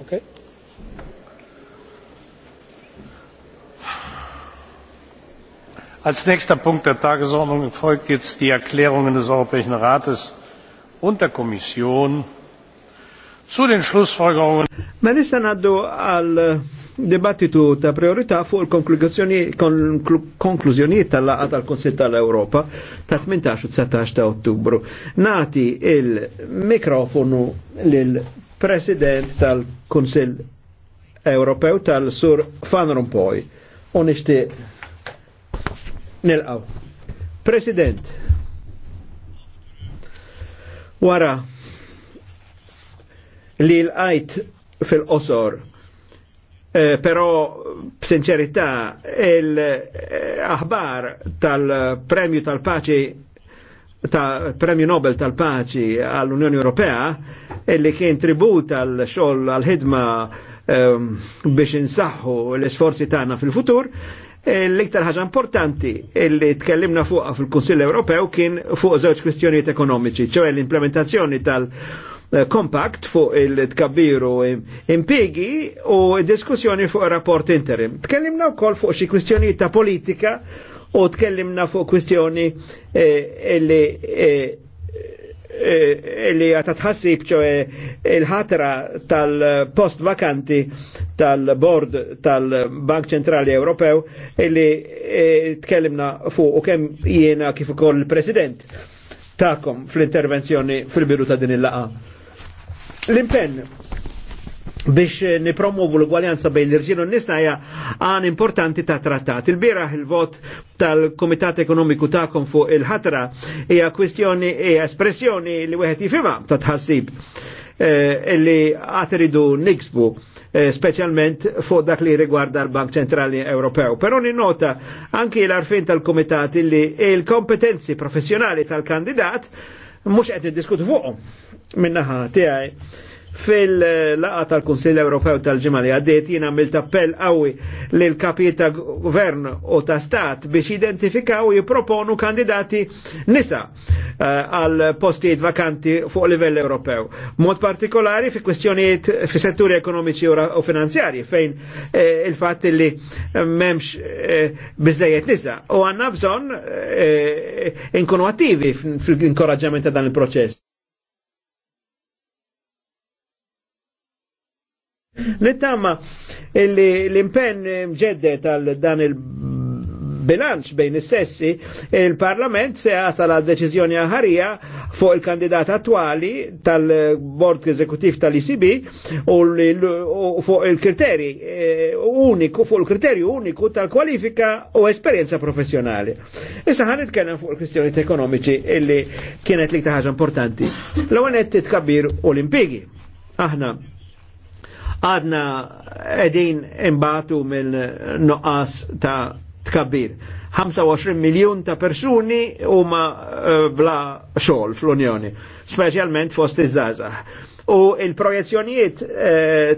Okay. Als nächster Punkt der Tagesordnung folgt jetzt die Erklärungen des Europäischen Rates und der Kommission zu den Schlussfolgerungen. Man ist dann also al eh, debattitu ta' priorità fuq il-konklużjonijiet tal-laqa tal-Konsil tal-Europa ta' 18 u 19 ta' ottubru. Nati il-mikrofonu l president tal konsil Ewropew tal-Sur Van Rompuy. U nixtieq nilqaw. President, wara li l-għajt fil-qosor Eh, però b'sinċerità l-aħbar eh, tal-premju tal-paċi ta' premju Nobel tal-paċi għall-Unjoni Ewropea illi kien tribut għal xogħol għal ħidma eh, biex insaħħu l-isforzi tagħna fil-futur, eh, l-iktar ħaġa importanti li tkellimna fuqha fil-Kunsill Ewropew kien fuq żewġ kwistjonijiet ekonomiċi, ċewe l-implementazzjoni tal- kompakt eh, fuq il-tkabbiru impigi u diskussjoni fuq rapport interim. Tkellimna wkoll fuq xi kwistjoni ta' politika u tkellimna fuq kwistjoni eh, illi eh, li għata tħassib ċoħe il-ħatra tal-post vakanti tal-bord tal-Bank Ċentrali Ewropew li tkellimna fuq u kem jiena kif ukoll il-President ta'kom fl-intervenzjoni fil-biru ta' din il-laqa L-impenn biex nipromovu l-ugwaljanza bejn l-irġiel u n-nisa hija għan importanti ta' trattat. Il-bieraħ il-vot tal-Komitat Ekonomiku ta'kom fuq il-ħatra hija kwistjoni e espressjoni li wieħed jifhimha ta' tħassib illi eh, għad iridu niksbu eh, specialment fuq dak li rigwarda l-Bank Ċentrali Ewropew. Però nota anki l-arfin tal-Komitat illi il-kompetenzi professjonali tal-kandidat mhux qed diskutu fuqhom minnaħa tiegħi fil-laqa tal-Kunsill Ewropew tal ġimali li għaddiet jien għamilt appell qawwi lil kapi ta' gvern u ta' stat biex identifikaw u jipproponu kandidati nisa eh, għal postijiet vakanti fuq livell Ewropew. Mod partikolari fi kwestjoniet fi setturi ekonomiċi u finanzjari fejn eh, il-fatt li memx eh, bizzejiet nisa u għanna bżon eh, inkunu attivi fil-inkoraġġament ta' dan il-proċess. Nittama l-impenn mġeddet għal dan il-bilanċ bejn is-sessi, il-Parlament se għasal għal deċizjoni ħarija fuq il-kandidat attuali tal-Bord Eżekutiv tal-ICB u fuq il-kriteri eh, uniku, fuq il-kriterju uniku tal-kwalifika u esperienza professjonali. Issa ħan nitkellem fuq il-kwistjonijiet ekonomiċi illi kienet li ħaġa importanti. L-għonet titkabbir u l-impigi. Aħna għadna edin imbatu mill noqas ta' tkabbir. 25 miljon ta' persuni huma eh, bla xogħol fl-Unjoni, speċjalment fost iż-żgħażagħ. U il-projezzjonijiet eh,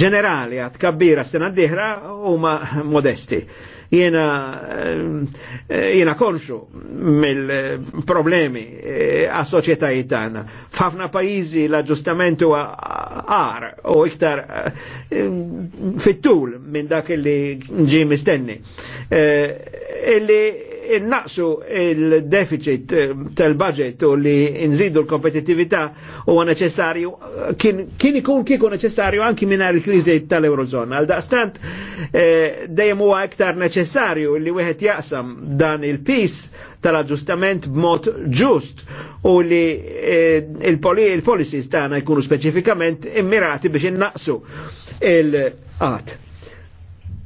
ġenerali għat kabbira s-sena d-dihra huma modesti jena eh, jena konxu mill-problemi eh, għas soċjetajiet tagħna. F'ħafna pajjiżi l-aġġustament huwa għar u iktar eh, fit-tul minn dak li ġi mistenni. Illi innaqsu il-deficit eh, tal-budget u li nżidu l-kompetitività huwa għanaċessarju, kien ikun kieku neċessarju anki minna l kriżi tal-Eurozona. Għal daqstant eh, dejjem huwa iktar neċessarju li wieħed jaqsam dan il-pis tal-aġġustament b'mod ġust u li eh, il-policies il tagħna jkunu speċifikament immirati biex innaqsu il-qat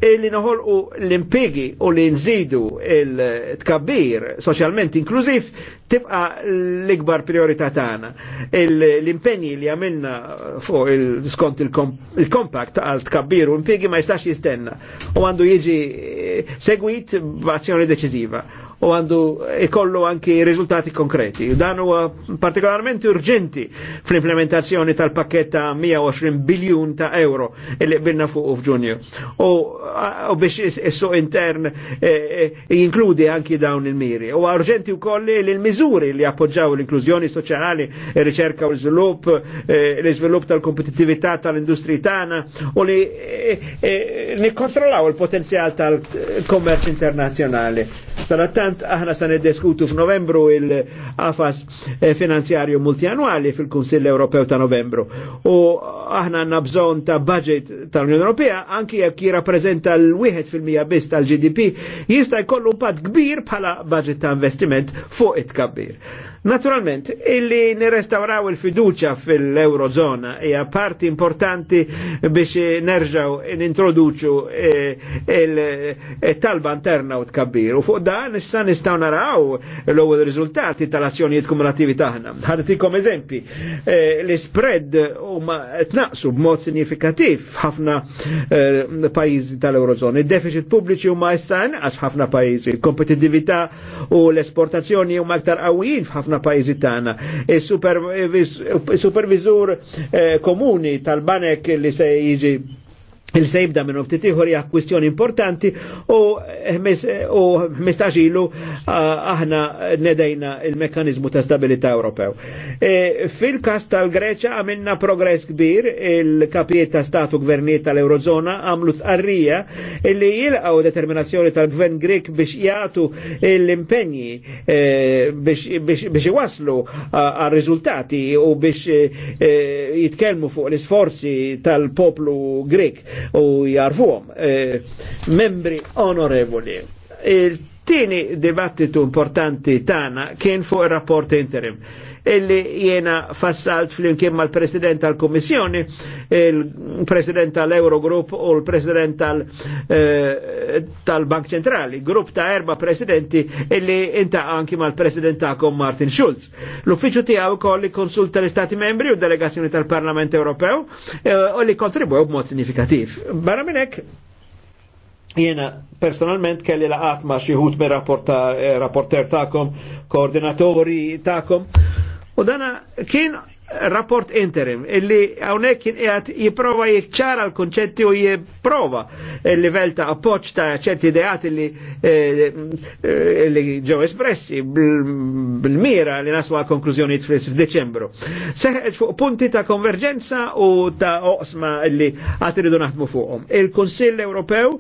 illi noħolqu l-impigi u li nżidu il-tkabbir soċjalment inklużiv tibqa l-ikbar priorità tagħna. L-impenji li għamilna fuq il-skont il-kompakt għal tkabbir u impigi ma jistax jistenna u għandu jiġi eh, segwit b'azzjoni deċiżiva u għandu ikollu anki riżultati konkreti. Dan huwa partikolarment urġenti fl-implementazzjoni tal-pakket ta' 120 biljun ta' euro li qbilna fuq f'Ġunju. U biex is-suq intern e, e, jinkludi anki dawn il-miri. U urġenti wkoll li l-miżuri li appoġġaw l-inklużjoni soċjali, riċerka u l-żvilupp, l-iżvilupp e, tal-kompetittività tal-industri tagħna u li nikkontrollaw il-potenzjal tal-kommerċ internazzjonali Salattant, aħna sa niddiskutu f'Novembru il-qafas eh, finanzjarju multianwali fil-Kunsill Ewropew ta' Novembru. U aħna għanna bżonn ta' budget tal-Unjoni Ewropea anki jekk jirrapprezenta l-1% biss tal-GDP jista' jkollu impatt kbir bħala budget ta' investiment fuq it-kabbir. Naturalment, illi nirrestawraw il-fiduċa fil-Eurozona hija parti importanti biex nerġaw nintroduċu eh, il-talba eh, interna u tkabbir. U fuq dan issa nistaw naraw l-ewwel riżultati tal-azzjonijiet kumulativi taħna. Ħaditikom eżempi, eh, l-spread huma tnaqsu b'mod signifikativ ħafna pajjiżi tal-Eurozona. Id-deficit pubbliċi huma issa inqas f'ħafna pajjiżi, kompetittività u l-esportazzjoni huma aktar qawwijin f'ħafna ħafna pajjiżi tagħna. Is-supervizur eh, komuni tal-banek li se jiġi il-sejbda minn uftit iħor hija kwistjoni importanti u u aħna nedejna il mekanizmu ta' stabilità Ewropew. E, fil-kas tal-Greċa għamilna progress kbir il-kapijiet ta' statu gvernijiet tal-Eurozona għamlu tqarrija illi jilqaw determinazzjoni tal-gvern Grek biex jgħatu l-impenji e, biex iwaslu għal riżultati u biex e, jitkellmu fuq l-isforzi tal-poplu Grek u jarfuhom. Eh, membri onorevoli, il-tieni dibattitu importanti tana kien fuq il-rapport interim illi jena fassalt fl-imkien mal-President tal-Kommissjoni, il-President tal-Eurogrupp u l-President eh, tal-Bank tal Ċentrali, grupp ta' erba presidenti illi inta anki mal-President ta'kom Martin Schulz. L-uffiċu tiegħu kolli konsulta l-Istati membri u delegazzjoni tal-Parlament Ewropew eh, u li kontribuew b'mod significativ. Barra minn Jena personalment kelli laqat ma xi ħut me eh, rapporter tagħkom, koordinatori tagħkom. U dana kien rapport interim illi għonek jgħat jiprova jikċara l konċetti u jiprova il level ta' appoċ ta' ċerti ideat li eh, eh, ġo espressi bil-mira li naslu għal konklużjoni f'Deċembru. Seħed fuq punti ta' konverġenza u ta' oqsma illi għad iridu naħdmu fuqhom. Il-Kunsill Ewropew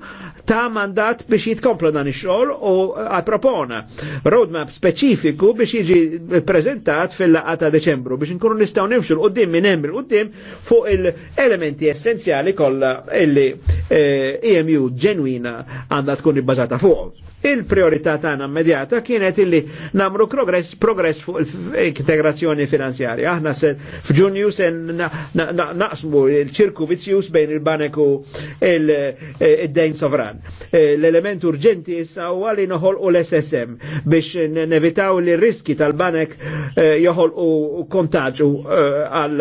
ta' mandat biex jitkompla dan ix-xogħol u propona roadmap speċifiku biex jiġi prezentat fil-laqgħa ta' Deċembru biex nkunu nistaw nistaw nimxu l qoddim minn hemm l-qoddim fuq il-elementi essenzjali kollha illi EMU eh, e ġenwina għandha tkun ibbażata fuq. Il-priorità tagħna immedjata kienet illi namru progress progress fuq l-integrazzjoni finanzjarja. Aħna se f'Ġunju se naqsmu il-ċirku vizzjus bejn il-banek u il-dejn eh, sovran. Eh, l-element urġenti issa huwa li u l-SSM biex nevitaw li riski tal-banek joħolqu kontaġġu Eh,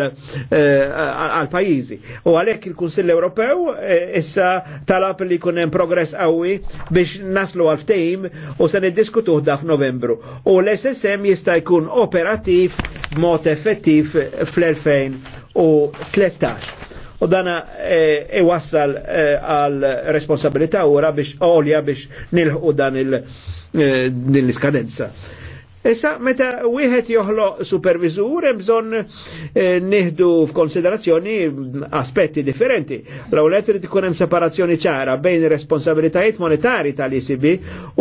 eh, għal pajizi. U għalhekk il-Kunsill Ewropew eh, issa talab li jkun hemm progress qawwi biex naslu għal ftejm u se niddiskutuh da f'Novembru. U l-SSM jista' jkun operattiv b'mod effettiv fl-2013. U dana iwassal għal responsabilità ura biex olja biex nilħu dan il-iskadenza. Issa, meta wieħed joħloq supervizur, hemm bżonn eh, nieħdu f'konsiderazzjoni aspetti differenti. L-ewlet irid ikun hemm separazzjoni ċara bejn responsabilitajiet monetari tal icb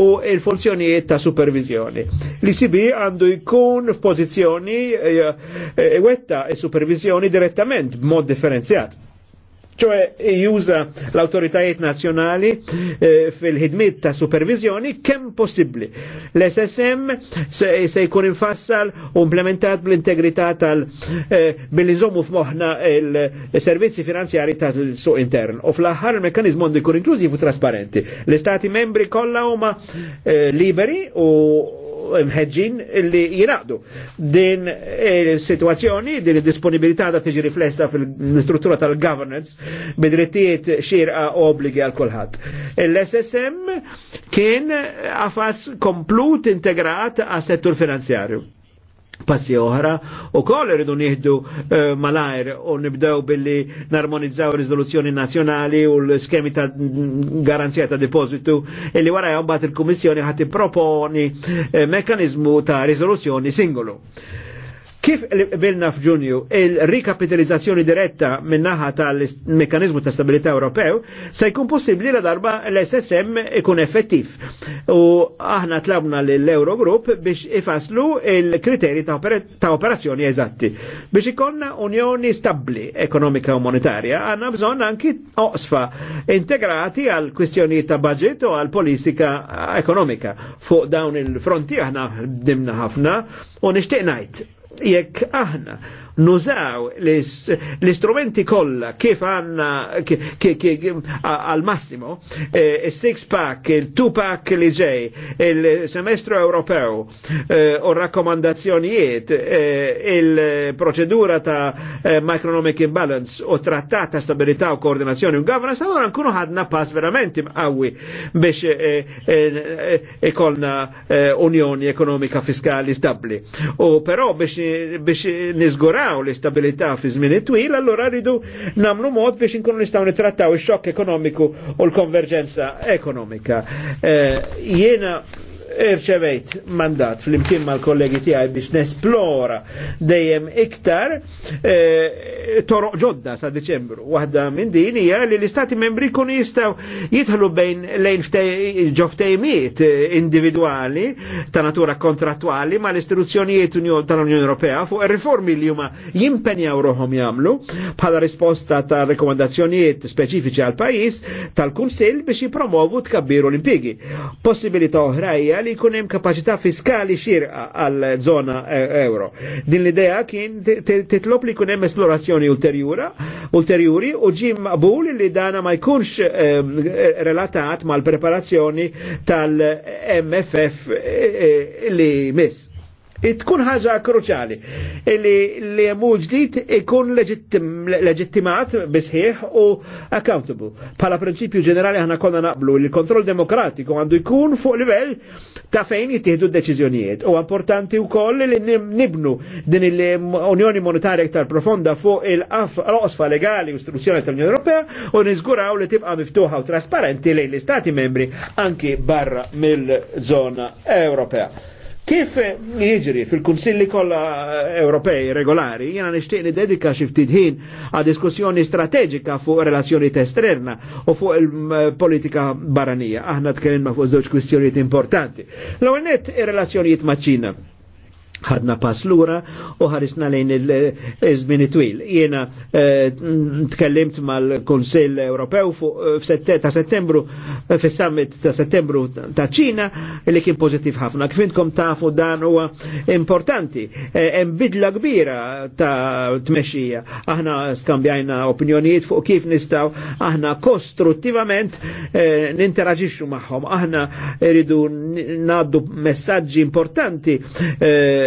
u l-funzjonijiet ta' supervizjoni. l icb għandu jkun f'pożizzjoni eh, eh, wetta s-supervizjoni direttament b'mod differenzjat ċoħe juża l-autoritajiet nazjonali eh, fil-ħidmit ta' supervizjoni kemm possibli. L-SSM se jkun infassal u implementat bl-integrità tal eh, billi nżommu f'moħna il-servizzi finanzjari ta' suq intern. U fl-aħħar il-mekkanizmu għandu jkun inklużiv u trasparenti. L-istati membri kollha huma eh, liberi u mħedġin li jiraqdu. Din il-situazzjoni, din il-disponibilità da tiġi riflessa fil-struttura tal-governance bidrittijiet xirqa obligi għal kulħadd. L-SSM kien għafas komplut integrat għas settur finanzjarju passi oħra u koll rridu nieħdu uh, malajr u nibdew billi narmonizzaw riżoluzzjoni nazzjonali u l-skemi ta' garanzija ta' depositu e li wara jgħambat il-Kummissjoni ħati proponi uh, eh, mekanizmu ta' riżoluzzjoni singolu. Kif bilna f'Ġunju il-rikapitalizzazzjoni diretta minnaħa tal-mekanizmu ta' stabilità Ewropew se jkun possibbli la darba l-SSM ikun effettiv. U aħna tlabna l-Eurogroup biex ifaslu il-kriteri ta', oper ta operazzjoni eżatti. Biex ikonna unjoni stabli ekonomika u monetarja, għanna bżon anki oqsfa integrati għal kwistjoni ta' budget u għal politika ekonomika. Fuq dawn il-fronti aħna dimna ħafna u nishtiq jekk aħna nużaw l-istrumenti kollha kif għanna għal-massimo, eh, il-six-pack, il-two-pack li ġej, il-semestru Ewropew, eh, u rakkomandazzjonijiet, eh, il-proċedura ta' macronomic imbalance u trattat ta' stabilità u koordinazzjoni u governance, allora nkunu ħadna pass verament imqawi biex ikolna unjoni ekonomika fiskali stabli. U però biex nizguraw nizguraw l-istabilità fi żmien it-twil, allora rridu namlu mod biex inkunu nistgħu nittrattaw ix-xokk ekonomiku u l-konverġenza ekonomika. Eh, jena irċevejt mandat fl-imkien mal-kollegi tiegħi biex nesplora dejjem iktar e, toroq ġodda sa' Deċembru. Waħda minn din hija li l-Istati membri kun jistgħu jidħlu bejn lejn ġoftejmiet individuali ta' natura kontrattwali ma' l-istituzzjonijiet tal-Unjoni Ewropea fuq ir-riformi li huma jimpenjaw ruħhom jagħmlu bħala risposta ta' rekomendazzjonijiet speċifiċi għal pajjiż tal-Kunsill biex jipromovu tkabbiru l impjiegi Possibilità oħrajja l-idea li jkun hemm kapaċità fiskali xirqa għal zona eh, euro. Din l-idea kien titlob li jkun hemm esplorazzjoni ulterjura, ulterjuri u ġim maqbul li dana ma jkunx eh, relatat mal-preparazzjoni tal-MFF eh, li miss tkun ħaġa kruċali li li jemmu ġdid ikun leġittimat bisħieħ u accountable. Pala prinċipju ġenerali ħana konna naqblu li kontroll demokratiku għandu jkun fuq livell ta' fejn jittieħdu d deċiżjonijiet. U importanti wkoll li nibnu din l-Unjoni Monetarja iktar profonda fuq il-qosfa legali u istruzzjoni tal-Unjoni Ewropea u niżguraw li tibqa' miftuħa u trasparenti lejn l-Istati membri anki barra mill-żona Ewropea. Kif jiġri fil-Kunsilli kollha Ewropej regolari, jiena nixtieq nidedika xi ftit ħin għal diskussjoni strateġika fuq relazzjoni esterna u fuq il-politika barranija. Aħna tkellimna fuq żewġ kwistjonijiet importanti. L-ewwel net ir-relazzjonijiet maċ-Ċina ħadna pass lura u ħarisna lejn il-żmien eh, twil. Jiena eh, tkellimt mal-Kunsill Ewropew eh, ta' settembru fis-summit ta' settembru ta' Ċina li kien pożittiv ħafna. Kif intkom tafu dan huwa importanti. Hemm bidla kbira ta' tmexxija. Aħna skambjajna opinjonijiet fuq kif nistgħu aħna kostruttivament ninteraġixxu magħhom. Aħna rridu ngħaddu messaġġi importanti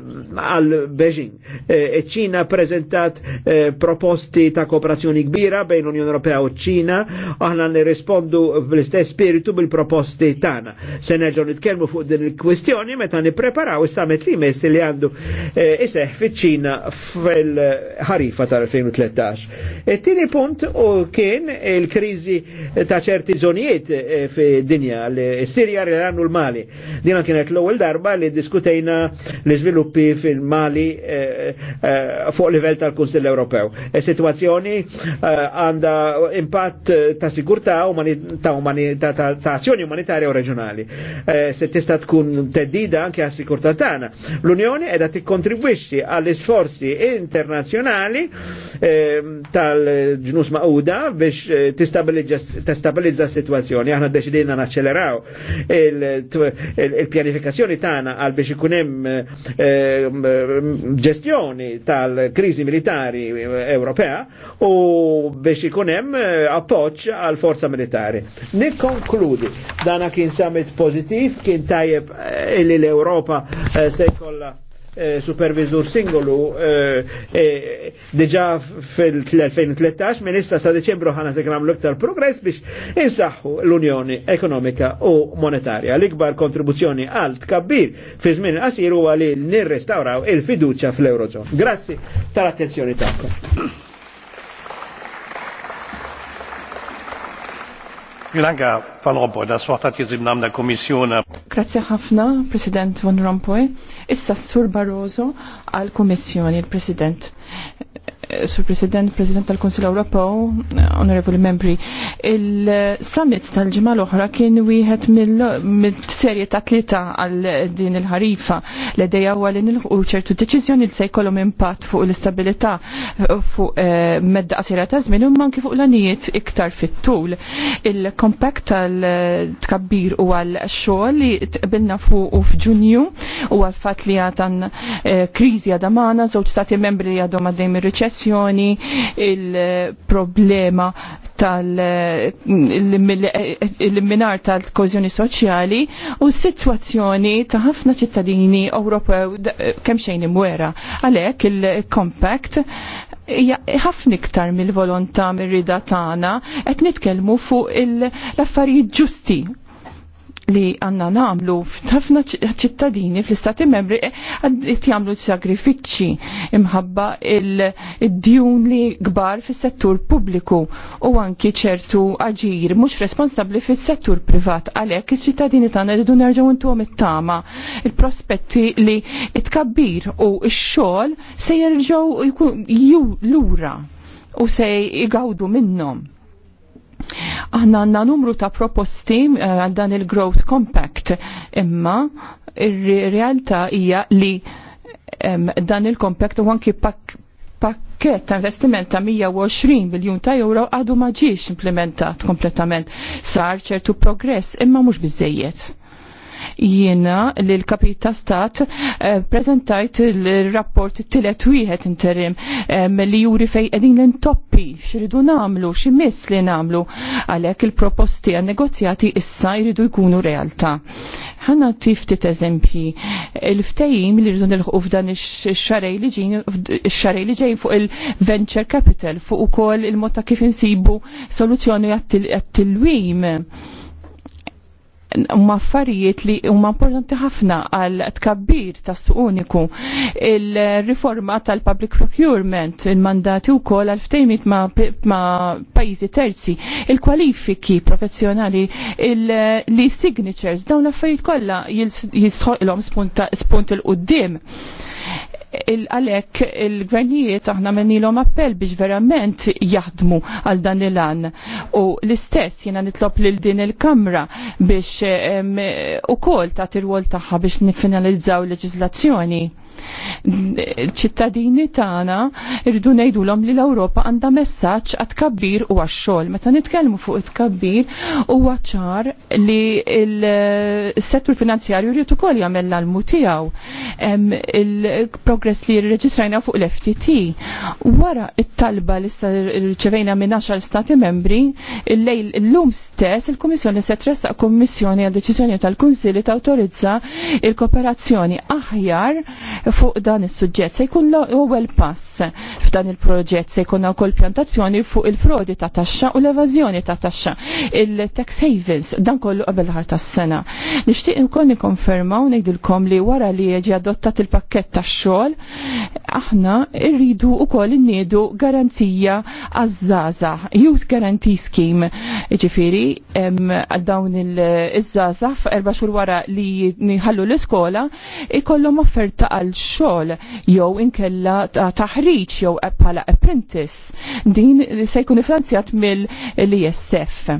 għal Beijing. E, e ċina prezentat e, proposti ta' kooperazzjoni kbira bejn l-Unjoni Ewropea u ċina, aħna nirrispondu bl-istess spiritu bil-proposti tagħna. Se nerġgħu nitkellmu fuq din il-kwistjoni meta nippreparaw is-summit li mess li għandu iseħ fiċ-Ċina fil-ħarifa tal-2013. It-tieni punt u kien il-kriżi ta' ċerti żonijiet fi dinja l-Sirja li l-Mali. Dina kienet l-ewwel darba li diskutejna l-iżvilupp żviluppi fil-Mali eh, eh, fuq livell tal-Kunsill Ewropew. Is-sitwazzjoni e eh, għandha impatt ta' sigurtà ta' azzjoni umanitarja u reġjonali. Se tista' tkun teddida anke għas sigurtà tagħna. L-Unjoni qiegħda tikkontribwixxi għall-isforzi internazzjonali tal-ġnus maquda biex testabilizza s-sitwazzjoni. Aħna ddeċidilna naċċeleraw il-pjanifikazzjoni tagħna għal biex ikun hemm ġestjoni tal-krizi militari Ewropea u biex ikun hemm eh, appoġġ għal forza militari. Nikkonkludi dana kien summit pożittiv, kien tajjeb eh, li l-Ewropa eh, se jkollha Eh, supervisor singolu eh, eh, diġa fil-2013 minn issa sa' deċembru ħana se l iktar progress biex insaħħu l-Unjoni Ekonomika u Monetarja. L-ikbar kontribuzzjoni għal tkabbir fi żmien qasir huwa li nirrestawraw il-fiduċja fl eurozon Grazzi tal-attenzjoni tagħkom. Jilanga, Van Rompuy, das Wort hat jetzt im Namen der Grazie ħafna, President Von Rompuy. Issa s-Sur Barroso għal-Komissjoni, il-President. Sur President, President tal-Konsil Ewropew, Honorable Membri, il-summit tal-ġimgħa l-oħra kien wieħed mill-serje ta' tlieta għal din il-ħarifa l dejja huwa li nilħu ċertu deċiżjoni li se jkollhom impatt fuq l-istabilità fuq eh, medda qasira ta' żmien u manki fuq l-anijiet iktar fit-tul. Il-compact tal-tkabbir u għal-xogħol li tqbilna fuq u f'Ġunju u għal-fatt li għatan eh, kriżi għadamana, żewġ stati membri għadhom għaddejn ir-riċess direzzjoni il-problema tal-eliminar tal-kozjoni soċjali u s-situazzjoni ta' ħafna ċittadini Ewropew kemm xejn imwera. Għalhekk il-compact ħafna iktar mill-volontà mir-rida tagħna qed nitkellmu fuq l-affarijiet ġusti li għanna namlu f'tafna ċittadini fl-istati membri eh, għaddit jamlu sagrifiċi imħabba il-djun li gbar fis-settur pubbliku u anki ċertu aġir mhux responsabbli fis-settur privat għalhekk il ċittadini tagħna rridu nerġgħu intuhom it-tama il-prospetti li it-kabbir u il xogħol se jerġgħu lura u se jgawdu minnhom Aħna għandna numru ta' proposti eh, għal dan il-Growth Compact, imma ir-realtà hija li dan il-compact u anki pakket ta' investiment ta' 120 biljun ta' euro għadu ma ġiex implementat kompletament. Sar ċertu progress imma mhux bizzejiet jiena li l-kapit ta' stat eh, prezentajt l rapport tilet wieħed interim eh, li juri fej edin l-intoppi xridu namlu, ximis li namlu għalek il-proposti għal negozjati issa jridu jkunu realtà. Ħanna tiftit eżempji, il-ftejim li rridu nil-ħu f'dan ix-xarej li ġejn fuq il-venture capital, fuq ukoll il motta kif insibu soluzzjoni wim huma affarijiet li huma importanti ħafna għal tkabbir tas uniku il-riforma tal-public procurement, il-mandati wkoll għal ftejmit ma', ma pajjiżi terzi, il-kwalifiki professjonali, il-li signatures, dawn l affarijiet kollha jisħoqilhom spunt il-qudiem għalek il-gvernijiet aħna mennilom appell biex verament jaħdmu għal dan il-an. U l-istess jena nitlob lil din il-kamra biex u kol ta' tirwol taħħa biex nifinalizzaw leġizlazzjoni. ċittadini tagħna irridu ngħidulhom li l-Ewropa għandha messaġġ għat kabbir u għax-xogħol. Meta nitkellmu fuq it-kabbir huwa ċar li l-settur finanzjarju jrid ukoll jagħmel l mutijaw tiegħu progress li reġistrajna fuq l-FTT. Wara it-talba li rċevejna minn 10 stati membri, l-lum stess il-Kummissjoni se tressaq Kummissjoni għal deċiżjoni tal-Kunsilli tawtorizza il-kooperazzjoni aħjar fuq dan is-suġġett. Se jkun l-ewwel pass f'dan il-proġett se jkun wkoll pjantazzjoni fuq il-frodi ta' taxxa u l-evażjoni ta' taxxa. Il-tax havens dan kollu qabel ħar tas-sena. Nixtieq ukoll nikkonfermaw ngħidilkom li wara li ġi adottat il-pakkett ta' tax-xogħol, aħna rridu wkoll innedu garanzija għaż-żaża, Youth Guarantee Scheme, ġifieri għal dawn iż-żaża f'erba' xhur wara li jħallu l-iskola ikollhom offerta għal xogħol jew inkella ta' taħriġ jew bħala apprentice. Din se jkun finanzjat mill-ISF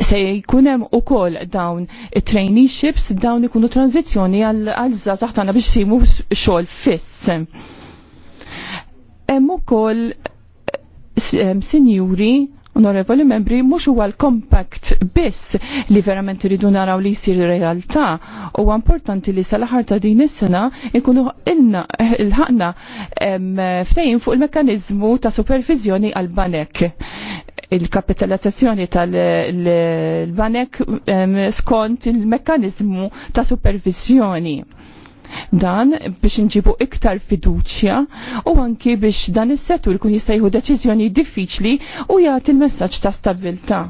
se jkunem u koll dawn traineeships, dawn ikunu tranzizjoni għal zazax tagħna biex simu xogħol fiss. Hemm ukoll sinjuri onorevoli membri mhux huwa l-compact biss li verament iridu naraw li jsir realtà huwa importanti li sal ħar ta' din is-sena nkunu il ħakna fejn fuq il-mekkaniżmu ta' supervizjoni għal banek il-kapitalizzazzjoni tal-banek skont il-mekkanizmu ta' supervizjoni dan biex nġibu iktar fiduċja u anki biex dan is-settur kun jistajħu deċiżjoni diffiċli u jagħti il messaġġ ta' stabilità.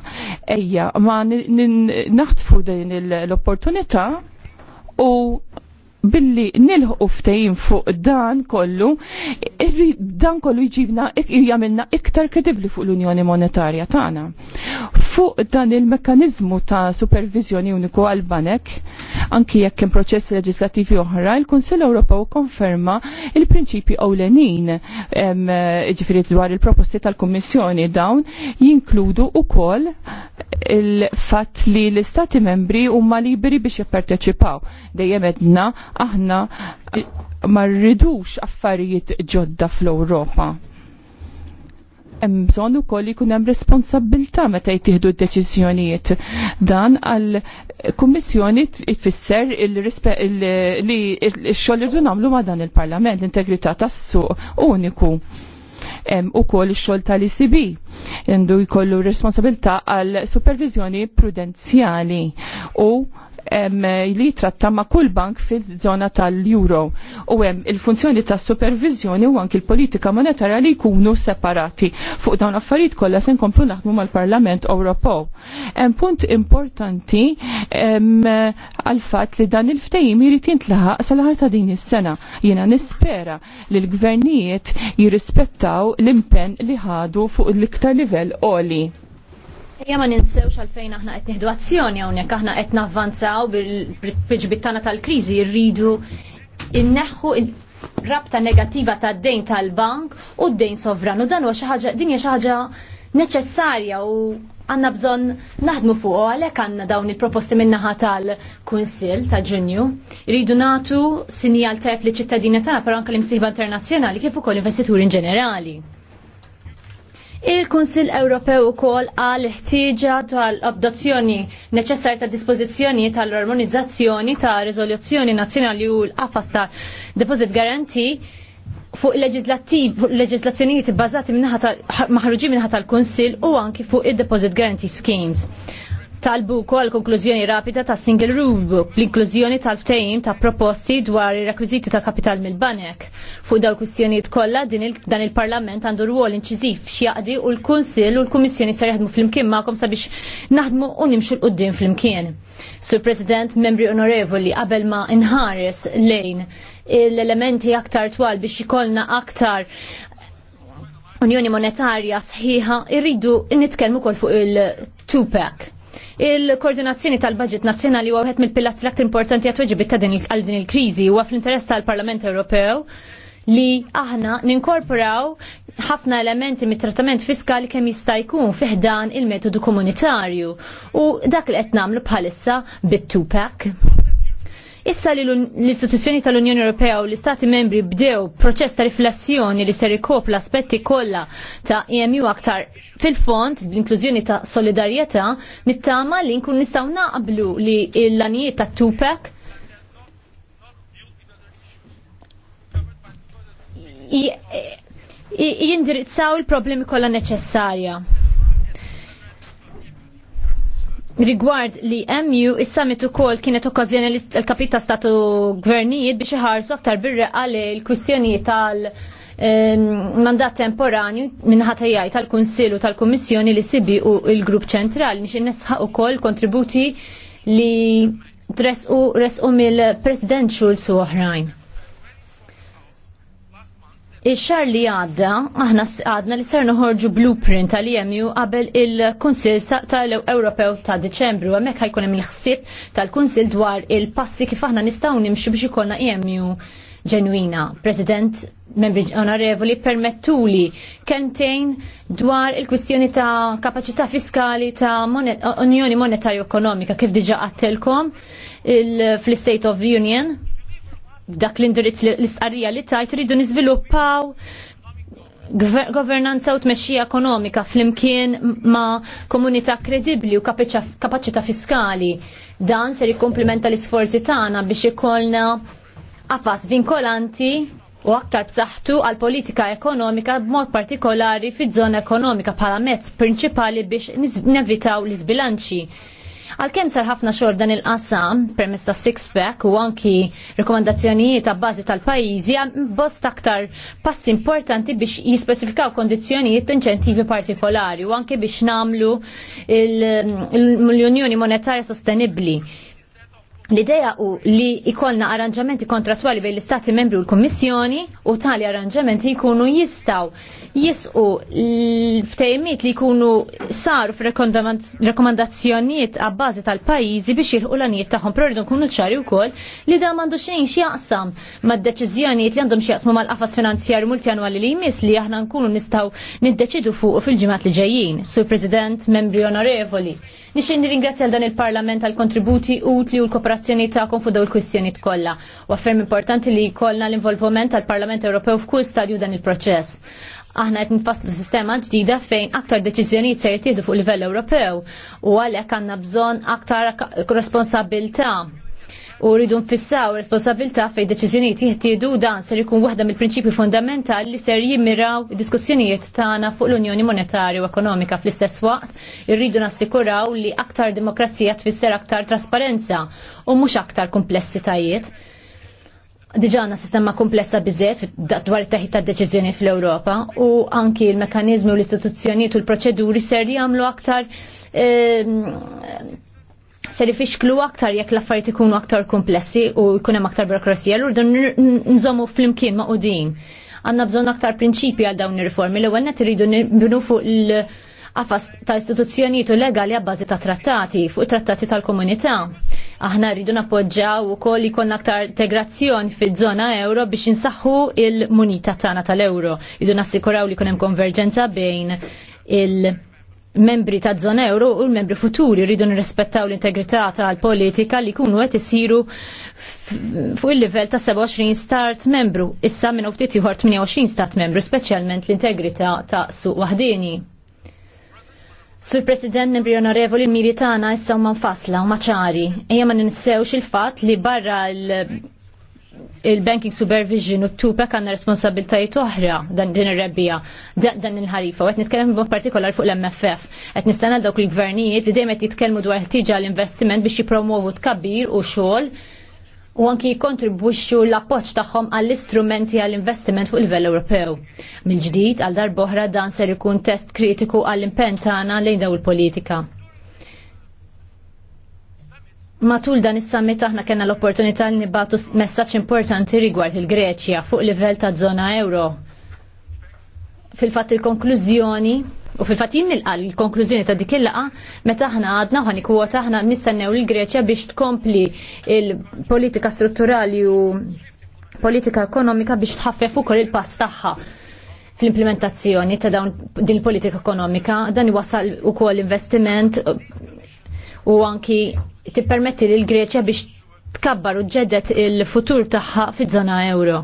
Ejja, ma naħtfu din l-opportunità u billi nilħu ftejn fuq dan kollu, dan kollu jġibna jgħamilna iktar kredibli fuq l-Unjoni Monetarja tagħna. Fuq dan il-mekkanizmu ta' supervizjoni uniku għal-banek, anki jekk hemm proċessi leġislativi oħra, il-Kunsill Ewropew konferma il-prinċipi ewlenin ġifieri dwar il-proposti tal-Kummissjoni dawn jinkludu ukoll il-fatt li l-Istati membri huma liberi biex jipparteċipaw. Dejjem edna aħna eh, ma rridux affarijiet ġodda fl-Ewropa. Hemm bżonn ukoll ikun hemm responsabilità meta jtieħdu d-deċiżjonijiet. Dan għal kummissjoni tfisser li x-xogħol irdu nagħmlu ma' dan il-Parlament l-integrità tas-suq uniku u kol xol tal-ICB. Jendu jkollu responsabilta għal supervizjoni prudenzjali u li tratta ma' kull bank fil-żona tal-euro u hemm il-funzjoni ta' supervizjoni u anki l-politika monetarja li jkunu separati. Fuq dawn affarijiet kollha se nkomplu naħdmu mal-Parlament Ewropew. Hemm punt importanti għal fatt li dan il-ftehim jrid jintlaħaq sal ta' din is-sena. Jiena nispera li l-gvernijiet jirrispettaw l-impenn li ħadu fuq l-iktar livell qoli. Ejja ma ninsewx għalfejn aħna qed nieħdu azzjoni hawnhekk aħna qed navvanzaw bil-ġbittana tal-kriżi rridu inneħħu rabta negattiva tad-dejn tal-bank u d-dejn u dan huwa xi ħaġa din hija xi ħaġa neċessarja u għanna bżon naħdmu fuq għalhekk għandna dawn il-proposti minnaħa tal-Kunsil ta' ġunju. Rridu nagħtu sinjal tep li ċittadini tagħna però anke l-imsiba internazzjonali kif ukoll investituri in ġenerali. Il-Kunsill Ewropew ukoll għal ħtieġa tal-abdazzjoni neċessarja ta' dispożizzjoni tal-armonizzazzjoni ta' riżoluzzjoni nazzjonali u l-qafas ta' deposit garanti fuq il-leġizlattiv, fuq leġislazzjonijiet bbażati bazati minnaħat maħruġi minnaħat tal-Kunsill u anki fuq il deposit Guarantee Schemes talbu kol konklużjoni rapida ta' single Book, l-inklużjoni tal-ftejim ta' proposti dwar il-rekwiziti ta' kapital mill-banek. Fuq daw kwistjonijiet kollha dan il-Parlament għandu rwol inċiżiv x'jaqdi u l-Kunsill u l-Kummissjoni se jaħdmu flimkien magħkom sabiex naħdmu u nimxu l-qudiem flimkien. Sur President, membri onorevoli, qabel ma inħares lejn l-elementi aktar twal biex ikollna aktar Unjoni Monetarja sħiħa irridu nitkellmu kol fuq il-2-pack Il-koordinazzjoni tal-budget nazzjonali huwa wieħed mill-pilazzi l-aktar importanti għat weġibit ta' din il-kriżi huwa fl-interess tal-Parlament Ewropew li aħna ninkorporaw ħafna elementi mit-trattament fiskali kemm jista' jkun fiħdan il-metodu komunitarju u dak li qed nagħmlu bħalissa bit-tupak. Issa li l-istituzzjoni tal-Unjoni Ewropea u l-Istati membri bdew proċess ta' riflessjoni li ser ikop l-aspetti kollha ta' EMU aktar fil-fond l inklużjoni ta' solidarjetà nittama li nkun nistgħu naqblu li l-anijiet ta' Tupac jindirizzaw il-problemi kollha neċessarja. Rigward li MU, is-summit ukoll kienet okkażjoni l kapita ta' statu gvernijiet biex iħarsu aktar birreqa li l-kwistjoni tal- mandat temporani minn minħatajaj tal u tal komissjoni li sibi u il-Grupp ċentrali nixin nesħa u koll kontributi li tresqu mill-President Schulz u oħrajn. Ix-xar li għadda, aħna għadna li sarna ħorġu blueprint tal jemju qabel il konsil tal-Ewropew ta' Deċembru, għamek ħajkun hemm il-ħsieb tal konsil dwar il-passi kif aħna nistgħu nimxu biex ikollna jemju ġenwina. President, membri onorevoli, permettuli kentejn dwar il-kwistjoni ta' kapacità fiskali ta' Unjoni Monetarju Ekonomika kif diġa għattelkom fl-State of Union dak l-indirizz l-istqarrija li tajt ridu niżviluppaw governanza u tmexxija ekonomika flimkien ma' komunità kredibbli u kapaċità fiskali. Dan ser jikkomplimenta l-isforzi tagħna biex ikollna qafas vinkolanti u aktar b'saħħtu għal politika ekonomika b'mod partikolari fiż-żona ekonomika bħala mezz prinċipali biex nevitaw l-isbilanċi Għalkemm sar ħafna xogħol dan il-qasam permess ta' six pack u anki rekomandazzjonijiet ta' bażi tal-pajjiżi bost aktar passi importanti biex jispecifikaw kondizzjonijiet inċentivi partikolari u anke biex namlu l-Unjoni Monetarja Sostenibbli L-ideja u li ikolna arranġamenti kontratwali bejn l-Istati membri u l-Kommissjoni u tali arranġamenti jkunu jistaw jisqu ftejmiet li jkunu saru f'rekomandazzjonijiet għabbażi tal-pajjiżi biex jilħu l-anijiet tagħhom prorridu nkunu ċari wkoll li da m'għandu xejn x'jaqsam mad-deċiżjonijiet li għandhom x'jaqsmu mal-qafas finanzjarju multjanwali li jmiss li aħna nkunu nistgħu niddeċidu fuq fil-ġimgħat li ġejjin. Sur President, membri onorevoli, nixin nirringrazzja dan il-Parlament għal kontributi utli u l-kooperazzjoni kooperazzjoni ta'kom fuq dawn il-kwistjoni kollha. U affermi importanti li jkollna l-involviment tal-Parlament Ewropew f'kull stadju dan il-proċess. Aħna qed nfasslu sistema ġdida fejn aktar deċiżjonijiet se jittieħdu fuq livell Ewropew u għalhekk għandna bżonn aktar responsabilta' u rridu nfissaw responsabilità fej deċiżjonijiet jihtiedu dan ser ikun waħda mill-prinċipji fundamentali li ser jimmiraw diskussjonijiet tagħna fuq l-Unjoni Monetarju u Ekonomika fl-istess waqt irridu nassikuraw li aktar demokrazija tfisser aktar trasparenza u mhux aktar komplessitajiet. Diġana sistema komplessa bizzet dwar it-taħid ta' deċiżjoni fl-Ewropa u anki l-mekanizmi u l-istituzzjonijiet u l-proċeduri ser jagħmlu aktar ehm, ser ifixklu aktar jekk l-affarijiet ikunu aktar komplessi u jkun hemm aktar burokrazija l-urdu nżommu flimkien ma' qudin. Għandna bżonn aktar prinċipji għal dawn ir-riformi li ewwel net iridu nibnu fuq il għafas ta' istituzzjonijiet legali għabbażi ta' trattati fuq trattati tal-komunità. Aħna rridu nappoġġaw ukoll jkollna aktar integrazzjoni fiż-żona euro biex insaħħu il-munita tagħna tal-euro. Idu nassikuraw li jkun hemm konverġenza bejn il- membri ta' zona euro u l-membri futuri rridu nirrispettaw l-integrità tal-politika li kunu qed isiru fuq il-livell ta' 27 start membru, issa minn ftit ieħor 28 stat membru, speċjalment l-integrità ta' suq wahdini. Sur President, membri onorevoli, miri tagħna issa huma nfasla u maċari. Ejja ma ninsewx il-fatt li barra l- il-banking supervision u t-tupek għanna responsabiltajiet oħra dan din ir-rebbija, dan il-ħarifa. U għet nitkellem b'mod partikolar fuq l-MFF. Għet nistenna dawk il-gvernijiet li dejmet jitkellmu dwar ħtiġa l-investiment biex jipromovu tkabbir u xogħol u anki jikontribuċu l-appoġġ tagħhom għall-istrumenti għall-investiment fuq il-livell Ewropew. mil ġdid għal darboħra dan ser ikun test kritiku għall impentana tagħna lejn dawn il-politika. Matul dan is-summit aħna kellna l-opportunità li nibatu messaġġ importanti rigward il-Greċja fuq livell ta' żona euro. Fil-fatt il-konklużjoni u fil-fatt jinnilqal il-konklużjoni ta' dik il-laqa meta aħna għadna u ħanikwota aħna nistennew il-Greċja biex tkompli il-politika strutturali u politika ekonomika biex tħaffef ukoll il-pass tagħha fl-implementazzjoni ta' dawn din politika ekonomika dan iwasal ukoll investiment u anki tippermetti lil Greċja biex tkabbar u ġeddet il-futur tagħha fiż-żona euro.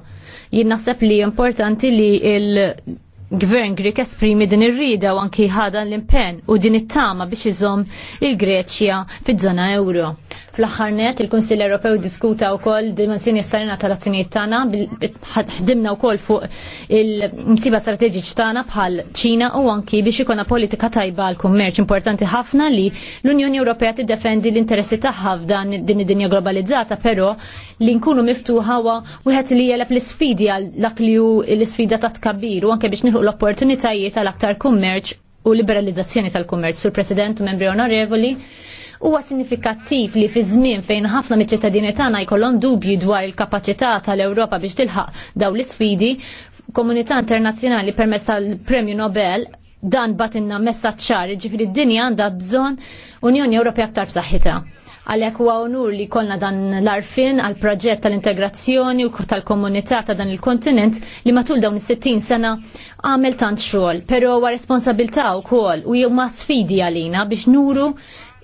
Jien naħseb li importanti li il- Gvern Grek esprimi din ir-rida u anki ħadan l-impenn u din it-tama biex iżom il-Greċja fiż-żona euro. Fl-aħħar il-Kunsill Ewropew diskuta wkoll dimensjoni esterna tal-azzjonijiet tagħna ħdimna wkoll fuq il-msiba strateġiċi tagħna bħal Ċina u anki biex ikona politika tajba għal kummerċ importanti ħafna li l-Unjoni Ewropea tiddefendi l-interessi tagħha f'dan din id-dinja globalizzata, però li nkunu miftuħa wa wieħed li jeleb l-isfidi għal dak li hu l-isfida ta' tkabbir u anke biex nieħu l-opportunitajiet għal aktar kummerċ u liberalizzazzjoni tal-kummerċ. Sur President u membri onorevoli, Huwa sinifikattiv li fi żmien fejn ħafna miċ-ċittadini tagħna jkollhom dubji dwar il-kapaċità tal-Ewropa biex tilħaq dawn l-isfidi, komunità internazzjonali permezz tal-Premju Nobel dan batinna messaġġ ċar, ġifiri d-dinja għandha bżonn Unjoni Ewropea aktar b'saħħitha għalek huwa onur li jkollna dan l-arfin għal proġett tal-integrazzjoni u tal-komunità ta' dan il-kontinent li matul dawn is-60 sena għamel tant xogħol, però huwa responsabilità wkoll u huma sfidi għalina biex nuru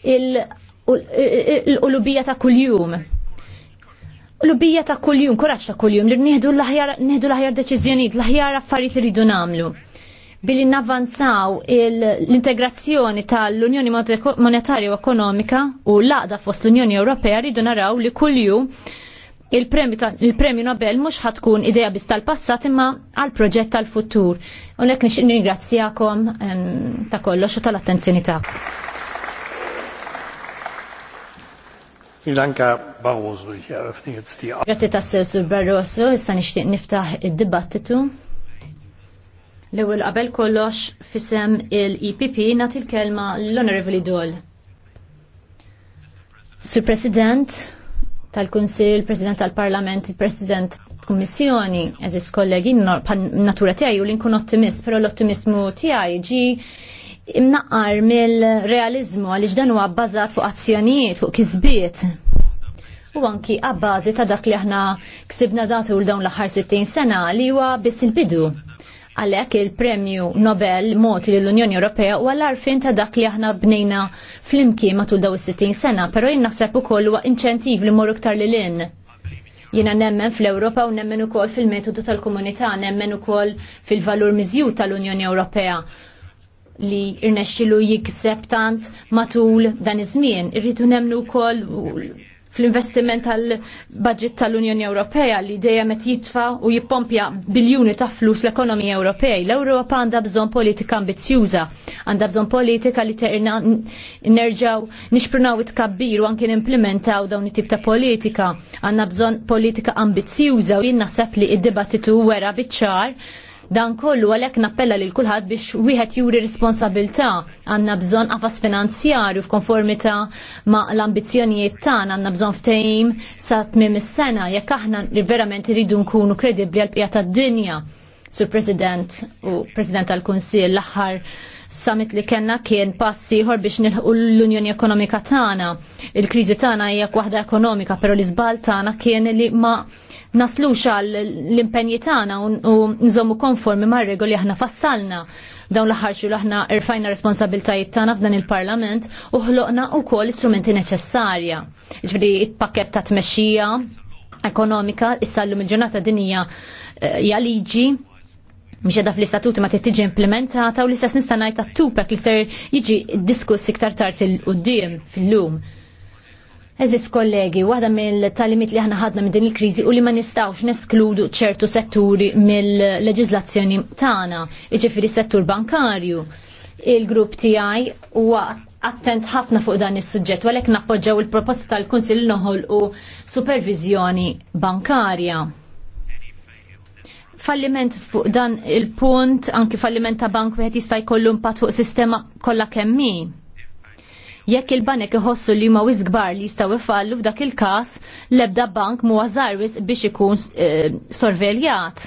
il-qulubija ta' kuljum. Qulubija ta' kuljum, kuraċ ta' kuljum li nieħdu l-aħjar deċiżjonijiet, l-aħjar affarijiet li rridu nagħmlu billi navanzaw l-integrazzjoni tal-Unjoni Monetarja u Ekonomika u laqda fost l-Unjoni Ewropea rridu naraw li kuljum il-premju Nobel mux ħatkun ideja biss tal-passat imma għal proġett tal-futur. Unek nix ningrazzjakom ta' kollox u tal-attenzjoni ta'. Grazie tassew sur Barroso, issa nixtieq niftaħ id-dibattitu. L-ewwel qabel kollox fisem il-EPP nagħti kelma l honorable Dol. Sur President tal-Kunsil, President tal-Parlament, President Kummissjoni, eżis kollegi, natura tijaj u li inkun ottimist, però l-ottimismu tiegħi ġi imnaqar mill-realizmu għaliex dan huwa bbażat fuq azzjonijiet, fuq kisbiet. U anki għabbażi ta' dak li aħna ksibna datu l dawn l-aħħar 60 sena li huwa biss il-bidu. Għalhekk il-Premju Nobel mot li l-Unjoni Ewropea u għall-arfin ta' dak li aħna bnejna flimkien matul daw is-60 sena, però jien naħseb ukoll huwa inċentiv li morru iktar lil in. Jiena nemmen fl-Ewropa u nemmen ukoll fil-metodu tal-komunità, nemmen ukoll fil-valur mizju tal-Unjoni Ewropea li irnexxilu jikseb tant matul dan iż-żmien. Irridu nemnu wkoll fl-investiment tal-budget tal-Unjoni Ewropea li dejjem qed jitfa u jippompja biljuni ta' flus l-ekonomija Ewropej. L-Ewropa għandha bżonn politika ambizzjuża, għandha bżonn politika li terna nerġgħu nixprunaw it-kabbir u anke nimplementaw dawn it-tip ta' politika. Għandna bżonn politika ambizzjuża u jien naħseb li id-dibattitu wera biċ-ċar Dan kollu għalhekk nappella lil kulħadd biex wieħed juri responsabilità għandna bżonn għafas finanzjarju f'konformità ma' l-ambizzjonijiet tagħna għandna bżonn ftehim sa tmiem is-sena jekk aħna verament iridu nkunu kredibbli għal bqija tad-dinja. Sur President u President tal-Kunsill l-aħħar summit li kena kien passi ħor biex nilħu l-Unjoni Ekonomika tagħna. Il-kriżi tagħna hija waħda ekonomika, però l-iżbal tagħna kien li ma' naslux għal l-impenji tagħna u nżommu konformi mar-regoli aħna fassalna dawn l-ħarġu l aħna irfajna responsabiltajiet tagħna f'dan il-Parlament u ħloqna wkoll istrumenti neċessarja. Ġifieri t pakket ta' tmexxija ekonomika issa llum il-ġurnata dinija eh, hija liġi mhix edha fl-istatuti ma tittiġi implementata u l-istess nista' ngħid tat-tupek li ser jiġi diskuss iktar tard il-qudiem fil-lum. Eżis kollegi, waħda mill-talimit li ħana ħadna minn din il-krizi u li ma nistawx neskludu ċertu setturi mill-leġizlazzjoni tagħna, iġifieri settur bankarju. Il-grupp tiegħi huwa attent ħafna fuq dan is-suġġett u għalhekk nappoġġaw il-proposta tal-Kunsill noħol u supervizjoni bankarja. Falliment fuq dan il-punt, anki falliment ta' bank wieħed jista' jkollu impatt fuq sistema kollha kemm Jekk il-banek iħossu li ma gbar li jistaw ifallu f'dak il-kas, lebda bank mu għazarwis biex ikun uh, sorveljat.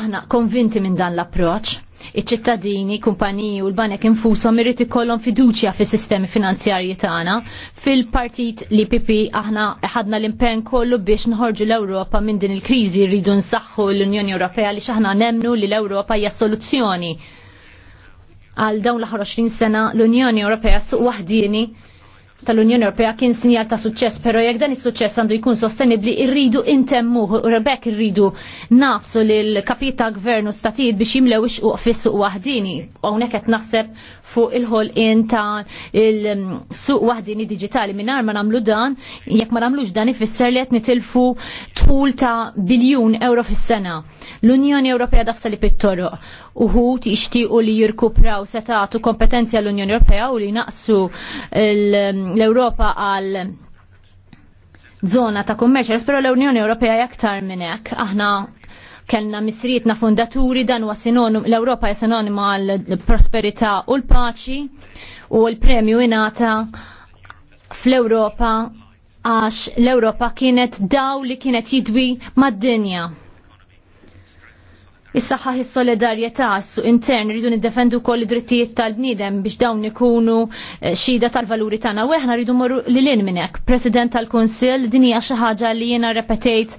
Aħna konvinti minn dan l-approċ. Iċ-ċittadini, kumpaniji u l-banek infushom irid ikollhom fiduċja fis-sistemi finanzjarji tagħna. Fil-partit li PP aħna ħadna l-impenn kollu biex nħorġu l-Ewropa minn din il-kriżi rridu nsaħħu l-Unjoni Ewropea li x'aħna nemnu li l-Ewropa hija soluzzjoni għal dawn l-20 sena l-Unjoni Ewropea suq waħdini tal-Unjoni Ewropea kien sinjal ta' suċċess, però jekk dan is-suċċess għandu jkun sostenibbli, irridu u rebek irridu nafsu lil ta' gvernu statijiet biex jimlew ixquq fis-suq waħdini. Hawnhekk qed naħseb fuq il-ħolqien ta' il-suq waħdini diġitali mingħajr ma nagħmlu dan, jekk ma nagħmlux dan ifisser li qed nitilfu tħul ta' biljun euro fis-sena. L-Unjoni Ewropea dafsa li pittoroq uħut jixtiequ li jirkupraw setatu kompetenzi għall-Unjoni Ewropea u li naqsu l- l-Ewropa għal zona ta' kummerċ, però l-Unjoni Ewropea jaktar minn hekk. Aħna kellna misrietna fundaturi dan huwa sinonim l-Ewropa hija sinonima għal prosperità u l-paċi u l-premju ingħata fl-Ewropa għax l-Ewropa kienet daw li kienet jidwi mad-dinja. Is-saħħa is-solidarjetà s-suq intern rridu niddefendu wkoll id-drittijiet tal-bniedem biex dawn ikunu eh, xhieda tal-valuri tagħna u aħna rridu morru lil minn hekk. President tal-Kunsill din hija xi ħaġa li jiena repetejt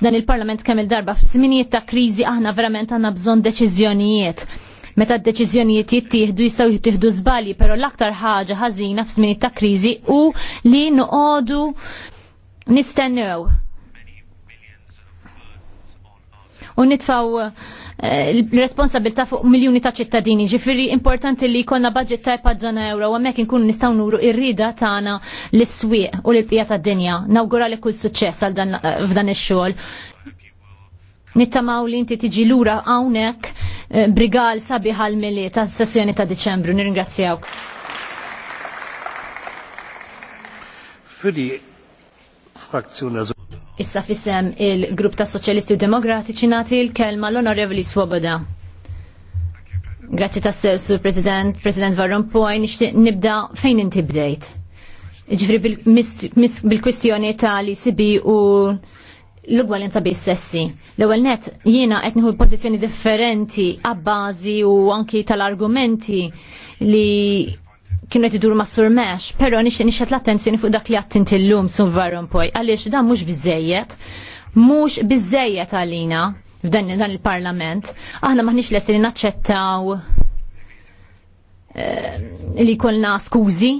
f'dan il-Parlament kemm il-darba f'żminijiet ta' kriżi aħna verament għandna bżonn deċiżjonijiet meta d-deċiżjonijiet jittieħdu jistgħu jittieħdu żbalji, però l-aktar ħaġa ħażina f'żminijiet ta' kriżi u li noqogħdu nistennew u nitfaw l-responsabilta eh, fuq miljoni ta' ċittadini. Ġifiri importanti li konna budget ta' paġġana euro, għamek nkun nistaw nuru irrida tagħna l-swieq u l-pija ta' dinja. Nawgura li kull suċċess għal dan eh, f'dan ix-xogħol. Nittamaw li inti tiġi lura hawnhekk eh, brigal għal mili ta' sessjoni ta' Diċembru. Nirringrazzjawk. Für die Issa fissem il-grupp ta' Soċjalisti u Demokratiċi nagħti l-kelma l-Onorevoli Swoboda. Grazzi tas Sur President, President Varron Poi, nixtieq nibda fejn inti bdejt. Ġifri bil-kwistjoni ta' li sibi u l-ugwalenza s sessi. L-ewwel net jiena qed nieħu pożizzjoni differenti għabbażi u anki tal-argumenti li kienu qed idur ma' Sur però nixtieq nixtieq l-attenzjoni fuq dak li għattin tillum sun Varron Poj, għaliex dan mhux biżejjed, mhux biżejjed għalina f'dan il-Parlament, aħna maħniex lesi naċċettaw eh, li kolna skużi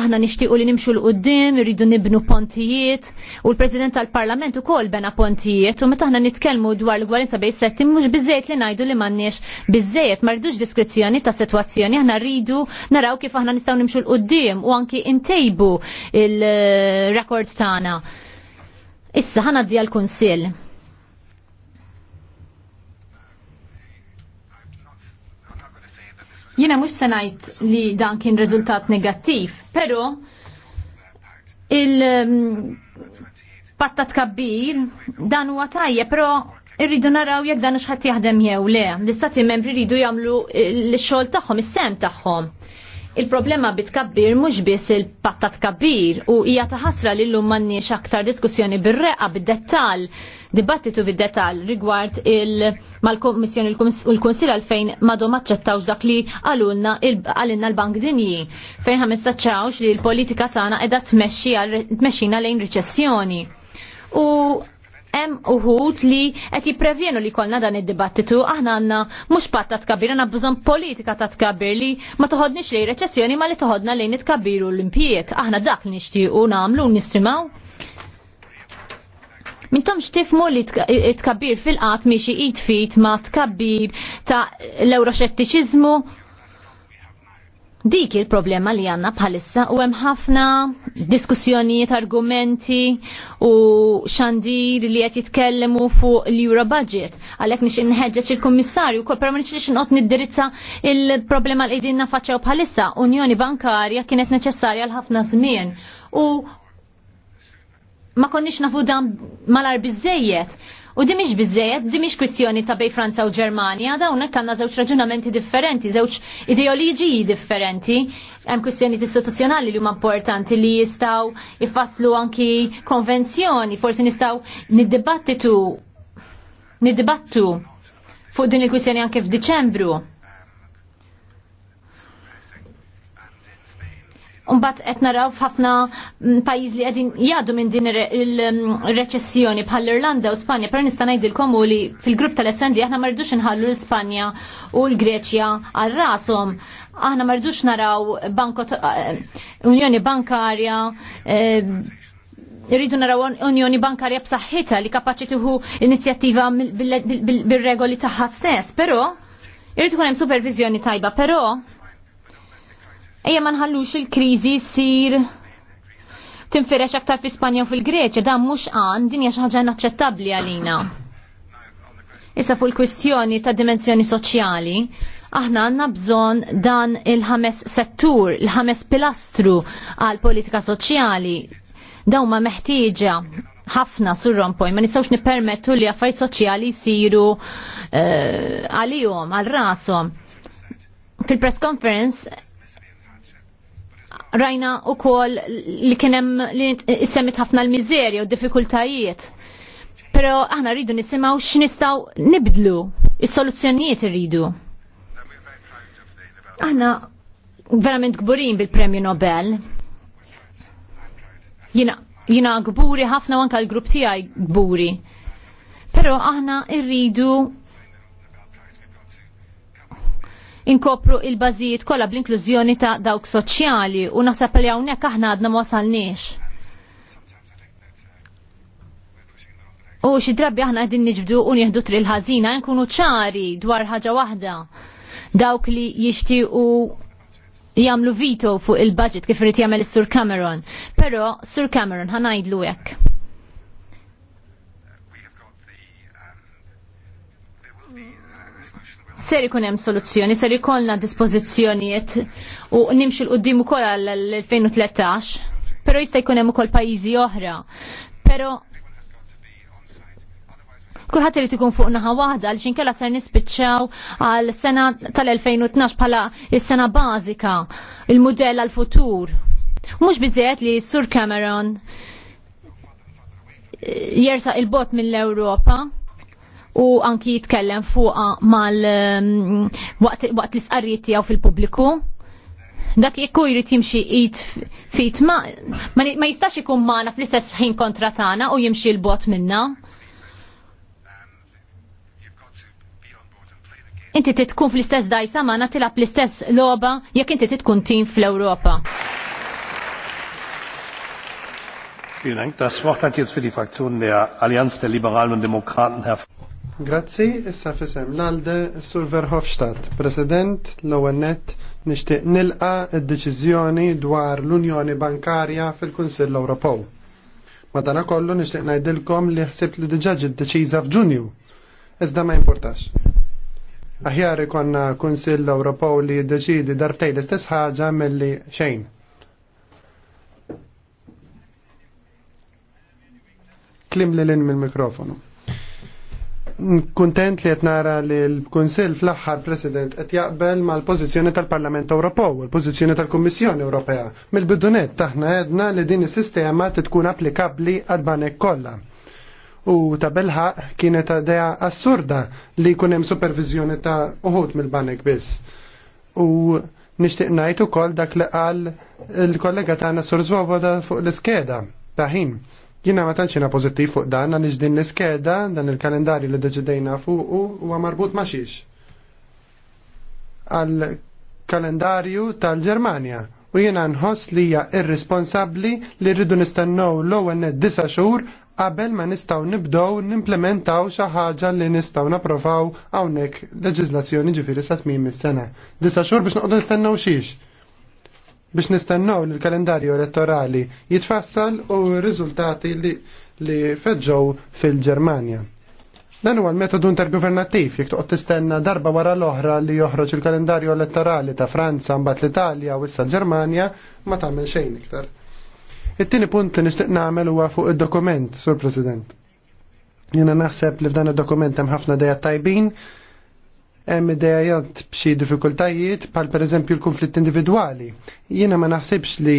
aħna nixtiequ li nimxu l-qoddim, irridu nibnu pontijiet, u l-President tal-Parlament ukoll bena pontijiet, u meta aħna nitkellmu dwar l gwarinza bej settim mhux bizzejt li ngħidu li m'għandniex bizzejt, ma rridux diskrizzjoni ta' sitwazzjoni, aħna rridu naraw kif aħna nistgħu nimxu l-qoddim u anki intejbu il-rekord tagħna. Issa ħana d l-Kunsill Jiena mhux se ngħid li dan kien riżultat negattiv, però il mm, patta tkabbir dan huwa tajjeb, però irridu naraw jekk dan xħat jaħdem jew le. L-istati membri rridu jagħmlu l-xogħol tagħhom, is-sem tagħhom. Il-problema bitkabbir mhux biss il pattat kabbir, u hija taħasra li llum m'għandniex aktar diskussjoni bir-reqa bid-dettall, dibattitu bid-dettall rigward il- mal-Kommissjoni u l-Kunsil għalfejn madhom ma dak li għalunna għalinna l-Bank Dinji fejn ħames mistaċċawx li l-politika tagħna qiegħda tmexxi tmexxina lejn riċessjoni. U hemm uħut li qed jipprevjenu li kollna dan id-dibattitu aħna għandna mhux patta tkabbir, għandna bżonn politika ta' tkabbir li ma toħodniex lejn reċessjoni ma li toħodna lejn itkabbiru l-impjieg. Aħna dak li nixtiequ nagħmlu nistrimaw. Mintom xtifmu li tkabbir fil-qat miexi id fit ma tkabbir ta' l-euroxettiċizmu Dik il-problema li għanna bħalissa u hemm ħafna diskussjonijiet, argumenti u xandir li qed jitkellemu fuq l-Euro Budget. Għalhekk nix inħeġġeġ il-Kummissarju kol però ma nix niddirizza il-problema li qegħdin nafaċċew bħalissa. Unjoni Bankarja kienet neċessarja għal ħafna żmien u ma konniex nafu dan malar biżejjed U dimix mhix dimix kwestjoni ta' bej Franza u Ġermanja, da' unna għandna żewġ raġunamenti differenti, żewġ ideologi differenti, hemm kwestjoni istituzzjonali li huma importanti li jistgħu ifasslu anki konvenzjoni, forsi nistgħu niddibattitu niddibattu fuq din il-kwistjoni anke f'Diċembru Umbat qed naraw f'ħafna mm, pajjiż li qegħdin jgħadu minn din il-reċessjoni mm, bħal Irlanda u Spanja, per nista' ngħidilkom u li fil-grupp tal-SND aħna ma rridux inħallu l-Ispanja u l-Greċja għal rashom. Aħna ma rridux naraw eh, Unjoni Bankarja irridu eh, naraw unjoni bankarja b'saħħitha li kapaċi tieħu inizjattiva bir regoli tagħha stess, però irridu hemm supervizjoni tajba, però Ejja ma nħallux il-kriżi jsir tinferex aktar fi Spanja u fil-Greċja, dan mhux għan dinja xi ħaġa inaċċettabbli għalina. Issa fuq il-kwistjoni ta' dimensjoni soċjali, aħna għandna bżonn dan il-ħames settur, il-ħames pilastru għal politika soċjali. Dawn ma meħtieġa ħafna sur rompoj, ma nistgħux nippermettu li affarijiet soċjali jsiru eh, għalihom, għal rashom. Fil-press conference rajna u kol li kienem li semmit ħafna l-mizerja u diffikultajiet. Pero aħna rridu nisimaw x'nistgħu nibdlu, is-soluzzjonijiet irridu. Aħna verament gburin bil-Premju Nobel. Jina, jina gburi ħafna anka l-grupp tiegħi gburi. Pero aħna irridu inkopru il-bażijiet kollha bl-inklużjoni ta' dawk soċjali u naħseb li hawnhekk aħna għadna ma wasalniex. U xi drabi aħna qegħdin niġbdu u nieħdu tril ħażina nkunu ċari dwar ħaġa waħda. Dawk li jixtiequ jagħmlu vito fuq il-budget kif irid jagħmel is-Sur Cameron. Però Sur Cameron ħanajdlu hekk ser ikun hemm soluzzjoni, ser ikollna dispożizzjonijiet u nimxu l qudiem ukoll għal-2013, però jista' jkun hemm ukoll pajjiżi oħra. Però kulħadd irid ikun fuq naħa waħda għal xinkella ser nispiċċaw għal sena tal-2012 bħala is-sena bażika, il-mudell għal futur. Mhux biżejjed li Sur Cameron jersa il-bot mill-Ewropa, u anki jitkellem fuq mal ehm, waqt l-isqarriet tiegħu fil-pubbliku. Dak jekku jrid jimxi id fit ma, ma jistax ikun magħna fl-istess ħin kontra tagħna u jimxi l-bot minna. Inti titkun fl-istess dajsa magħna tilab l-istess logħba jekk inti titkun tim fl-Ewropa. Vielen Dank. Das Wort hat jetzt für die Fraktion der Allianz der Liberalen und Demokraten Herr Grazzi, issa fisem l-alde Sur Verhofstadt, President l-ONET nishtiq nilqa d-deċizjoni dwar l-Unjoni Bankarja fil-Kunsill Ewropew. Madana kollu nishtiq najdilkom li ħsib li diġaġi d-deċiza f'Ġunju. Iżda ma importax. Aħjar ikonna Kunsill Ewropew li deċidi darbtej l-istess ħaġa mill-li xejn. Klim li l-in mil mikrofonu Kuntent li qed nara li l-Kunsill fl-aħħar President qed jaqbel mal-pożizzjoni tal-Parlament Ewropew u l-pożizzjoni tal-Kummissjoni Ewropea. Mill-bidunet taħna għedna li din is-sistema tkun applikabbli għad-banek kollha. U ta' kienet idea assurda li jkun hemm supervizjoni ta' uħud mill-banek biss. U nixtieq ngħid ukoll dak li qal il-kollega tagħna Sur Swoboda fuq l-iskeda ta' ħin Jina ma tantxina pozittiv fuq dan għaliex din l-iskeda dan il-kalendarju li deċidejna fuq huwa marbut ma xiex. Għal kalendarju tal-Ġermanja u jiena nħoss li hija irresponsabbli li rridu nistennew l-ewwel disa' xhur qabel ma nistgħu nibdew nimplementaw xi ħaġa li nistgħu napprovaw hawnhekk leġiżlazzjoni ġifieri sa tmiem is-sena. Disa' xhur biex noqogħdu nistennew xiex biex nistennew li l-kalendarju elettorali jitfassal u r-riżultati li, li feġġow fil-Ġermanja. Dan huwa l-metodu intergovernattiv jekk toqgħod tistenna darba wara l-oħra li joħroġ il-kalendarju elettorali ta' Franza mbagħad l-Italja u issa l-Ġermanja ma tagħmel xejn iktar. It-tieni punt li nixtieq nagħmel huwa fuq id-dokument, Sur President. Jiena naħseb li f'dan id-dokument hemm ħafna dejja tajbin, hemm idejajat b'xi diffikultajiet bħal pereżempju l-konflitt individwali. Jiena ma naħsibx li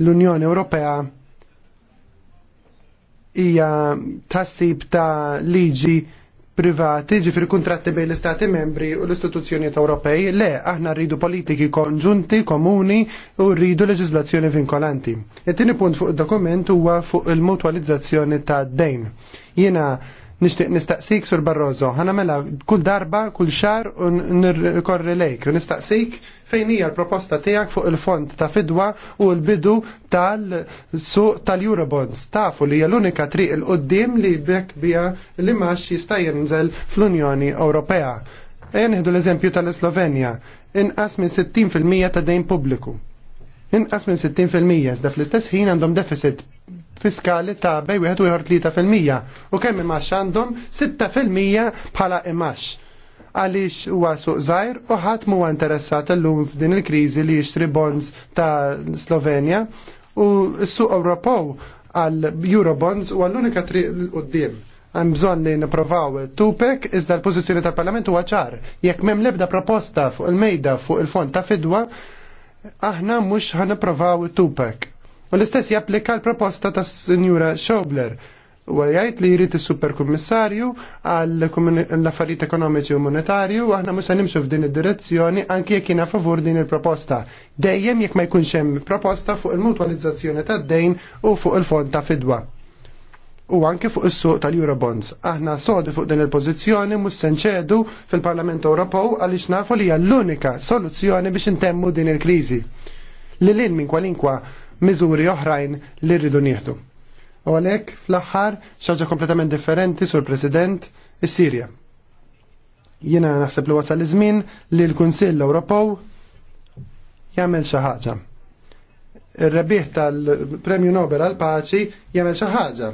l-Unjoni Ewropea hija tassib ta' liġi privati, ġifri kuntratti bejn l-Istati membri u l-istituzzjonijiet Ewropej, le, aħna rridu politiki konġunti, komuni u rridu leġislazzjoni vinkolanti. it tieni punt fuq id dokument huwa fuq il-mutualizzazzjoni ta' dejn. Jiena Nishtiq nistaqsik sur Barroso, ħanamela kull darba, kull xar u nirkorri lejk. U nistaqsik fejn hija l-proposta tiegħek fuq il-fond ta' fidwa u l-bidu tal-suq tal-Eurobonds. Tafu li hija l-unika triq il-qoddim li bekk bija li max jista' jinżel fl-Unjoni Ewropea. Ejja nieħdu l-eżempju tal-Slovenja, inqas minn 60% ta' dejn pubbliku. Inqas minn 60% iżda fl-istess ħin għandhom deficit fiskali ta' bej 1.3% u kemm imax għandhom 6% bħala imax. Għaliex huwa suq zaħir u ħadd huwa interessat l-lum f'din il-kriżi li jishtri bonds ta' Slovenja u s-suq Ewropew għal Eurobonds u għall-unika triq l-qoddim għan bżon li niprofaw tupek, iżda l-pozizjoni tal-Parlament huwa ċar. Jekk mem lebda proposta fuq il-mejda fuq il-fond ta' fidwa, aħna mhux ħan niprofaw tupek. U l-istess japplika l-proposta ta' Sinjura Schobler u għajt li jrid il-superkummissarju għall affarijiet ekonomiċi u monetarju u aħna mhux nimxu f'din id-direzzjoni anke jekk jiena favur din il-proposta. Dejjem jekk ma jkunx hemm proposta fuq il-mutwalizzazzjoni tad-dejn u fuq il-fond ta' fidwa. U anke fuq is-suq tal-Eurobonds. Aħna sodi fuq din il-pożizzjoni mhux senċedu fil-Parlament Ewropew għaliex nafu li hija l-unika soluzzjoni biex intemmu din il-kriżi. Lilin minn kwalinkwa miżuri oħrajn li rridu nieħdu. U għalhekk fl-aħħar xaġa kompletament differenti sur President is-Sirja. Jiena naħseb li wasal iż-żmien li l-Kunsill Ewropew jagħmel xi ħaġa. Ir-rebbieħ tal-Premju Nobel għall paċi jagħmel xi ħaġa.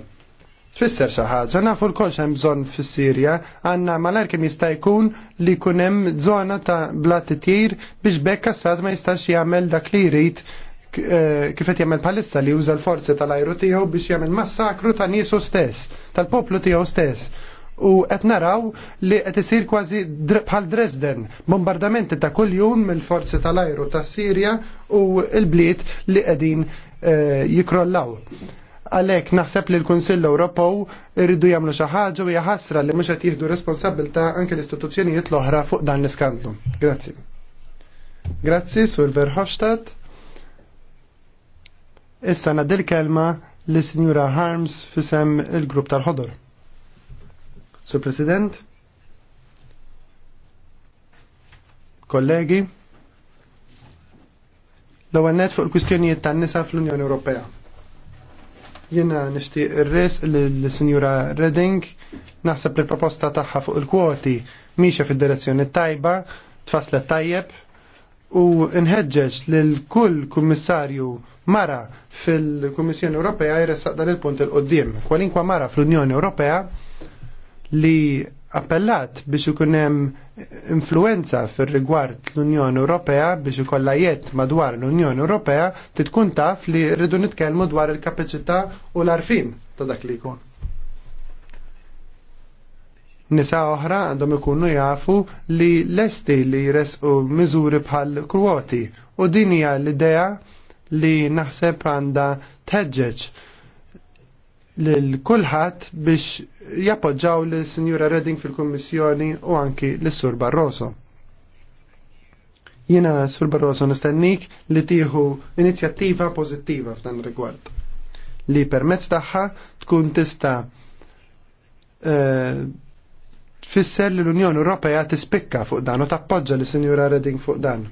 Tfisser xi ħaġa, nafu l-kol hemm bżonn fis-Sirja, għandna malar kemm jista' jkun li jkun hemm żona ta' blat titjir biex bekka sad ma jistax jagħmel dak li jrid Eh, kifet jagħmel bħalissa li juża l-forzi tal-ajru tiegħu biex jagħmel massakru ta' niesu stess, tal-poplu tiegħu stess. U qed naraw li qed isir kważi bħal Dresden, bombardamenti ta' kuljum mill-forzi tal-ajru tas Sirja u l-bliet li qegħdin eh, jikrollaw. Għalhekk naħseb li l-Kunsill Ewropew irridu jagħmlu xi ħaġa u hija ħasra li mhux qed jieħdu responsabilta anke l-istituzzjonijiet l-oħra fuq dan l-iskandlu. Grazzi. Grazzi, Sulver Hofstadt. Issa nadil kelma li Sinjura Harms fisem il-grupp tal-ħodor. Sur President, kollegi, l-għannet fuq il-kwistjonijiet tan-nisa fl-Unjoni Ewropea jena nishti il-res l-Sinjura Redding naħseb li proposta taħħa fuq il-kwoti miexa fil-direzzjoni tajba, tfaslet tajjeb, u nħeġġeġ l kull kummissarju mara fil-Kummissjoni Ewropea jressaq dan il-punt il-qoddim. Kwalinkwa mara fl-Unjoni Ewropea li appellat biex ikun hemm influenza fir-rigward l-Unjoni Ewropea biex ikolla jett madwar l-Unjoni Ewropea titkun taf li rridu nitkellmu dwar il-kapaċità u l-arfin ta' dak li jkun nisa oħra għandhom ikunu jafu li lesti li jresqu miżuri bħal kwoti u din hija l-idea li naħseb għandha tħeġġeġ lil kulħadd biex jappoġġaw l sinjura Redding fil-Kummissjoni u anki l sur Barroso. Jiena Sur Barroso nistennik li tieħu inizjattiva pożittiva f'dan rigward li permezz tagħha tkun tista' uh, tfisser li l-Unjoni Ewropea tispikka fuq dan u tappoġġa li Sinjura Redding fuq dan.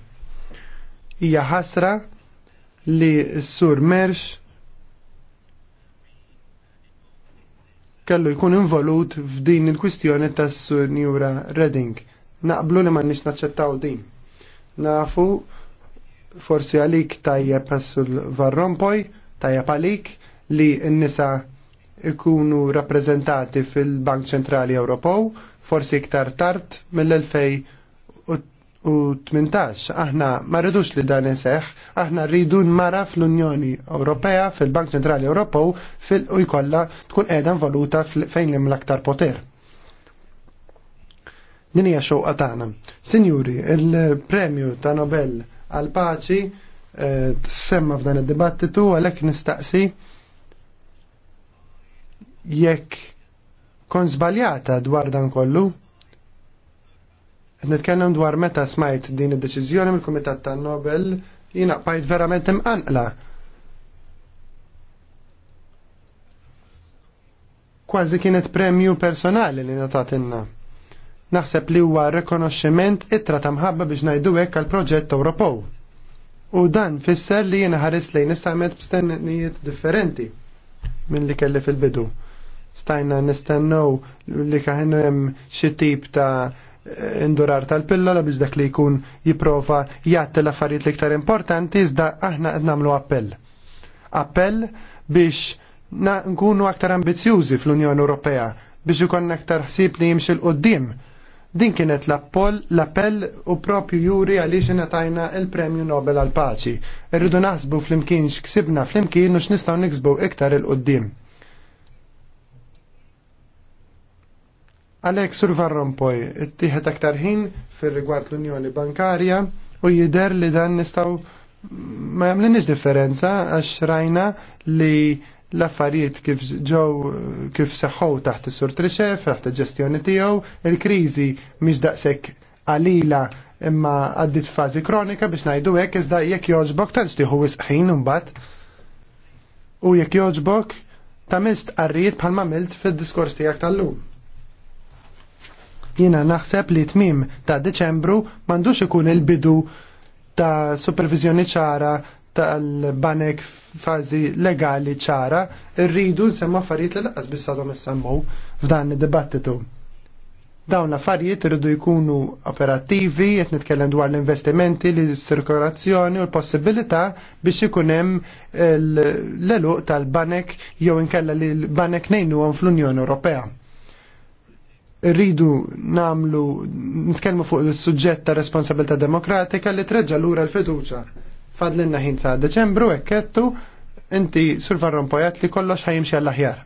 Hija ħasra li s-sur Mersh kellu jkun involut f'din il-kwistjoni tas-Sinjura Redding. Naqblu li ma nix naċċettaw din. Nafu forsi għalik tajjeb sul varrompoj, tajjeb għalik li n-nisa ikunu rappresentati fil-Bank Ċentrali Ewropew forsi iktar tard mill-2018. Aħna ma rridux li dan iseħ, aħna rridu nmara fl-Unjoni Ewropea, fil-Bank Ċentrali Ewropew, u jkollha tkun qiegħda valuta fejn hemm l-aktar poter. Din hija xewqa tagħna. Sinjuri, il-Premju ta' Nobel għal paċi eh, semma f'dan id-dibattitu għalhekk nistaqsi jekk Kon żbaljata dwar dan kollu? Qed nitkellem dwar meta smajt din id-deċiżjoni mill-Kumitat tan-Nobel jiena qajt verament imqanqla. Kważi kienet premju personali li natatinna. Naħseb li huwa rekonoxximent ittra ta' mħabba biex ngħidu hekk għall proġett Ewropew. U dan fisser li jiena ħares lejn is b'stennijiet differenti minn li kelli fil-bidu stajna nistennew li kaħinu hemm xi tip ta' indurar tal-pillola biex dak li jkun jiprofa jgħatti l-affarijiet l-iktar importanti iżda aħna qed nagħmlu appell. Appell biex nkunu aktar ambizjużi fl-Unjoni Ewropea biex ikonna aktar ħsieb li jimxi l-qoddim. Din kienet l-appell u propju juri għaliex ingħatajna il-Premju Nobel għal-Paċi. Irridu naħsbu fl-imkien x'ksibna fl-imkien u x'nistgħu niksbu iktar il-qoddim. Alex Sur Varrompoj, it tieħed aktar ħin fir rigward l-Unjoni Bankarja u jider li dan nistaw ma jamlinix differenza għax rajna li l-affarijiet kif ġew kif seħħu taħt is-sur Trixef, taħt il-ġestjoni tiegħu, il-kriżi mhix daqshekk għalila imma għaddit fażi kronika biex ngħidu hekk iżda jekk jogħġbok tantx tieħu wisqħin imbagħad. U jekk jogħġbok tagħmel stqarrijiet bħalma milt fid-diskors tiegħek tal-lum Jiena naħseb li tmim ta' Deċembru m'għandux ikun il-bidu ta' supervizjoni ċara tal-banek fazi legali ċara, rridu nsemma affarijiet li laqas bissadhom issemmu f'dan id-dibattitu. Dawn l-affarijiet irridu jkunu operattivi, qed nitkellem dwar l-investimenti, l-sirkolazzjoni u l-possibilità biex ikun hemm l-eluq tal-banek jew inkella li l-banek ngħinuhom fl-Unjoni Ewropea rridu namlu nitkellmu fuq il-suġġett ta' responsabilità demokratika li treġġa lura l-fiduċa. Fadlinna ħin ta' Deċembru ekkettu inti sur pojat li kollox ħajimxi għall-aħjar.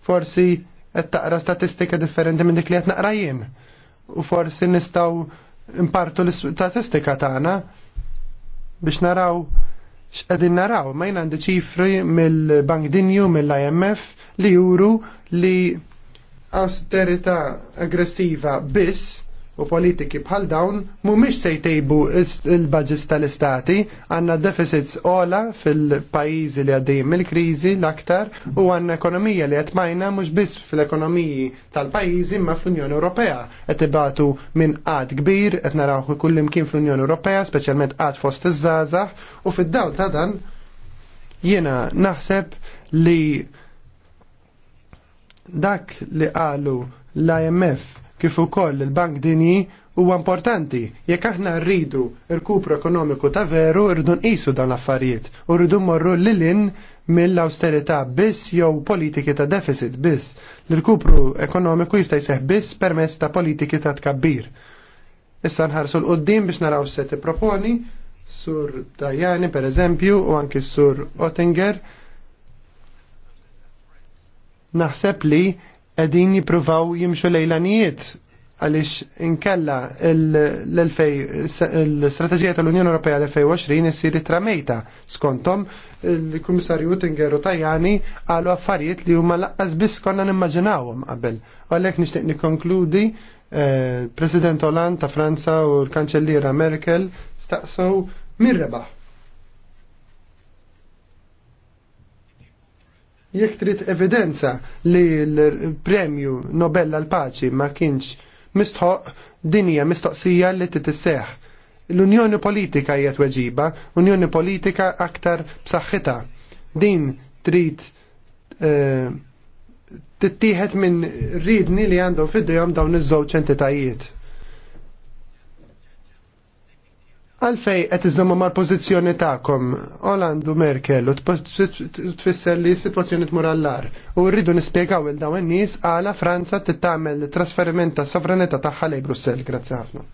Forsi qed taqra statistika differenti minn dik li qed naqra jien. U forsi nistgħu impartu l-statistika tagħna biex naraw x'qegħdin naraw ma jien għandi ċifri mill-Bank Dinju mill-IMF li juru li austerità aggressiva biss u politiki bħal dawn mhumiex se jtejbu il-budgets tal-istati, għandna deficits ola fil-pajjiżi li għaddejjin mill-kriżi l-aktar u għandna ekonomija li qed majna mhux biss fil-ekonomiji tal-pajjiżi imma fl-Unjoni Ewropea qed tibatu minn qatt kbir qed narawh kull imkien fl-Unjoni Ewropea, speċjalment qatt fost iż-żgħażagħ u fid-dawl ta' dan jiena naħseb li Dak li qalu l-IMF kif ukoll il-Bank Dinji huwa importanti jekk aħna rridu rkupru ekonomiku ta' veru rridu nqisu dan l-affarijiet u rridu mmorru lilin mill-austerità biss jew politiki ta' deficit biss. l kupru ekonomiku jista' jseħ biss permezz ta' politiki ta' tkabbir. Issa nħarsu l-qoddim biex naraw se proponi sur Tajani per eżempju u anki sur Ottinger naħseb li qegħdin jippruvaw jimxu lejlanijiet għaliex inkella l-strategija tal-Unjoni Ewropea l-2020 issir tramejta skontom il-Kummissarju Tingeru Tajani għalu affarijiet li huma laqqas biss konna nimmaġinawhom qabel. Għalhekk nixtieq nikkonkludi eh, President Hollande ta' Franza u l-Kanċelliera Merkel staqsow min rebaħ jekk trid evidenza li l-premju Nobel għal paċi ma kienx mistħoq hija mistoqsija li titisseħ. L-Unjoni Politika hija tweġiba, Unjoni Politika aktar b'saħħitha. Din trid eh, tittieħed minn ridni li għandhom fid dawn iż-żewġ entitajiet. Għalfej qed iżomma mal-pożizzjoni tagħkom Olandu Merkel u tfisser li situazzjoni tmur għallar. U rridu nispjegaw il dawn nis nies għala Franza tittamel trasferiment ta' sovranità tagħha lej Brussell. Grazzi ħafna.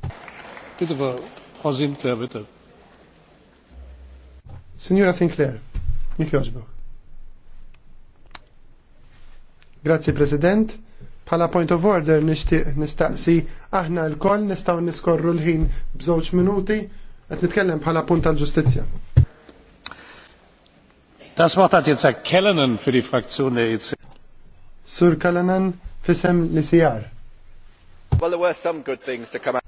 Signora Sinclair, jek joġbu. Grazzi President. Bħala point of order nixtieq nistaqsi aħna l-koll nistgħu niskorru l-ħin b'żewġ minuti għet nitkellem bħala punt tal ġustizja Das Wort hat jetzt Herr Kellenen für die Fraktion der EC. Sir Kellenen, für Sam Lissiar. Well, there were some good things to come out.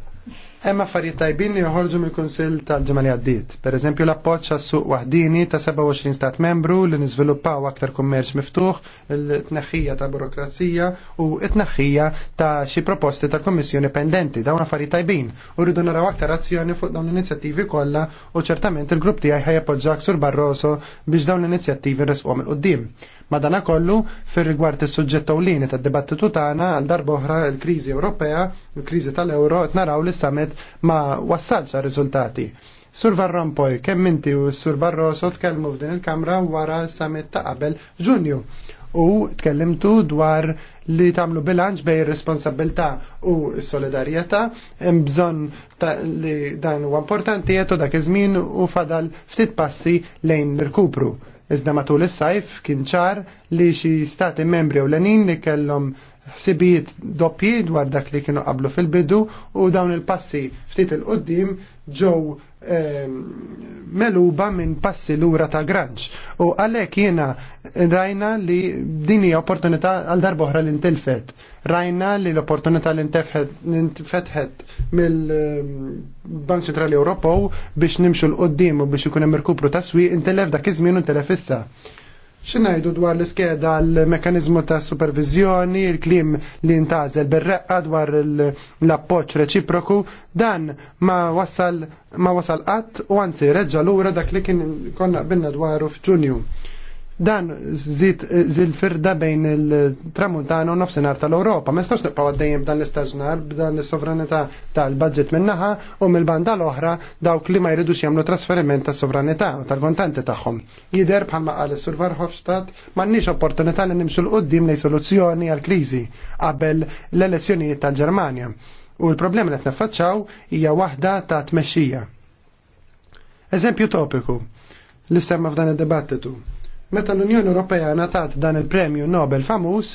Hemm affarijiet tajbin li joħorġu mill-Kunsill tal-ġimgħa li għaddiet. Pereżempju l-appoġġ għas-suq waħdini ta' 27 stat membru li niżviluppaw aktar kummerċ miftuħ, it tneħħija ta' burokrazija u t-tneħħija ta' xi proposti ta' kommissjoni pendenti dawn affarijiet tajbin. U rridu naraw aktar azzjoni fuq dawn l-inizjattivi kollha u ċertament il-grupp tiegħi ħajappoġġak sur Barroso biex dawn l-inizjattivi resqhom il-qudiem. Madana kollu, fir rigward is suġġett tawlini tad-dibattitu tagħna għal darboħra l-kriżi Ewropea, l-kriżi tal-Euro, naraw li summit ma wassalx rizultati. riżultati. Sur Varron Rompuy, kemm inti u Sur Barroso tkellmu f'din il-Kamra wara summit ta' qabel Ġunju. U tkellimtu dwar li tagħmlu bilanċ bej responsabilità u solidarjetà, hemm bżonn li dan huwa importanti qed dak iż-żmien u fadal ftit passi lejn l-rkupru. Iżda matul is-sajf kien ċar li xi stati membri ewlenin li kellhom ħsibijiet doppji dwar dak li kienu qablu fil-bidu u dawn il-passi ftit il-qoddim ġew ehm, meluba minn passi lura ta' granċ. U għalhekk jiena rajna li din hija opportunità għal darba oħra li intilfet. Rajna li l-opportunità li intilfetħet mill-Bank Ċentrali Ewropew biex nimxu l-qoddim u biex ikun hemm irkupru ta' swieq intelef dak iż-żmien u intelef issa. Xinajdu dwar l-iskeda l-mekanizmu ta' supervizjoni, il-klim li ntazel berreqqa dwar l-appoċ reċiproku, dan ma wasal ma wasal qatt u anzi reġġa lura dak li kien konna binna dwaru f'Ġunju. Dan zid zil-firda bejn il-tramuntana u nofsinhar tal europa Ma nistax nibqgħu għaddejjem b'dan l-istaġnar, b'dan is-sovranità tal-budget min-naħa u mill-banda l-oħra dawk li ma jridux jagħmlu trasferiment tas-sovranità u tal-kontanti tagħhom. Jidher bħalma qal Survar sur Verhofstadt m'għandniex opportunità li nimxu l-qudiem lejn soluzzjoni għall-kriżi qabel l-elezzjonijiet tal-Ġermanja. U l-problema li t naffaċċaw hija waħda ta' tmexxija. Eżempju topiku li semma f'dan id-dibattitu Meta l-Unjoni Ewropea ngħatat dan il-Premju Nobel famuż,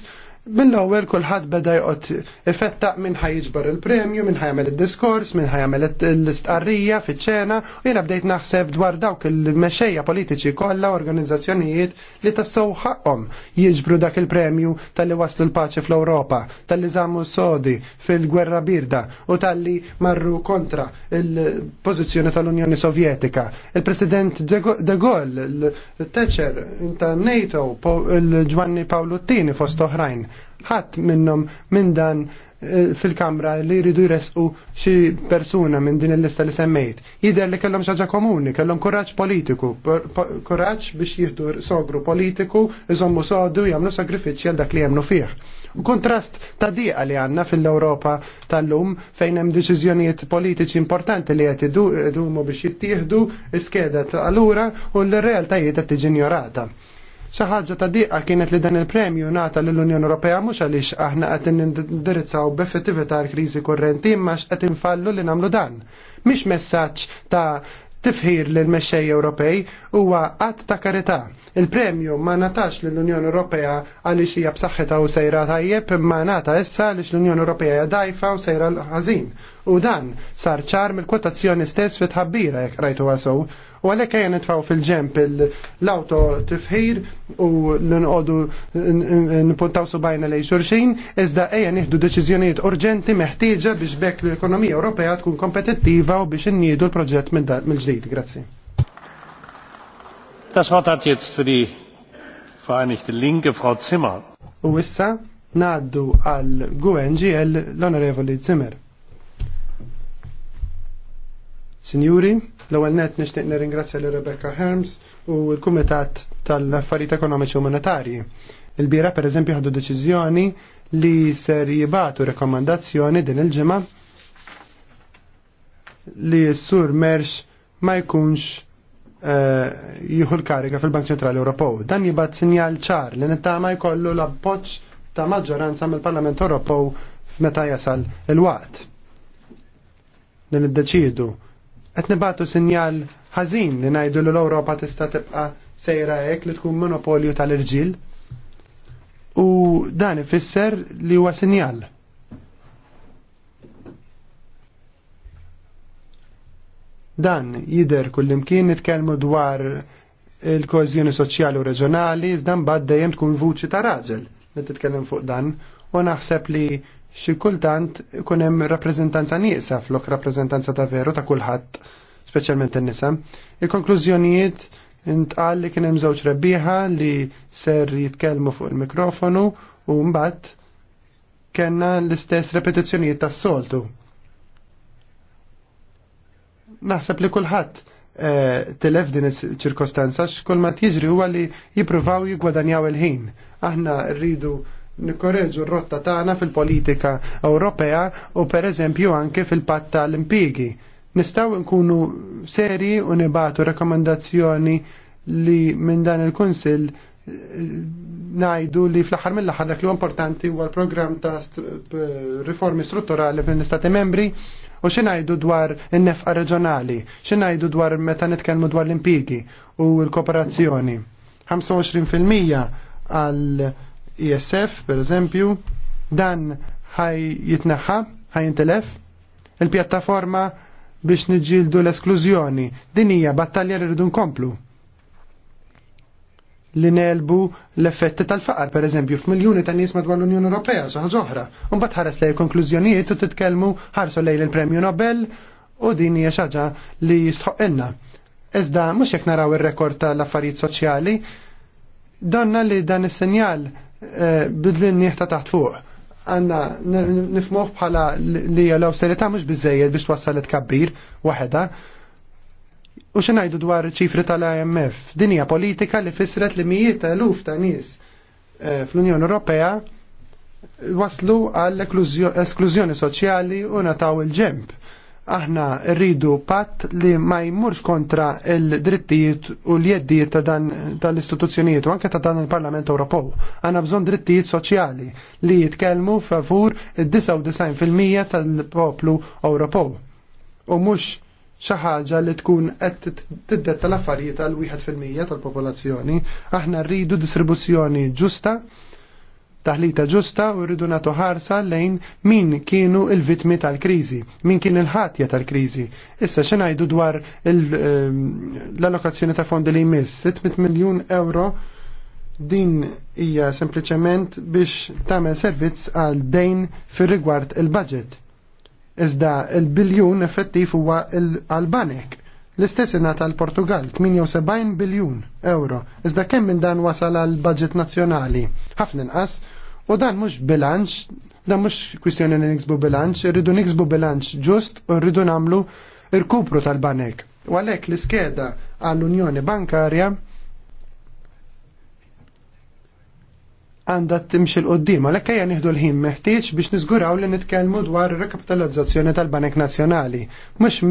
mill-ewwel kulħadd beda jqgħod ifettaq minn ħajġbar il-premju, minn ħajamel id-diskors, minn ħajamel l-istqarrija fiċ-ċena, u jiena bdejt naħseb dwar dawk il-mexejja politiċi kollha organizzazzjonijiet li tassew ħaqhom jiġbru dak il-premju tal-li waslu l-paċi fl-Ewropa, tal-li żammu sodi fil-gwerra birda u tal-li marru kontra il-pożizzjoni tal-Unjoni Sovjetika. Il-President De Gaulle, Thatcher ta' NATO, il-Ġwanni Pawluttini fost oħrajn ħadd minnhom minn dan eh, fil-kamra li jridu jresqu xi persuna minn din il-lista li semmejt. Jidher li kellhom xaġa komuni, kellhom kuraġġ politiku, kuraġġ biex jieħdu sogru politiku, iżommu sodu jagħmlu sagrifiċċji għal dak li jagħmlu fih. Kontrast ta' diqa li għanna fil-Europa tal-lum fejn hemm deċiżjonijiet politiċi importanti li qed idumu biex jittieħdu iskeda tal-lura u l-realtajiet qed tiġi ignorata. Xi ħaġa ta' diqa kienet li dan il-premju nata lill-Unjoni Ewropea mhux għaliex aħna qed nindirizzaw b'effettività l-kriżi kurrenti imma x'qed infallu li nagħmlu dan. Mhix messaġġ ta' tifħir lil mexxej Ewropej huwa qatt ta' karità. Il-premju ma natax l-Unjoni Ewropea għaliex hija b'saħħitha u sejra tajjeb imma nata issa għaliex l-Unjoni Ewropea hija dajfa u sejra l-ħażin. U dan sar ċar mill-kwotazzjoni stess fit tħabbira jekk rajtu għasow U għalek għajan nitfaw fil-ġemp l-auto tifħir u l-nqodu su subajna lej xurxin, iżda għajan nieħdu deċizjoniet urġenti meħtieġa biex bekk l-ekonomija Ewropea tkun kompetittiva u biex innidu l-proġett mill-ġdid. Grazie. Das Wort hat jetzt für die Vereinigte Linke Frau Zimmer. U issa naddu għal GUNGL l-Onorevoli Zimmer. Sinjuri, l-ewwel net nixtieq nirringrazzja lil Rebecca Herms u l-Kumitat tal-Affarijiet Ekonomiċi u Monetarji. Il-bira pereżempju ħadu deċiżjoni li ser jibatu rekomandazzjoni din il-ġimgħa li s-sur Merx ma jkunx eh, jieħu l-kariga fil-Bank Ċentrali Ewropew. Dan jibgħat sinjal ċar li nittama jkollu l-appoġġ ta' maġġoranza mill-Parlament Ewropew f'meta jasal il-waqt. id-deċidu qed nibatu sinjal ħażin li ngħidu li l-Ewropa tista' tibqa' sejra ek li tkun monopolju tal-irġiel. U dan ifisser li huwa sinjal. Dan jidher kullimkien nitkellmu dwar il-kohezjoni soċjali u reġjonali, iżda mbagħad dejjem tkun vuċi ta' raġel li titkellem fuq dan u naħseb li xi kultant ikun hemm rappreżentanza nieqsa flok rappreżentanza ta' veru ta' kulħadd, speċjalment in-nisa. Il-konklużjonijiet intqal li kien hemm żewġ rebbieħa li ser jitkellmu fuq il-mikrofonu u mbagħad kellna l-istess repetizzjonijiet tas-soltu. Naħseb li kulħadd eh, telef din ċirkostanza x'kull ma jiġri huwa li jippruvaw jigwadanjaw il-ħin. Aħna rridu nikkoreġu r-rotta tagħna fil-politika Ewropea u pereżempju anke fil-patt tal-impigi. Nistgħu nkunu seri u nibatu rekomendazzjoni li minn dan il-Kunsill eh, najdu li fl-aħħar mill-aħħar dak li importanti huwa l-programm ta' riformi strutturali fil-Istati membri u xinajdu dwar in-nefqa reġjonali, xinajdu dwar meta nitkellmu dwar l-impigi u l-kooperazzjoni. 25% għal ISF, per eżempju, dan ħaj jitnaħħa, ħaj jintelef, il-pjattaforma biex nġildu l-esklużjoni. Din hija battalja li rridu nkomplu. Li nelbu l-effetti tal-faqar, per eżempju, f'miljuni ta' nies madwar l-Unjoni Ewropea, soħ oħra. Mbagħad ħares lej konklużjonijiet u titkellmu ħarsu lejn il-Premju Nobel u din hija xi ħaġa li jistħoqilna. Iżda mhux jekk naraw ir-rekord tal-affarijiet soċjali, donna li dan is-sinjal bidlin nieħta taħt fuq. Għanna nifmuħ bħala li l-austerità mux bizzejed biex wassalet kabbir waħda. U xinajdu dwar ċifri tal-IMF? Dinja politika li fisret li mijiet eluf ta' nis eh, fl-Unjoni Ewropea waslu għall-esklużjoni soċjali u nataw il-ġemp aħna rridu patt li ma jmurx kontra il-drittijiet u l-jeddijiet ta' dan tal-istituzzjonijiet u anke ta' dan il-Parlament Ewropew. Għanna bżonn drittijiet soċjali li jitkellmu favur id-99% tal-poplu Ewropew. U mhux xi ħaġa li tkun qed tiddetta l-affarijiet għal 1% fil-mija tal-popolazzjoni. Aħna rridu distribuzzjoni ġusta taħlita ġusta u rridu nagħtu ħarsa lejn min kienu il-vitmi tal-kriżi, min kien il-ħatja tal-kriżi. Issa xi ngħidu dwar ehm, l-allokazzjoni ta' fondi li jmiss 600 miljun euro din hija sempliċement biex tagħmel servizz għal dejn fir-rigward il-budget. Iżda il-biljun effettiv huwa għal-banek. L-istess ingħata l-Portugal 78 biljun euro. Iżda kemm minn dan wasal għal budget nazzjonali? Ħafna inqas U dan mhux bilanċ, dan mhux kwistjoni li niksbu bilanċ, rridu niksbu bilanċ ġust u rridu nagħmlu kupru tal-banek. U għalhekk l-iskeda għall-Unjoni Bankarja għandha timxil qoddim, għalhekk ejja nieħdu l-ħin meħtieġ biex niżguraw li nitkellmu dwar rekapitalizzazzjoni tal-Banek Nazzjonali, mhux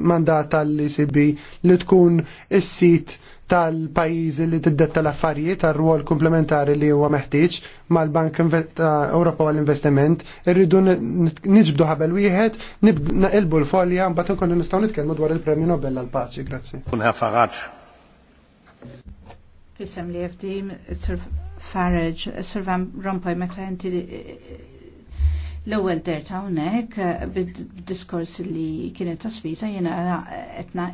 mandat tal-ECB li tkun is-sit tal pajiz li tiddetta l-affarijiet tal rwol komplementari li huwa meħtieġ mal-Bank Ewropa għal investiment irridu niġbdu ħabel wieħed, naqilbu l-folja, mbagħad inkunu nistgħu nitkellmu dwar il-Premju Nobel għall-Paċi. Grazzi. Fissem li FD, Sir Farage, Sir Van Rompuy, meta inti l-ewwel derta hawnhekk eh, bid-diskors li kienet ta' spisa, jiena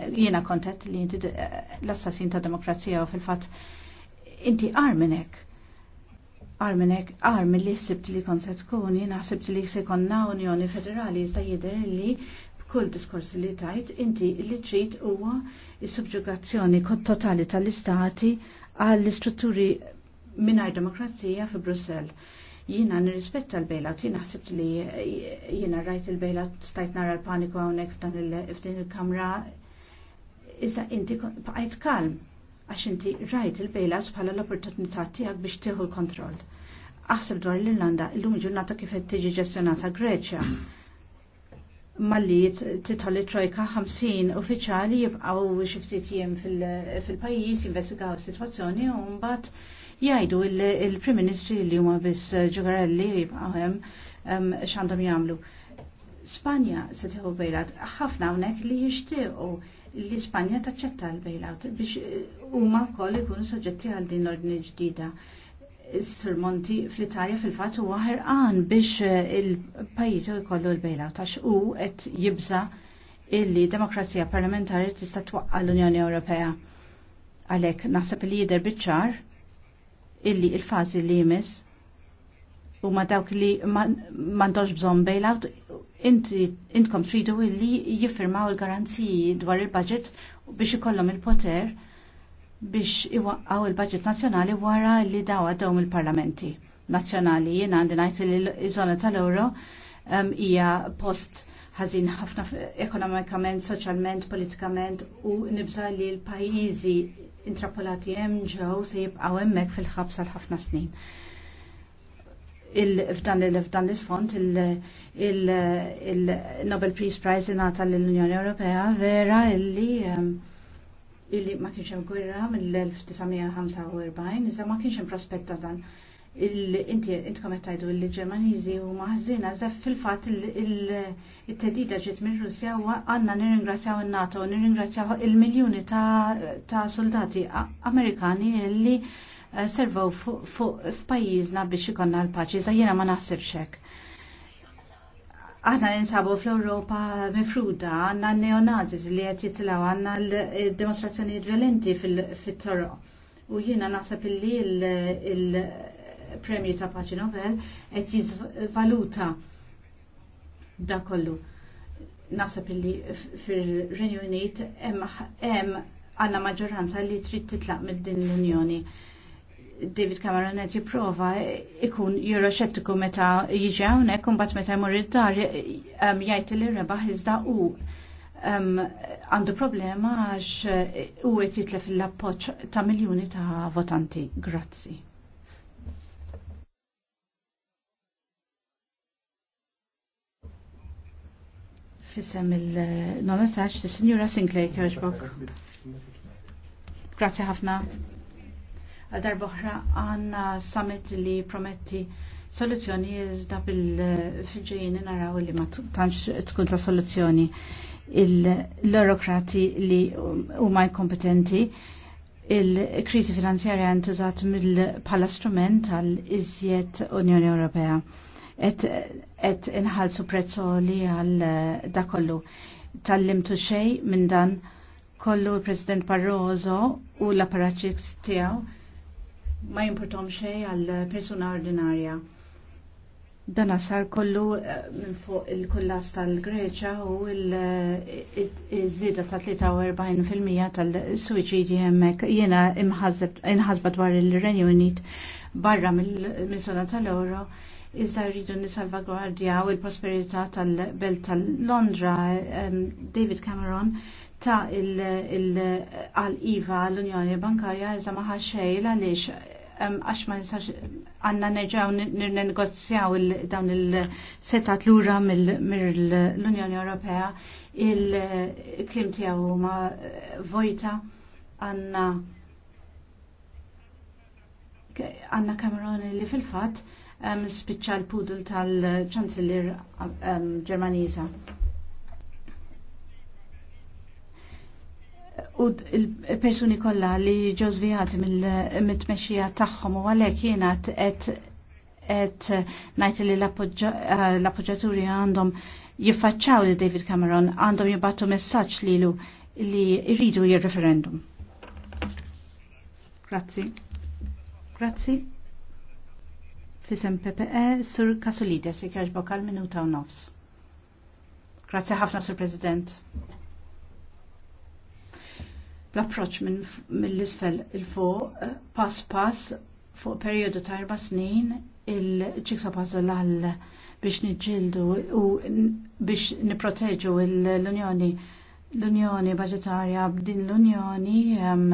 eh, kontet li inti eh, l-assassin ta' demokrazija u fil-fatt inti arminek arminek armi li sibt li kont se tkun jiena sibt li se jkollna Unjoni Federali iżda jidher li b'kull diskors li tajt inti li trid huwa s-subjugazzjoni subġugazzjoni totali tal-istati għall-istrutturi mingħajr demokrazija fi Brussell Jiena nirrispetta l-bailout, jiena ħsibt li jiena rajt il-bailout stajt nara l-paniku hawnhekk f'din il-kamra. Iżda inti b'qajt kalm għax inti rajt il-bailout bħala l-opportunità tiegħek biex tieħu l-kontroll. Aħseb dwar l-Irlanda, illum ġurnata kif qed tiġi ġestjonata Greċja malli titħol trojka 50 uffiċjali jibqaw xiftit jiem fil-pajis, is situazzjoni u mbagħad jgħidu il-Prim Ministri li huma biss ġugarelli eh, jibqahem x'għandhom jagħmlu. Spanja se tieħu bailout, ħafna hawnhekk li jixtiequ li Spanja taċċetta l-bailout biex eh, huma wkoll ikunu soġġetti għal din l-ordni ġdida. Sir Monti fl-Italja fil-fatt huwa ħerqan biex eh, il-pajjiżu jkollu l-bailout għax hu qed jibża illi demokrazija parlamentari tista' twaqqal l-Unjoni Ewropea. Għalhekk naħseb li jidher biċ-ċar illi il-fazi li jmiss u ma dawk li mandoġ bżon bailout, intkom tridu illi jiffirmaw il-garanziji dwar il-budget biex ikollhom il-poter biex iwaqqaw il-budget nazjonali wara li daw għadhom il-parlamenti nazjonali. Jena għandi ngħid li l żona tal-euro hija post ħażin ħafna ekonomikament, soċjalment, politikament u nibża li l-pajjiżi intrapolati hemm ġew se jibqgħu hemmhekk fil ħabsa l ħafna snin. F'dan l-isfond il-Nobel Peace Prize ingħata lill-Unjoni Ewropea vera illi ehm, illi ma kienx hemm gwerra mill-1945 iżda ma kienx hemm prospett ta' dan inti intkom qed tgħidu li ġermaniżi huma ħażin għażef fil-fatt it-tedida ġiet minn Russja għandna nirringrazzjaw in-NATO, nirringrazzjaw il-miljuni ta' soldati Amerikani li eh, servaw f'pajjiżna biex ikonna l-paċi, iżda jiena ma naħsibx hekk. Aħna ninsabu fl-Ewropa mifruda, għandna neonazis li qed jitilgħu, għandna l-dimostrazzjonijiet violenti fit-toroq. U jiena naħseb illi l- premju ta' paċi Nobel qed jiżvaluta da kollu. Nasab illi fir-Renju Unit hemm għandna maġġoranza li trid titlaq mid din l-Unjoni. David Cameron qed jipprova ikun euroxettiku meta jiġi hawnhekk imbagħad meta jmur id-dar um, jgħid li rebaħ iżda hu um, għandu problema għax uh, u qed jitlef fil appoġġ ta' miljuni ta' votanti. Grazzi. tisem il-non-attached, signora Sinclair Kirchbock. Grazie ħafna. Għal darboħra għanna summit li prometti soluzzjoni jizda bil-fġejni naraw li ma tantx tkun ta' soluzzjoni l-eurokrati li huma kompetenti. il-krizi finanzjarja ntużat mill-pala strument għal iżjed Unjoni Ewropea et inħalsu prezzoli għal eh, dakollu. Tallimtu xej minn dan kollu il-President Barroso u l apparatċik tiegħu ma jimportom xej għal persuna ordinarja. Dan sar kollu eh, minn fuq il-kullas tal-Greċa u il-żida eh, ta' 43% tal-suicidi hemmhekk jiena inħasba dwar il-Renju Unit barra mill żona tal-Euro iżda rridu u l prosperità tal-belt tal-Londra. David Cameron ta' il iva l-Unjoni Bankarja iżda maħa xej għaliex għax ma nistax għanna nerġaw negozzjaw dawn il-setat l-ura mill-Unjoni Ewropea il-klim tijaw ma vojta għanna għanna Cameron li fil-fat um, spiċċa l pudl tal-ċanziller um, Ġermaniża. U il-persuni kollha li ġożvijati mit tmexxija tagħhom u għalhekk jiena qed qed ngħid li eh, l-appoġġaturi għandhom jiffaċċaw li David Cameron għandhom jibbattu messaġġ lilu li jridu jir-referendum. Grazzi. Grazzi. Fisem PPE Sur Kasulides ikjaġ bokal minuta u nofs. Grazie ħafna Sur President. L-approċ minn mill-isfel il-fuq eh, pass pass fuq periodu ta' erba' snin il-ċiksa pazzol għal biex nġildu u biex niproteġu l-Unjoni l-Unjoni Budgetarja b'din l-Unjoni ehm,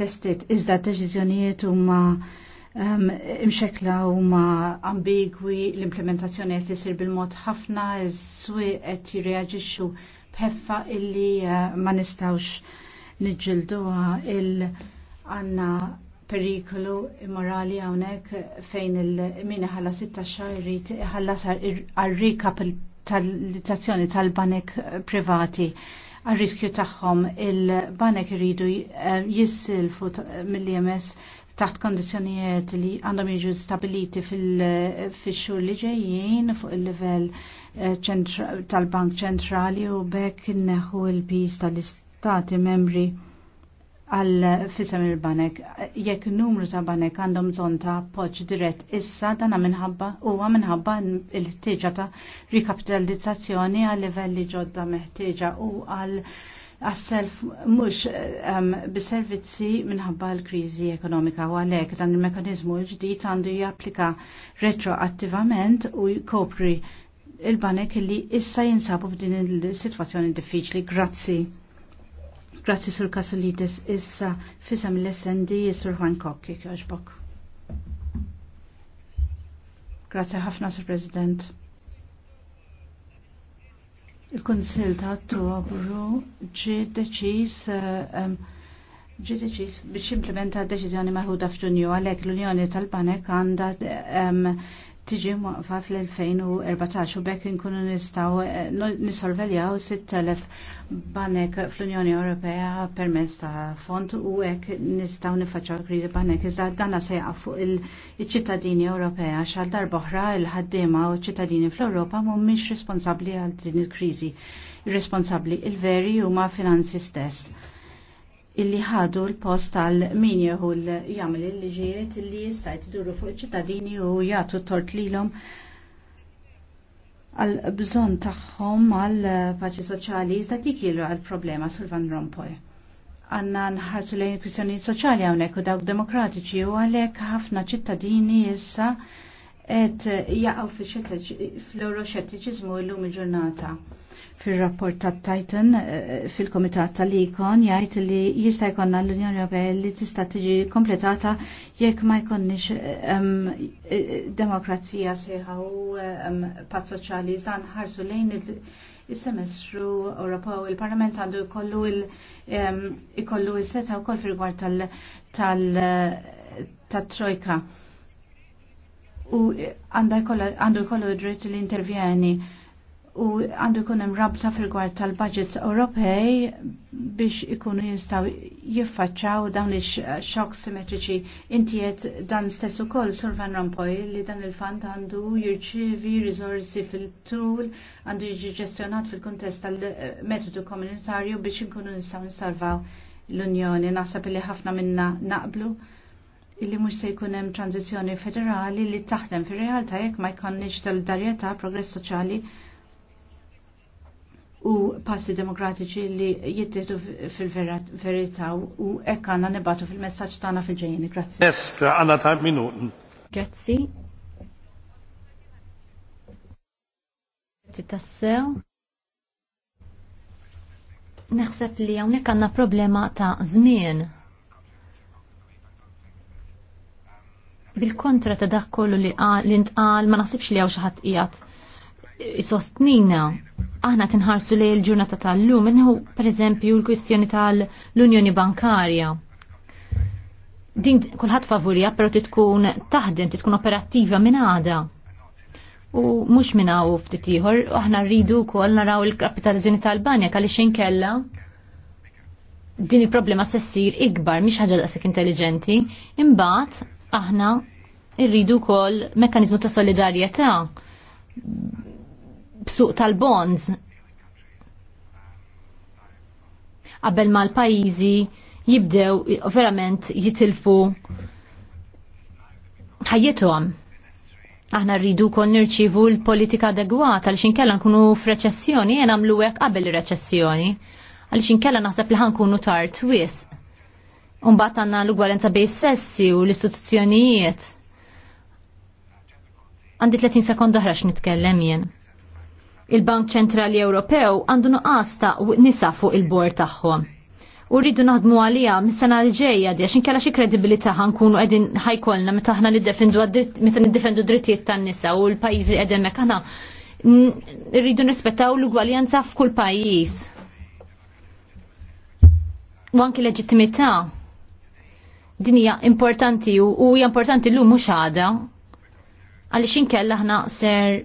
tlestit iżda d-deċiżjonijiet huma ma' Ehm, imxekla u huma ambigwi, l-implementazzjoni qed isir bil-mod ħafna, s-swieq qed bħeffa illi eh, ma nistawx niġġilduha il għanna perikolu immorali hawnhekk fejn il mini ħalla sitta xajrit ħallas għar-rikapitalizzazzjoni tal-banek privati għar-riskju tagħhom il-banek iridu eh, jissilfu mill-IMS taħt kondizjonijiet li għandhom jiġu stabiliti fil-xur li ġejjin fuq il-level eh, tal-Bank ċentrali u bekk neħu il bis tal-istati membri għal fisem il-banek. Jekk numru ta' banek għandhom bżonn ta' poċ dirett issa dana minħabba huwa minħabba il-ħtieġa ta' rikapitalizzazzjoni għal livelli ġodda meħtieġa u għal għas-self mux um, ehm, b-servizzi minħabba l-krizi ekonomika u għalek dan il-mekanizmu l-ġdijt għandu japplika retroattivament u jkopri il-banek li issa jinsabu f'din il-situazzjoni diffiċli. Grazzi. Grazzi sur Kasulitis issa fisam l-SND sur Juan Kokki, kħaxbok. Grazzi ħafna sur President il-Konsil ta' Ottobru ġi deċiż ehm, ġi deċiż biex implementa deċiżjoni maħuda f'Ġunju għalhekk l-Unjoni tal-Banek għandha ehm, tiġi waqfa fl-2014 u bekk nkunu nistaw eh, nisorveljaw 6.000 banek fl-Unjoni Ewropea permezz ta' fond u hekk nistaw nifaċċaw kriżi banek iżda danna se fuq il-ċittadini Ewropea xal darboħra il-ħaddiema u ċittadini fl-Ewropa mhumiex responsabbli għal din il-kriżi. Responsabbli il-veri huma finanzi stess illi ħadu l-post tal min jieħu jagħmel il-liġijiet illi jista' jduru fuq iċ-ċittadini u jagħtu tort lilhom għal bżonn tagħhom għal paċi soċali jistajt dik għal problema sul Van Rompuy. Għanna nħarsu lejn kwistjonijiet soċjali hawnhekk u dawk demokratiċi u għalhekk ħafna ċittadini issa qed jaqgħu fl loro llum il-ġurnata. l-lum il ġurnata fil-rapport ta' Titan eh, fil-Komitat tal-Ikon jgħid li jista' jkollna l-Unjoni Ewropea li tista' tiġi kompletata jekk ma jkollniex um, demokrazija sieħa u um, pat soċjali dan ħarsu lejn il-semestru Ewropew il-Parlament għandu jkollu il-ikollu um, seta wkoll fil rigward tal-Trojka. u għandu jkollu id-dritt li intervjeni u għandu jkun hemm rabta fil-gwar tal-budgets Ewropej biex ikunu jistgħu jiffaċċaw dawn ix-xokk simmetriċi. Inti qed dan stess ukoll Sur Van Rompuy li dan il-fond għandu jirċievi riżorsi fil-tul, għandu jiġi ġestjonat fil-kuntest tal-metodu komunitarju biex inkunu nistgħu nsalvaw l-Unjoni. Naħseb li ħafna minna naqblu illi mhux se jkun hemm tranzizzjoni federali li taħdem fir-realtà jekk ma jkollniex solidarjetà progress soċjali u passi demokratiċi li jittietu fil-verità u hekk għandna nibatu fil-messaġġ tagħna fil-ġejjeni. Grazzi. Yes, għanna ta' minuten. Grazzi. Grazzi tassew. Neħseb li hawnhekk għandna problema ta' żmien. Bil-kontra ta' dak kollu li, li ntqal ma naħsibx li hawn xi ħadd qiegħed sostnina aħna tinħarsu li l-ġurnata tal-lum, inħu per eżempju l-kwistjoni tal-Unjoni Bankarja. Din kulħadd favorija, però titkun taħdem, titkun operattiva minn għada. U mhux minn hawn ftit ieħor, aħna rridu wkoll naraw il-kapitalizzazzjoni tal-banja għaliex kella din il-problema se ssir ikbar, mhix ħaġa daqshekk intelligenti, imbagħad aħna rridu wkoll mekkaniżmu ta' solidarjetà bsuq tal-bonds qabel ma l-pajizi jibdew verament jitilfu ħajjithom. Aħna rridu kon nirċivu l-politika adegwata għal inkella nkunu f'reċessjoni jena għamlu hekk qabel ir-reċessjoni għal inkella naħseb li ħankunu tar twis. Umbat għanna l-ugwalenza bej sessi u l-istituzzjonijiet. Għandi 30 sekond oħra x'nitkellem jien il-Bank Ċentrali Ewropew għandu nuqqas ta' nisa fuq il-bord tagħhom. U rridu naħdmu għalija mis-sena l-ġejja di għaxin xi kredibilità ħankunu qegħdin ħajkolna meta aħna niddefendu meta niddefendu drittijiet tan-nisa u l-pajjiż li qegħdin hekk aħna rridu nrispettaw l-ugwaljanza f'kull pajjiż. U anki leġittimità din hija importanti u hija importanti llum mhux għada għaliex inkella aħna ser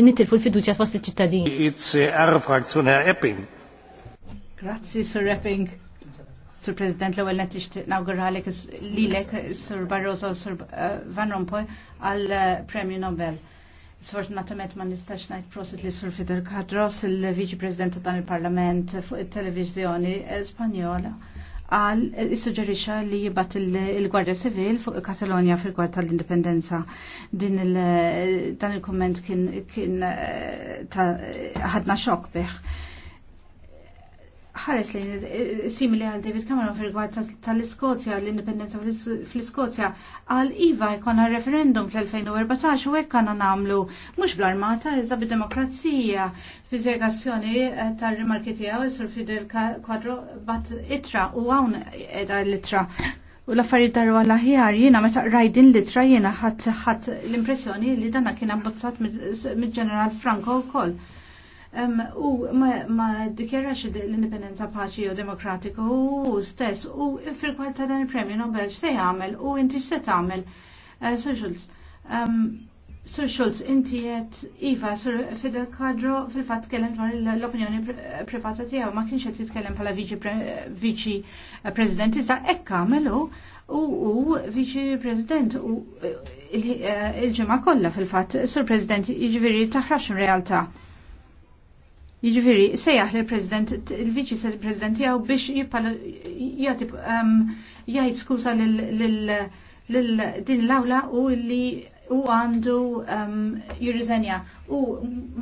nitilfu l fiduċa fost il ċittadini its eh, frakzjoni għar Epping. Grazzi, Sir Epping. Sir President, l-ewel net nixtieq l lilek Sir Barroso Sir eh, Van Rompuy għal eh, Premju Nobel. Sfortunatament ma nistax najt prosit li Sir Fidel Kadros, il-Viċi President ta' dan il-Parlament fuq it-Televiżjoni Spanjola għal suġġerixxa li jibgħat il-Gwardja Sivil fuq Katalonja fil-Gwardja tal-Indipendenza. Din il-dan il-komment kien eh, ħadna xokk bih ħares li simili għal David Cameron fil rigward tal-Iskozja, l-indipendenza fl-Iskozja, għal Iva jkonna referendum fl-2014 u hekk għandna nagħmlu mhux bl-armata iżda bid-demokrazija. Fiżegazzjoni eh, tal-rimarki tiegħu isur Fidel Kwadro bat itra u hawn qiegħda l-itra. U l-affarijiet darru l aħjar jiena meta rajdin litra jiena ħadd l-impressjoni li danna kien abbozzat mill-ġeneral Franco wkoll u ma xe l-indipendenza paċi u demokratiku u stess u fil kwarta dan il-premju Nobel xe jagħmel u inti xe tagħmel eh, Sir Schulz. Sir Schulz, inti jett iva Sir Fidel Kadro fil-fatt kellem dwar l-opinjoni privata tiegħu ma kienx qed jitkellem bħala viċi eh, President sa' hekk melu, u viċi President u eh, il-ġimgħa kollha fil-fatt Sur President iġviri taħrax realtà. realtà Jiġifieri sejjaħ l president il-viċi tal president tiegħu biex jippala jagħti um, jgħid skuża lil din l-awla u li u għandu um, jirriżenja u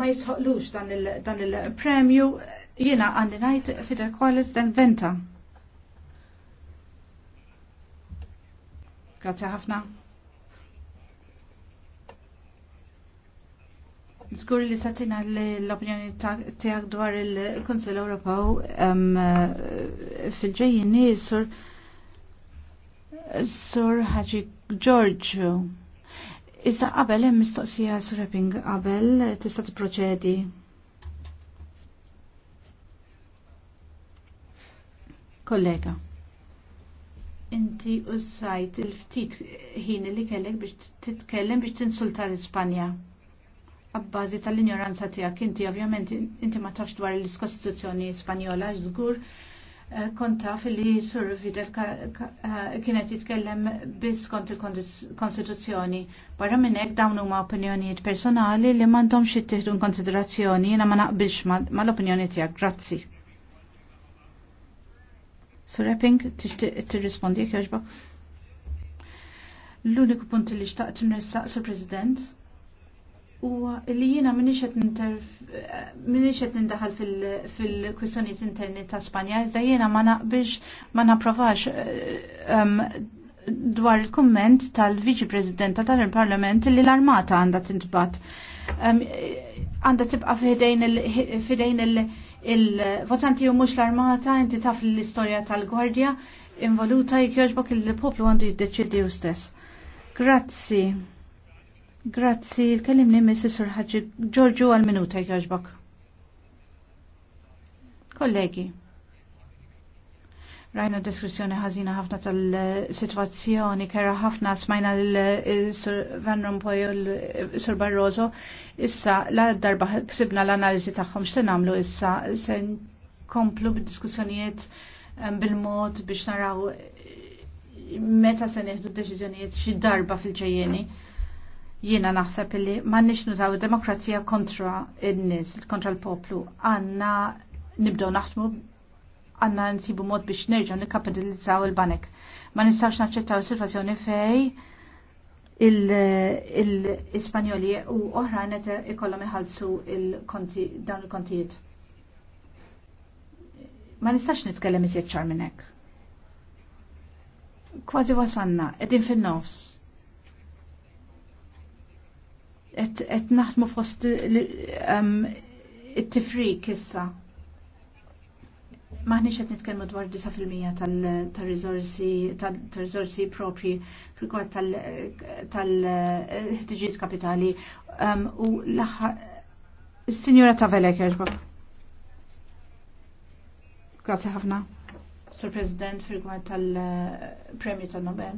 ma jisħoqlux dan il-premju jiena għandi ngħid Fidel kwalis dan venta. Grazie ħafna. Zgur li satina l-opinjoni tijak dwar il-Konsil Ewropew fil-ġejjini sur sur ħaġi Giorgio. Issa qabel hemm mistoqsija sur Epping qabel tista' tipproċedi. Kollega. Inti sajt il-ftit ħin li kellek biex titkellem biex tinsulta l-Ispanja għabbażi tal-ignoranza tiegħek inti ovvjament inti ma tafx dwar l-Kostituzzjoni Spanjola żgur eh, konta fil-li Sur Fidel eh, kienet jitkellem biss kont il-Kostituzzjoni. Barra minn hekk dawn huma opinjonijiet personali li m'għandhomx jittieħdu konsiderazzjoni jiena ma naqbilx mal-opinjoni tiegħek. Grazzi. Sur Epping, tixtieq tirrispondi jekk jogħġbok? L-uniku punt li xtaqt nressaq, Sur President, huwa li jiena minniċet qed nindaħal fil-kwistjonijiet interni ta' Spanja, iżda jiena ma naqbix ma napprovax eh, dwar il-komment tal-Viċi Presidenta tal-Parlament li l-armata għandha tintbat. Għandha tibqa fidejn il-votanti u mhux l-armata, inti taf l-istorja tal-Gwardja involuta jkjoġbok il-poplu għandu jiddeċidi u stess. Grazzi. Grazzi, l-kellimni Mrs. Ħagġi Giorgio għal-minuta jgħaxbak. Kollegi, rajna deskrizzjoni ħażina ħafna tal-situazzjoni, kera ħafna smajna l-Sur Van Rompuy u l-Sur Barroso, issa la darba ksibna l-analizi tagħhom x'se nagħmlu issa se nkomplu b diskussjonijiet bil-mod biex naraw meta se d deċiżjonijiet xi darba fil-ġejjeni. Jiena naħseb li m'għandniex nużaw id-demokrazija kontra n-nies, kontra l-poplu. Għandna nibdew naħdmu għandna nsibu mod biex nerġgħu nikkapitalizzaw il-banek. Ma nistax naċċettaw is-sitwazzjoni fej il-Ispanjoli u oħrajn qed ikollhom iħallsu il-konti dawn il-kontijiet. Ma nistax nitkellem iżjed ċar minn hekk. Kważi wasanna, qegħdin fin-nofs qed naħdmu fost it-tifrik issa. Maħniex qed nitkellmu dwar 9% tal-riżorsi tal-riżorsi propri tal-ħtiġijiet eh, kapitali u l-aħħar Signora Tavelek, Grazie ħafna. Sur President, fil tal-Premju eh, tal-Nobel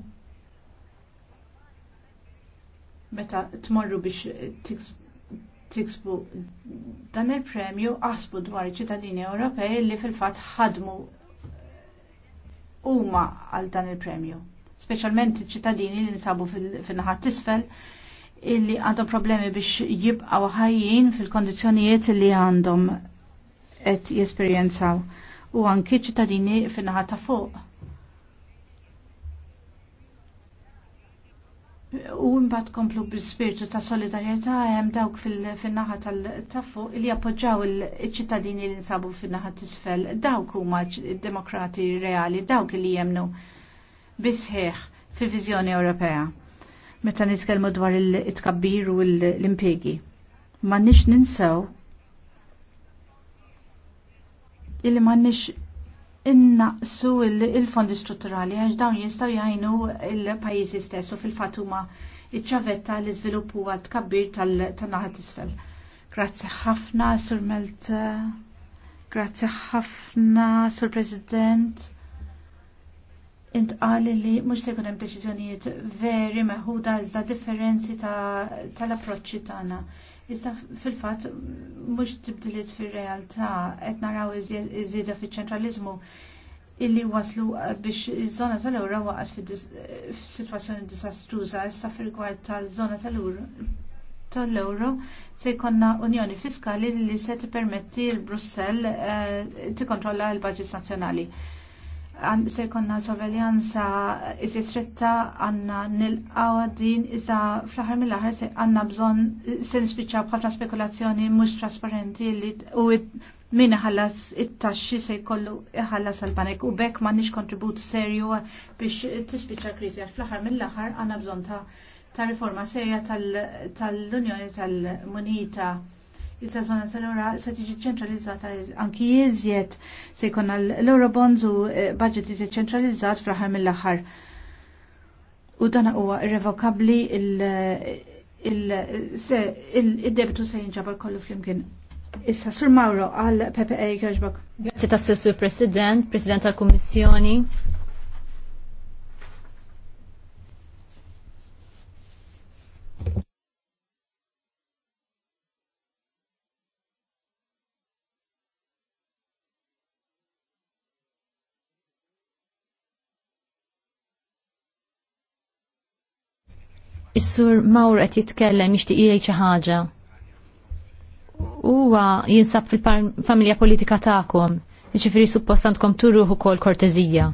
meta tmorru biex tiksbu dan il-premju għasbu dwar ċittadini Ewropej li fil-fat ħadmu huma għal dan il-premju. Speċjalment ċittadini li nsabu fil-naħat tisfel illi għandhom problemi biex jibqaw ħajjin fil-kondizjonijiet li għandhom qed jesperjenzaw u anki ċittadini fin-naħa ta' fuq U mbagħad komplu bil spirtu ta' solidarjetà hemm dawk fin-naħa tal-fuq li jappoġġaw il-ċittadini li nsabu fin-naħa t'isfel. Dawk huma demokrati reali, dawk li jemnu bisħeħ fi viżjoni Ewropea. Meta nitkellmu dwar il-tkabbir u l-impjegi. Ma nix ninsaw ma nix innaqsu il-fondi strutturali għax dawn jistaw jgħajnu il-pajjiżi stess u fil-fatt huma iċ l iżvilupp huwa tkabbir tal-naħat isfel. Grazzi ħafna, Sur Melta, Grazzi ħafna, Sur President. Int għalli li mhux se jkun hemm deċiżjonijiet veri meħuda iżda differenzi tal-approċċi tagħna. Ta Issa fil-fatt mhux tibdiliet fir-realtà qed naraw iżida fiċ-ċentraliżmu illi waslu eh, biex iż-żona tal-ewra waqgħet eh, f'sitwazzjoni disastruza, issa fil-gwar tal-żona tal-euro se jkollna unjoni fiskali li se permetti l-Brussell eh, tikkontrolla l-budget nazzjonali se jkollna sorveljanza iżi stretta għandna nilqgħu din iżda fl-aħħar mill-aħħar se għandna bżonn se nispiċċaw bħafna spekulazzjoni mhux trasparenti li u min ħallas it-taxxi se jkollu ħallas għal-panek u bekk m'għandniex kontribut serju biex tispiċċa krizi għal fl-aħħar mill-aħħar għandna bżonn ta' reforma riforma serja tal-Unjoni tal-Munita. tal unjoni tal munita Issa zona tal-ora se tiġi ċentralizzata anki jiżjed se jkollna l-Eurobonds u eh, budget iżjed ċentralizzat fl-aħħar mill-aħħar. U dan huwa irrevokabbli il-debitu se jinġabal kollu flimkien. Issa Sur Mauro għal PPA e, Kirchbach. Grazzi tassu President, President tal-Kummissjoni. Is-sur Mawr qed jitkellem jixtieq jgħid xi ħaġa. Huwa jinsab fil-familja politika tagħkom, jiġifieri suppost għandkom turuħ ukoll kortezija.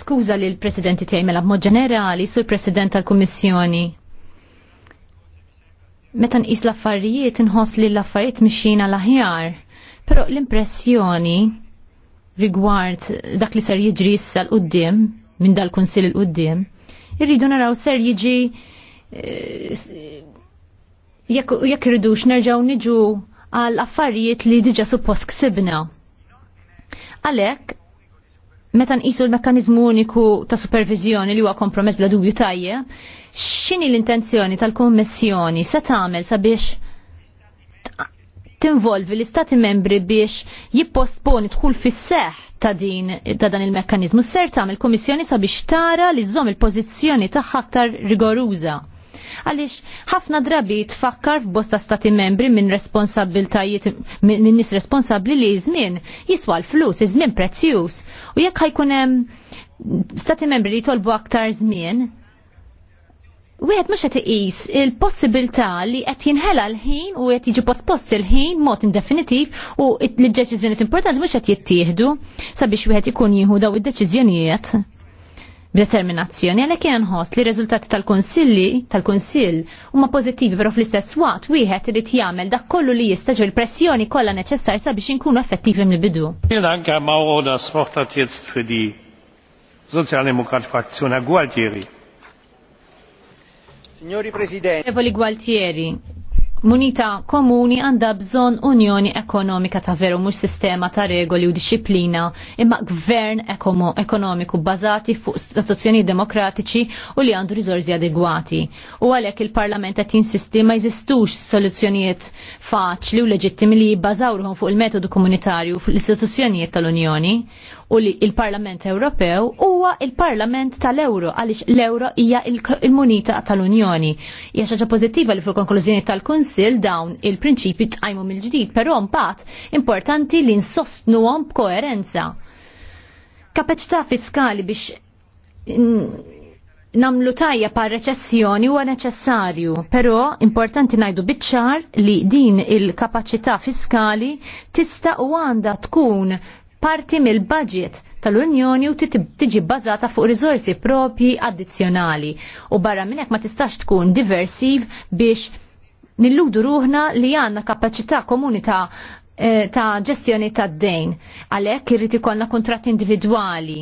Skuża li l-Presidenti tiegħi mela b'mod ġenerali, sur President tal-Kummissjoni. Meta nqis l-affarijiet inħoss li l-affarijiet mixjina l aħjar, però l-impressjoni rigward dak li ser jiġri issa l-qudiem minn dal-Kunsill l qudiem irridu naraw ser jiġi eh, jekk irridux nerġgħu niġu għal affarijiet li diġa suppost ksibna. Għalhekk, meta nqisu l-mekkanizmu uniku ta' supervizjoni li huwa kompromess bla dubju tajjeb, x'inhi l-intenzjoni tal-Kummissjoni se tagħmel sabiex tinvolvi l-istati membri biex jippostponi dħul fis seħ ta' din ta' dan il-mekkanizmu. Ser tagħmel il-Kummissjoni sabiex tara li żomm il-pożizzjoni tagħha aktar rigoruża. Għaliex ħafna drabi tfakkar f'bosta stati membri minn responsabiltajiet minn nis responsabli li żmien jiswa l-flus, iż-żmien prezzjuż. U jekk ħajkunem hemm stati membri li jitolbu aktar żmien, Wieħed mhux qed iqis il-possibilità li qed jinħela l-ħin u qed jiġi pospost il-ħin mot indefinitiv u l-deċiżjonijiet importanti mhux qed jittieħdu sabiex wieħed ikun jieħu daw id-deċiżjonijiet b'determinazzjoni għalhekk kien nħoss li riżultati tal-Kunsilli tal-Kunsill huma pożittivi pero fl-istess waqt wieħed irid jagħmel dak kollu li jista' il pressjoni kollha neċessar sabiex inkunu effettivi mill-bidu. Dank Herr Mauro, das Wort hat jetzt Sozialdemokrat-Fraktion Herr Signori Presidenti. Evoli Gualtieri, munita komuni għandha bżonn unjoni ekonomika ta' veru mhux sistema ta' regoli u disciplina imma gvern ekonomiku bażati fuq istituzzjoni demokratiċi u li għandu rizorzi adegwati. U għalhekk il-Parlament qed jinsisti ma jeżistux soluzzjonijiet faċli u leġittimi li jibbażawruhom fuq il-metodu komunitarju fuq l-istituzzjonijiet tal-Unjoni u li il-Parlament Ewropew huwa il-Parlament tal-Euro għaliex l-Euro hija il-munita tal-Unjoni. Hija xaġa pożittiva li fil-konklużjoni tal-Kunsill dawn il-prinċipji tqajmu mill-ġdid, però mbagħad importanti li nsostnuhom b'koerenza. Kapaċità fiskali biex namlu tajja par reċessjoni huwa neċessarju, però importanti najdu biċċar li din il-kapacità fiskali tista' u għandha tkun parti mill-budget tal-Unjoni u tiġi bbażata fuq rizorsi propji addizzjonali u barra minn hekk ma tistax tkun diversiv biex nilludu ruħna li għandna kapaċità komuni ta' eh, ġestjoni ta' d-dejn. Għalhekk irrid ikollna kontratti individwali.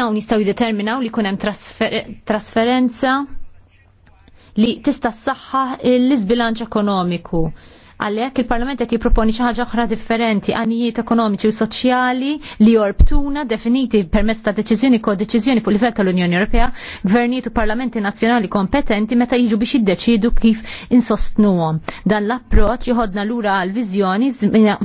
Dawn jistgħu jiddeterminaw li jkun hemm trasfer trasferenza li tista' ssaħħa l-iżbilanċ ekonomiku Għalhekk il-Parlament qed jipproponi xi ħaġa oħra differenti, għanijiet ekonomiċi u soċjali li jorbtuna definiti permezz ta' deċiżjoni ko deċiżjoni fuq livell tal-Unjoni Ewropea, gvernijiet u parlamenti nazzjonali kompetenti meta jiġu biex jiddeċidu kif insostnuhom. Dan l-approċċ joħodna lura għal viżjoni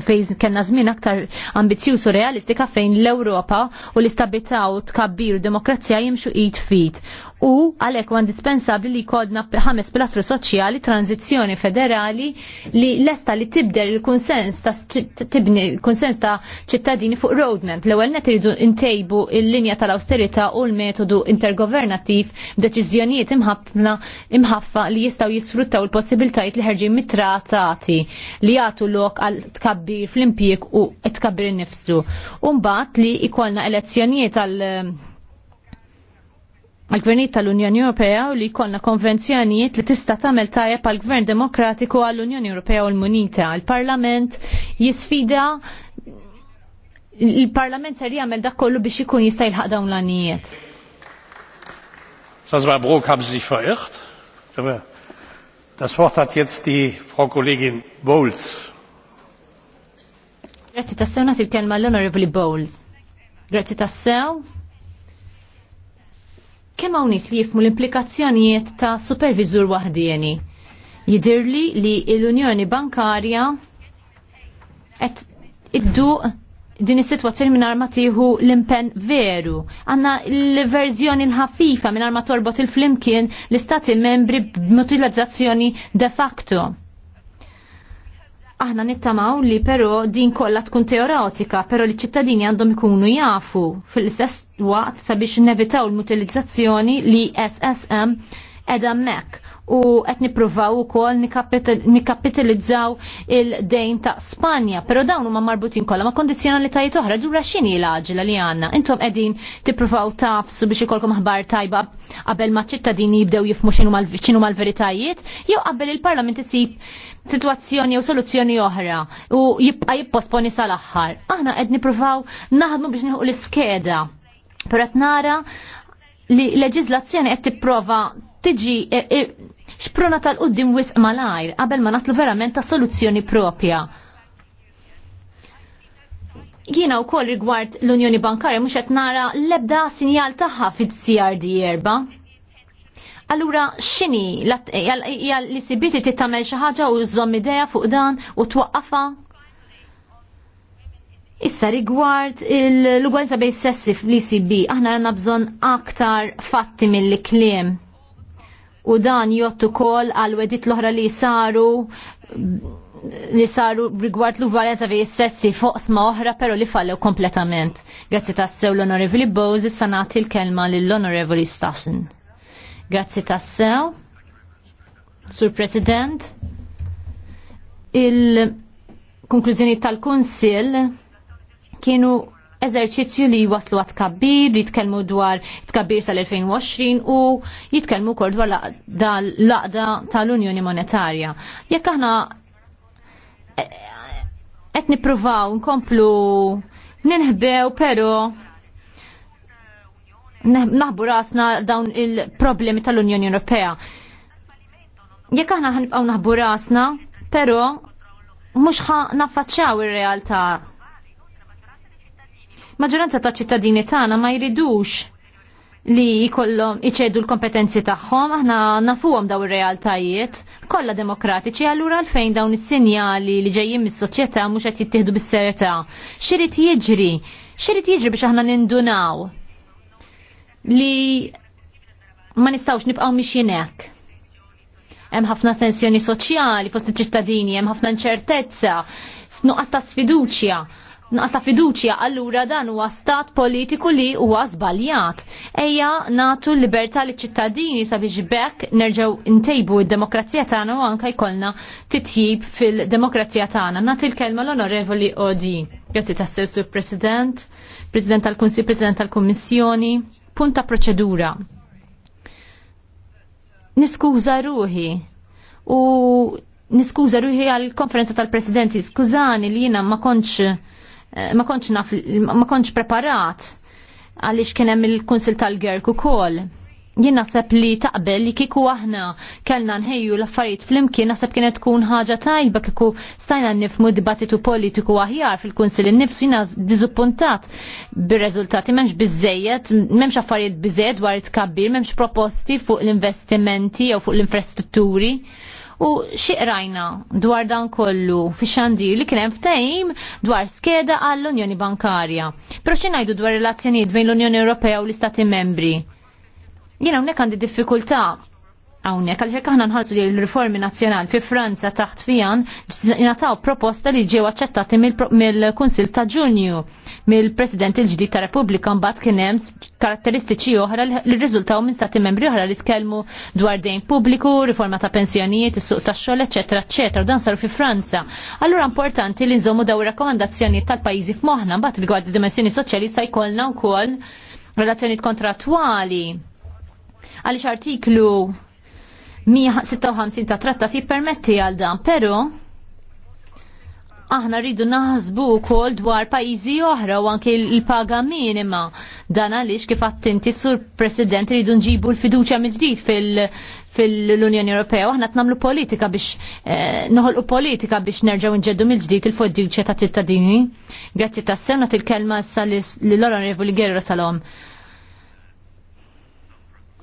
fejn kellna żmien aktar ambizzjuż u realistika fejn l-Ewropa u l-istabilità u tkabbir u demokrazija jimxu id fit u għalhekk huwa indispensabbli li jkollna ħames pilastru soċjali tranzizjoni federali li lesta li tibdel il-kunsens ta' tibni il konsens ta' ċittadini fuq roadmap. L-ewwel net iridu ntejbu l-linja tal austerita u l-metodu intergovernattiv b'deċiżjonijiet imħafna imħaffa li jistgħu jisfruttaw il-possibilitajiet li ħerġin mitratati li jagħtu lok għal tkabbir fl impjek u tkabbir innifsu. U mbagħad li jkollna elezzjonijiet għal għal-gvernijiet tal-Unjoni Ewropea u li jkollna konvenzjonijiet li tista' tagħmel tajjeb għall gvern demokratiku għall-Unjoni Ewropea u l-Munita. Il-Parlament jisfida il-Parlament ser jagħmel dak kollu biex ikun jista' jilħaq dawn l-għanijiet. Das war Brok, haben Sie sich verirrt? Das Wort hat jetzt die Frau Kollegin Bowles. Grazie tassew nagħti il-kelma l-Honorable Bowles. Grazie tassew kemm hawn nies li jifmu l-implikazzjonijiet ta' supervisur waħdieni. Jidirli li l-Unjoni Bankarja qed iddu din is-sitwazzjoni minn ma tieħu l-impen veru. Għandna l-verżjoni l-ħafifa minn arma torbot il-flimkien l-istati membri b'mutilizzazzjoni de facto. Aħna nittamaw li però din kollha tkun teoretika, però li ċittadini għandhom ikunu jafu fil-istess waqt sabiex nevitaw l-mutilizzazzjoni li SSM edha mek u qed nippruvaw ukoll nikkapitalizzaw il-dejn ta' Spanja, però dawn huma marbutin kollha ma' kondizzjonalitajiet oħra Dura x'inhi l-aġila li għandna. Intom qegħdin tippruvaw tafsu biex ikolkom aħbar tajba qabel ma' ċittadini jibdew jifmu x'inhu mal-veritajiet, jew qabel il-Parlament isib situazzjoni jew soluzzjoni oħra u jibqa' jipposponi sal-aħħar. Aħna qed nippruvaw naħdmu biex nieħu l-iskeda. Però qed nara li leġiżlazzjoni qed tipprova tiġi e, e, xprona tal-qoddim wisq malajr qabel ma naslu verament ta' soluzzjoni propja. Jiena u koll rigward l-Unjoni Bankarja mhux qed nara l-ebda sinjal tagħha fit-CRD erba'. Allura x'inhi li sibiti tittamel xi ħaġa u żomm idea fuq dan u twaqqafa? Issa rigward l ugwenza bej sessi fl icb aħna għanna bżon aktar fatti mill-klim u dan jottu kol għal wedit l-oħra li saru li saru rigward l-ugwaljanza fi sessi fuq sma oħra pero li fallew kompletament. Grazzi tassew l-Onorevoli Bowes sanati l-kelma l-Onorevoli Stassin. Grazzi tassew. Sur President, il-konklużjoni tal-Kunsil kienu eżerċizzju li waslu għat kabbir, jitkellmu dwar tkabbir sal-2020 u jitkellmu kol dwar laqda tal-Unjoni Monetarja. Jekk aħna e, qed nippruvaw nkomplu ninħbew pero naħbu rasna dawn il-problemi tal-Unjoni Ewropea. Jekk aħna ħanibqgħu naħbu rasna, però mhux ħa naffaċċjaw ir-realtà maġġoranza ta' ċittadini tagħna ma jridux li jkollhom iċedu l-kompetenzi tagħhom, aħna nafuhom daw ir-realtajiet, kollha demokratiċi, allura għalfejn dawn is-sinjali li ġejjin mis-soċjetà mhux qed jittieħdu bis-serjetà. X'irid jiġri? X'irid jiġri biex aħna nindunaw li ma nistgħux nibqgħu mixjin hekk. Hemm ħafna tensjoni soċjali fost iċ-ċittadini, hemm ħafna inċertezza, nuqqas ta' sfiduċja naqsa ta' fiduċja, allura dan huwa stat politiku li huwa żbaljat. Ejja natu libertà li ċittadini sabiex bekk nerġgħu ntejbu id-demokrazija tagħna u anke jkollna titjib fil-demokrazija tagħna. Nagħti l-kelma l-Onorevoli Odi. Grazzi tassew sur President, President tal-Kunsil, President tal-Kummissjoni. Punta proċedura. Niskuża ruħi u niskuża ruħi għal konferenza tal-presidenti, skużani li jina ma konċ Eh, ma konċ naf, ma konċ preparat għalix kienem il-Kunsil tal-Gerk u kol. Jien naħseb li taqbel li kiku aħna kellna nħejju l-affarijiet flimkien naħseb kienet tkun ħaġa tajba kiku stajna nifmu dibattitu politiku aħjar fil-Kunsil innifsu jiena diżuppuntat bir-reżultati m'hemmx biżejjed, m'hemmx affarijiet biżejjed dwar it kabbir m'hemmx proposti fuq l-investimenti jew fuq l-infrastrutturi u xiqrajna dwar dan kollu fi xandir li kienem ftejm dwar skeda għall-Unjoni Bankarja. Pero xinajdu dwar relazzjoniet bejn l-Unjoni Ewropea u l-Istati Membri? Jena unnek għandi diffikultà hawnhekk għalhekk aħna nħarsu li l-riformi nazzjonali fi Franza taħt fijan jingħataw proposta li ġew aċċettati mill kunsil ta' Ġunju mill-President il-ġdid ta' Republika mbagħad kien hemm karatteristiċi oħra li rriżultaw minn stati membri oħra li tkellmu dwar dejn pubbliku, riforma ta' pensjonijiet, is-suq tax-xogħol, eċetera, eċetera, dan saru fi Franza. Allura importanti li nżommu daw rakkomandazzjonijiet tal-pajjiżi f'moħħna mbagħad rigward id-dimensjoni soċjalista jkollna wkoll relazzjonijiet kontrattwali għaliex artiklu 156 ta' trattati permetti għal dan, pero aħna rridu naħsbu wkoll dwar pajjiżi oħra u anke l-paga minima. Dan għaliex kif attinti sur President rridu nġibu l-fiduċja mill-ġdid fil-Unjoni Ewropea. Aħna t nagħmlu politika biex eh, noħolqu politika biex nerġaw nġeddu mill-ġdid il-fiduċja ta' tittadini. Grazzi tas-sena til-kelma issa lill-Onorevoli Guerrero Salom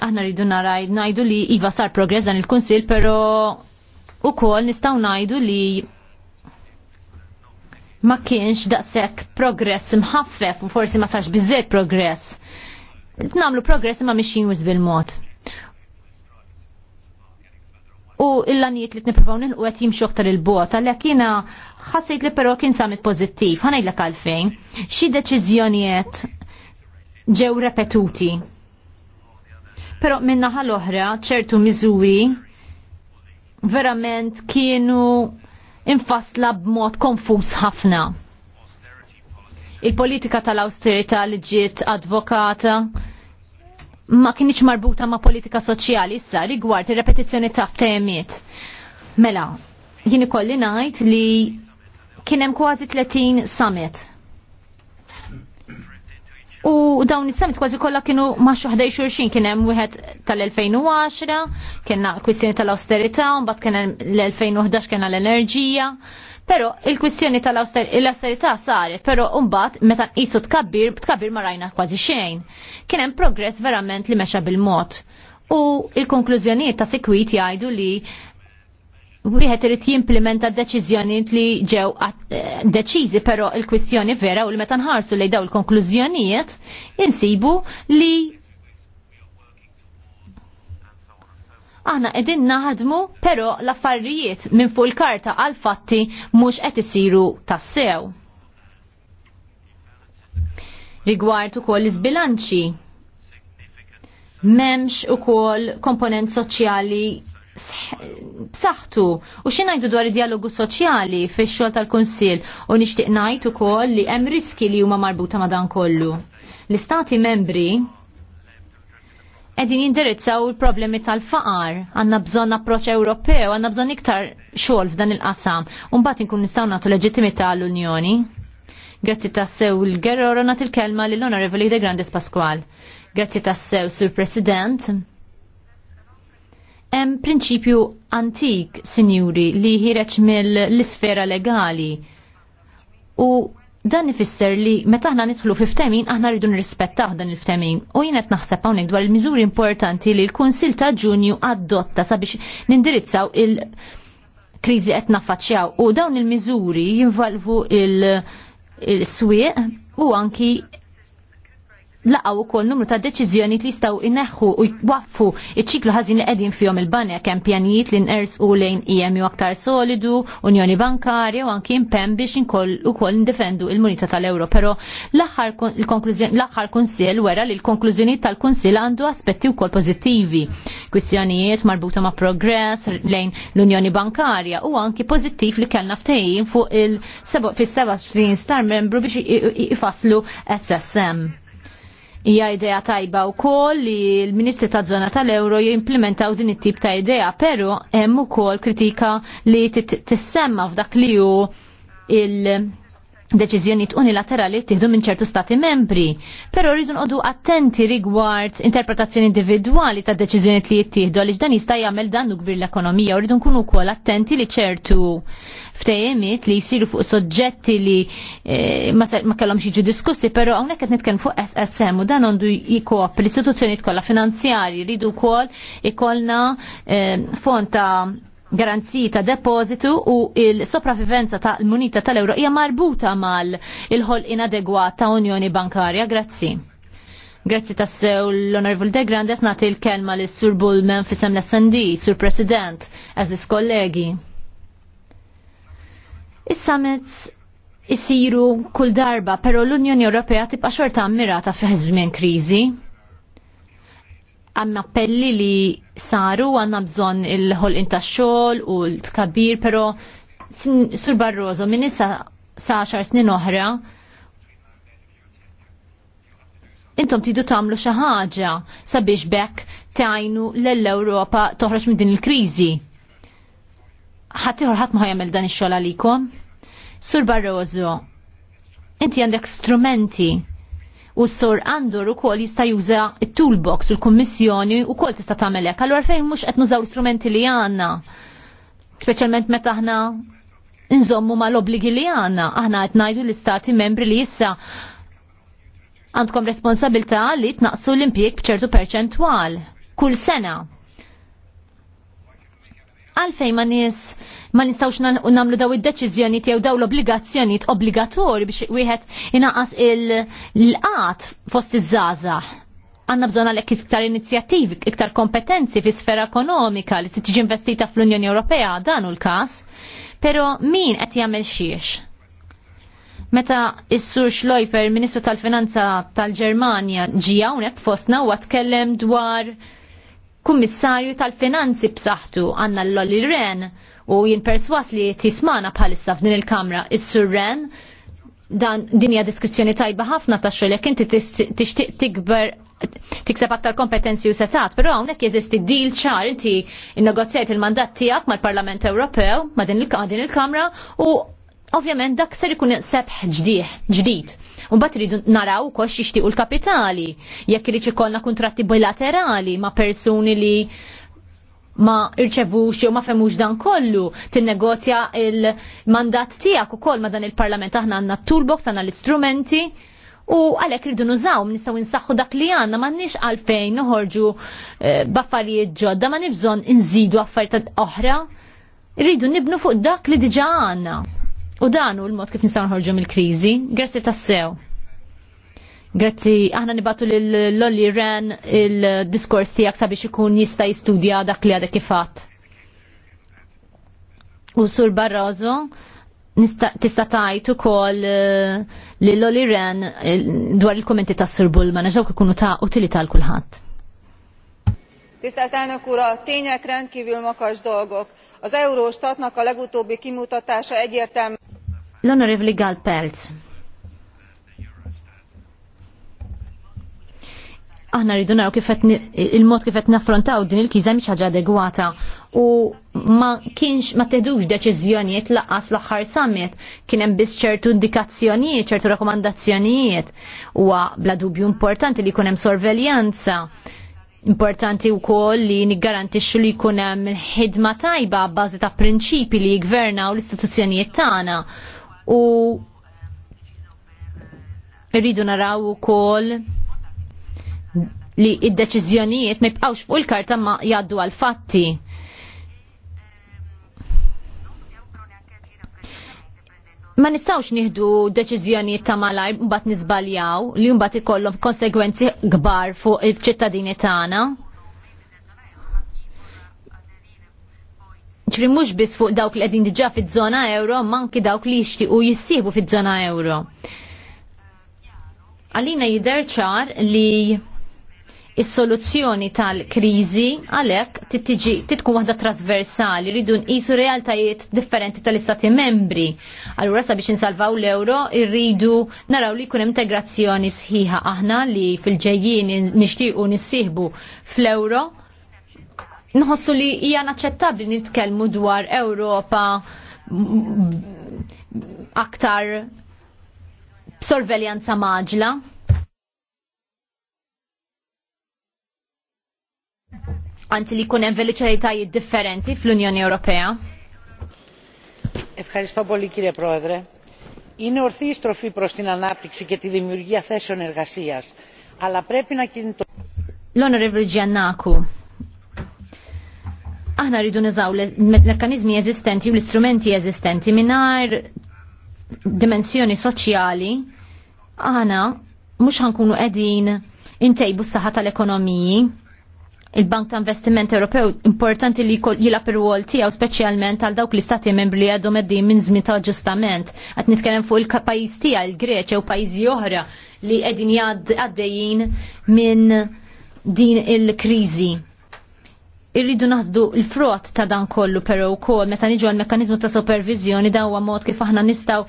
aħna rridu naraj najdu li iva sar progress dan il-Kunsil, pero u kol nistaw najdu li ma kienx daqsek progress mħaffef u forsi ma sarx bizzet progress. Namlu progress ma miexin u bil-mod. U il-lanijiet li t-niprofaw u għet jimxu aktar il-bot, għalek jina ħassajt li pero kien samit pozittiv, ħanajlek għalfejn, xie deċizjonijiet ġew repetuti Pero naħa l-oħra ċertu miżuri verament kienu infasla b'mod konfus ħafna. Il-politika tal-austerita li ġiet advokata ma kienx marbuta ma' politika soċjali issa rigward ir-repetizzjoni ta' ftehimiet. Mela, jien ikolli ngħid li kien hemm kważi 30 summit. U dawn is-summit kważi kollha kienu ma' xuħdej xurxin kien hemm wieħed tal-2010, kienna kwistjoni tal-austerità, mbagħad kien hemm l-2011 kien l-enerġija. Pero il-kwistjoni tal-austerità saret, pero mbagħad meta nqisu tkabbir, tkabbir ma rajna kważi xejn. Kien hemm progress verament li mexa bil-mod. U il-konklużjonijiet ta' sekwit jgħidu li wieħed irid jimplementa deċiżjonijiet li ġew eh, deċiżi, però il-kwistjoni vera u li meta nħarsu lejn daw il-konklużjonijiet insibu li aħna qegħdin naħdmu pero l-affarijiet minn fuq il-karta għal fatti mhux qed isiru tassew. Rigward ukoll iż-bilanċi m'hemmx ukoll komponent soċjali b'saħħtu u xi ngħidu dwar id-dialogu soċjali fix-xogħol tal-Kunsill u nixtieq ngħid ukoll li hemm riski li huma marbuta ma' dan kollu. L-istati membri edin jindirizzaw il-problemi tal-faqar, għanna bżon approċ Ewropew, għanna bżon iktar xogħol f'dan il-qasam, unbat inkun nistgħu nagħtu leġittimità għall-Unjoni. Grazzi tassew il-gerrora nat il-kelma l-Onorevoli De Grandes Pasqual. Grazzi tassew, Sur President. Hemm prinċipju antik, sinjuri, li ħireġ mill-isfera legali. U dan ifisser li meta aħna nidħlu fiftemin aħna rridu nirrispettaw dan il-ftemin. U jien qed naħseb hawnhekk dwar il-miżuri importanti li l-Kunsil ta' Ġunju adotta sabiex nindirizzaw il- kriżi qed naffaċċjaw u dawn il-miżuri jinvolvu il-swieq u anki laqaw ukoll numru ta' deċiżjoni li jistgħu ineħħu u jwaffu iċ-ċiklu ħażin li qegħdin fihom il-banek hemm pjanijiet li e u lejn EMU aktar solidu, Unjoni Bankarja u anki impenn biex inkoll ukoll ndefendu il-Munita tal-Ewro, però l-aħħar kunsill wera li l-konklużjonijiet tal-Kunsill għandu aspetti wkoll pożittivi. Kwistjonijiet marbuta ma' progress lejn l-Unjoni Bankarja u anki pożittiv li kellna ftehim fuq il-27 star membru biex ifasslu SSM Hija idea tajba wkoll li l-Ministri ta' Zona tal-Euro jimplementaw din it-tip ta' idea, però hemm ukoll kritika li tissemma f'dak li hu il- deċiżjonijiet unilaterali tieħdu minn ċertu stati membri, però rridu nqogħdu attenti rigward interpretazzjoni individwali ta' deċiżjonijiet li jittieħdu għaliex dan jista' jagħmel dannu kbir l-ekonomija u rridu nkunu wkoll attenti li ċertu ftejemiet li jsiru fuq soġġetti li eh, ma kellhomx jiġu diskussi, però hawnhekk qed nitkellem fuq SSM u dan għandu jikop l-istituzzjonijiet kollha finanzjarji rridu wkoll ikollna eh, fonta garanziji ta' depositu u il-sopravivenza ta' l-munita tal-euro hija marbuta mal il-ħol inadegwat ta' Unjoni Bankarja. Grazzi. Grazzi ta' sew l-Honorable De Grandes nati l-kelma l sur Bullman fisem l-SND, Sur President, eżis kollegi. Is-summits isiru kull darba, pero l-Unjoni Ewropea tibqa' xorta ammirata fi ħizmin kriżi. Għandna appelli li saru għanna bżon il ħol inta xogħol u l-tkabbir, pero Sur Barroso minn issa saċar snin oħra intom tidu tagħmlu xi ħaġa sabiex bekk tajnu l-Ewropa toħroġ minn din il-kriżi. Ħadd ieħor ħadd ma dan ix-xogħol għalikom. Sur Barroso, inti għandek strumenti u s-sur Andor u kol jista juża il-toolbox u l-kommissjoni u kol tista tagħmel hekk. Allura fejn mhux qed nużaw strumenti li għandna. Speċjalment meta aħna nżommu mal-obligi li għandna. Aħna qed ngħidu l-istati membri li issa għandkom responsabilta li tnaqsu l-impjeg bċertu perċentwal kull sena. Għalfejn ma nies ma nistawx namlu daw id deċizjoni jew daw l-obbligazzjonijiet obbligatorji biex wieħed inaqas il-qat fost iż-żgħażagħ. Għanna bżon għalhekk iktar inizjattivi, iktar kompetenzi fi sfera ekonomika li tiġi investita fl-Unjoni Ewropea dan u l-każ, però min qed jagħmel xiex? Meta is-sur Schleifer, Ministru tal-Finanza tal-Ġermanja, ġi hawnhekk fostna u tkellem dwar Kummissarju tal-Finanzi b'saħħtu għandna l-Lolli Ren u jien perswas li tismana bħalissa f'din il-kamra is-surren dan dinja diskussjoni tajba ħafna ta' xogħol jekk inti tixtieq tikber tikseb aktar kompetenzi u setat, però hawnhekk jeżisti deal ċar inti innegozjajt il-mandat tiegħek mal-Parlament Ewropew ma' din il-Kamra u ovvjament dak ser ikun sebħ ġdieħ, ġdid. U bat ridu naraw kol xixtiqu l-kapitali, jekk irid ikollna kuntratti bilaterali ma' persuni li ma irċevux jew ma femux dan kollu tinnegozja il-mandat tiegħek ukoll ma dan il-Parlament aħna għandna toolbox għandna l-istrumenti u għalhekk rridu nużaw nistgħu insaħħu dak li għandna m'għandniex għalfejn noħorġu eh, baffarijiet ġodda ma nibżon inżidu affarijiet oħra rridu nibnu fuq dak li diġa għandna. U dan hu l-mod kif nistgħu nħorġu mill-kriżi, grazzi tassew. Grazzi, aħna nibatu l-Lolli Ren il-diskors tijak sabiex ikun jista jistudja dak li għadek kifat. U sur Barroso, tista tajtu kol eh, l Lolli Ren eh, dwar il-kommenti ta' sur Bullman, ġawk ikunu ta' utilita l-kulħat. Tisztelt elnök úr, a tények rendkívül makas dolgok. Az Euróstatnak a legutóbbi kimutatása egyértelmű. L'onorevli Galpelc. aħna rridu naraw kif il-mod kif qed naffrontaw din il-kiża mhix ħaġa adegwata u ma kienx ma teħdux deċiżjonijiet laqas l-aħħar summit kien hemm biss ċertu indikazzjonijiet, ċertu rakkomandazzjonijiet huwa bla dubju importanti li jkun hemm sorveljanza importanti u koll li niggarantixxu li jkun hemm ħidma tajba bbażi ta' prinċipi li jgvernaw l-istituzzjonijiet tagħna u rridu naraw ukoll li id-deċiżjonijiet ma jibqgħux fuq il-karta ma jgħaddu għal fatti. Ma nistawx nieħdu deċiżjonijiet ta' malaj mbagħad niżbaljaw li mbagħad ikollhom konsegwenzi kbar fuq il-ċittadini tagħna. Ġri mhux biss fuq dawk li diġà fiż-żona ewro, euro, manki dawk li jixtiequ jissibu fiż-żona euro. Għalina jidher ċar li Is-soluzzjoni tal-kriżi għalhekk tittiġi titkun waħda trasversali rridu nqisu realtajiet differenti tal-istati membri. Allura sabiex insalvaw l-euro irridu naraw li jkun integrazzjoni sħiħa aħna li fil-ġejjin nixtiequ nissieħbu fl-euro nħossu li hija naċċettabbli nitkellmu dwar Ewropa aktar sorveljanza maġla. għanti li jkun hemm veloċitajiet differenti fl-Unjoni Ewropea? Ευχαριστώ πολύ κύριε Πρόεδρε. Είναι ορθή η στροφή προς την ανάπτυξη και τη δημιουργία θέσεων εργασίας, αλλά πρέπει να κινητοποιήσουμε l-Honorable Giannaku. Aħna rridu nizaw l-mekkanizmi eżistenti u l-istrumenti eżistenti minnar dimensjoni soċjali, aħna mux ħankunu edin intejbu s-saħħa tal-ekonomiji, il-Bank ta' Investiment Ewropew importanti li jilab ir-rwol tiegħu speċjalment għal dawk l-istati membri li għadhom qegħdin minn żmien ta' aġġustament. Qed nitkellem fuq il-pajjiż tiegħu il-Greċja u pajjiżi oħra li qegħdin għaddejjin minn din il-kriżi. Irridu naħdu l-frott ta' dan kollu però wkoll meta niġu għal mekkaniżmu ta' supervizjoni dan huwa mod kif aħna nistgħu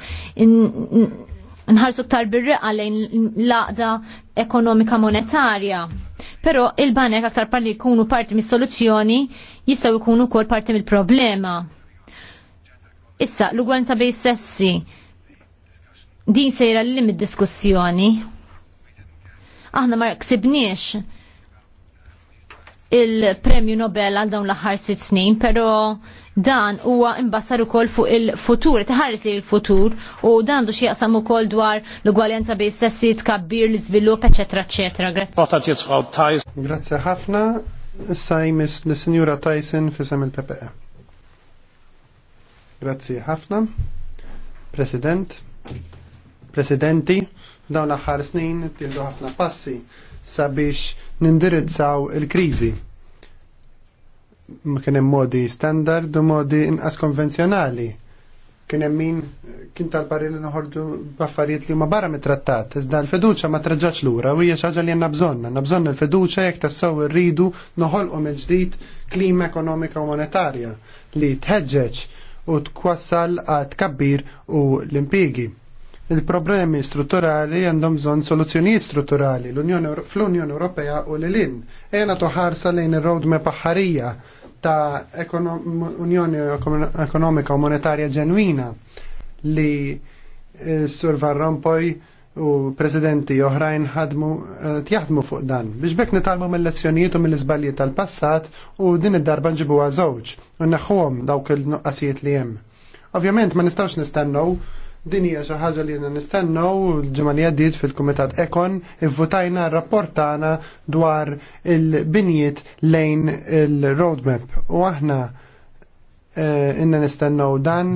nħarsu ktar birri għalejn laqda ekonomika monetarja. Pero il-banek aktar parli jkunu parti mis soluzzjoni jistaw jkunu kol parti mill problema Issa, l-ugwanza bej sessi, din sejra l limit diskussjoni Aħna ma ksibniex il-premju Nobel għal dawn l-aħħar sitt snin, pero dan huwa imbassar ukoll fuq il-futur, tħares li l-futur u dan du xieqsam ukoll dwar l-ugwaljanza bej sessi tkabbir l-iżvilupp, eċetera, eċetera. Grazie. Grazie ħafna. Sajmis l senjura Tyson fisem il-PPE. Grazie ħafna. President, Presidenti, dawn l-aħħar snin tildu ħafna passi sabiex nindirizzaw il-kriżi. Ma kien hemm modi standard u modi inqas konvenzjonali. Kien hemm min kien tal-barri li noħorġu baffariet li huma barra mitrattat, iżda l feduċa ma l lura u hija xi ħaġa li jenna bżonna, na bżonn il feduċa jekk tassew irridu noħolqu u ġdid klima ekonomika u monetarja li tħeġġeġ u tkwassal għad kabbir u l-impigi il-problemi strutturali għandhom bżonn soluzzjonijiet strutturali fl-Unjoni Ewropea u l-lin. Ejna toħarsa lejn ir-roadmap aħħarija ta' Unjoni Ekonomika u Monetarja Ġenwina li eh, Sur Van Rompuy u presidenti oħrajn ħadmu tjaħdmu eh, fuq dan biex bekk nitalmu mill-lezzjonijiet u mill-iżbalji tal-passat u din id-darba nġibu żewġ u naħħuhom dawk il-nuqqasijiet li hemm. Ovvjament ma nistgħux nistennew Din hija xi ħaġa li nistennew l-ġimgħa li għaddiet fil-Kumitat Ekon ivvutajna r-rapport tagħna dwar il-binjiet lejn il-roadmap. U aħna eh, inna nistennew dan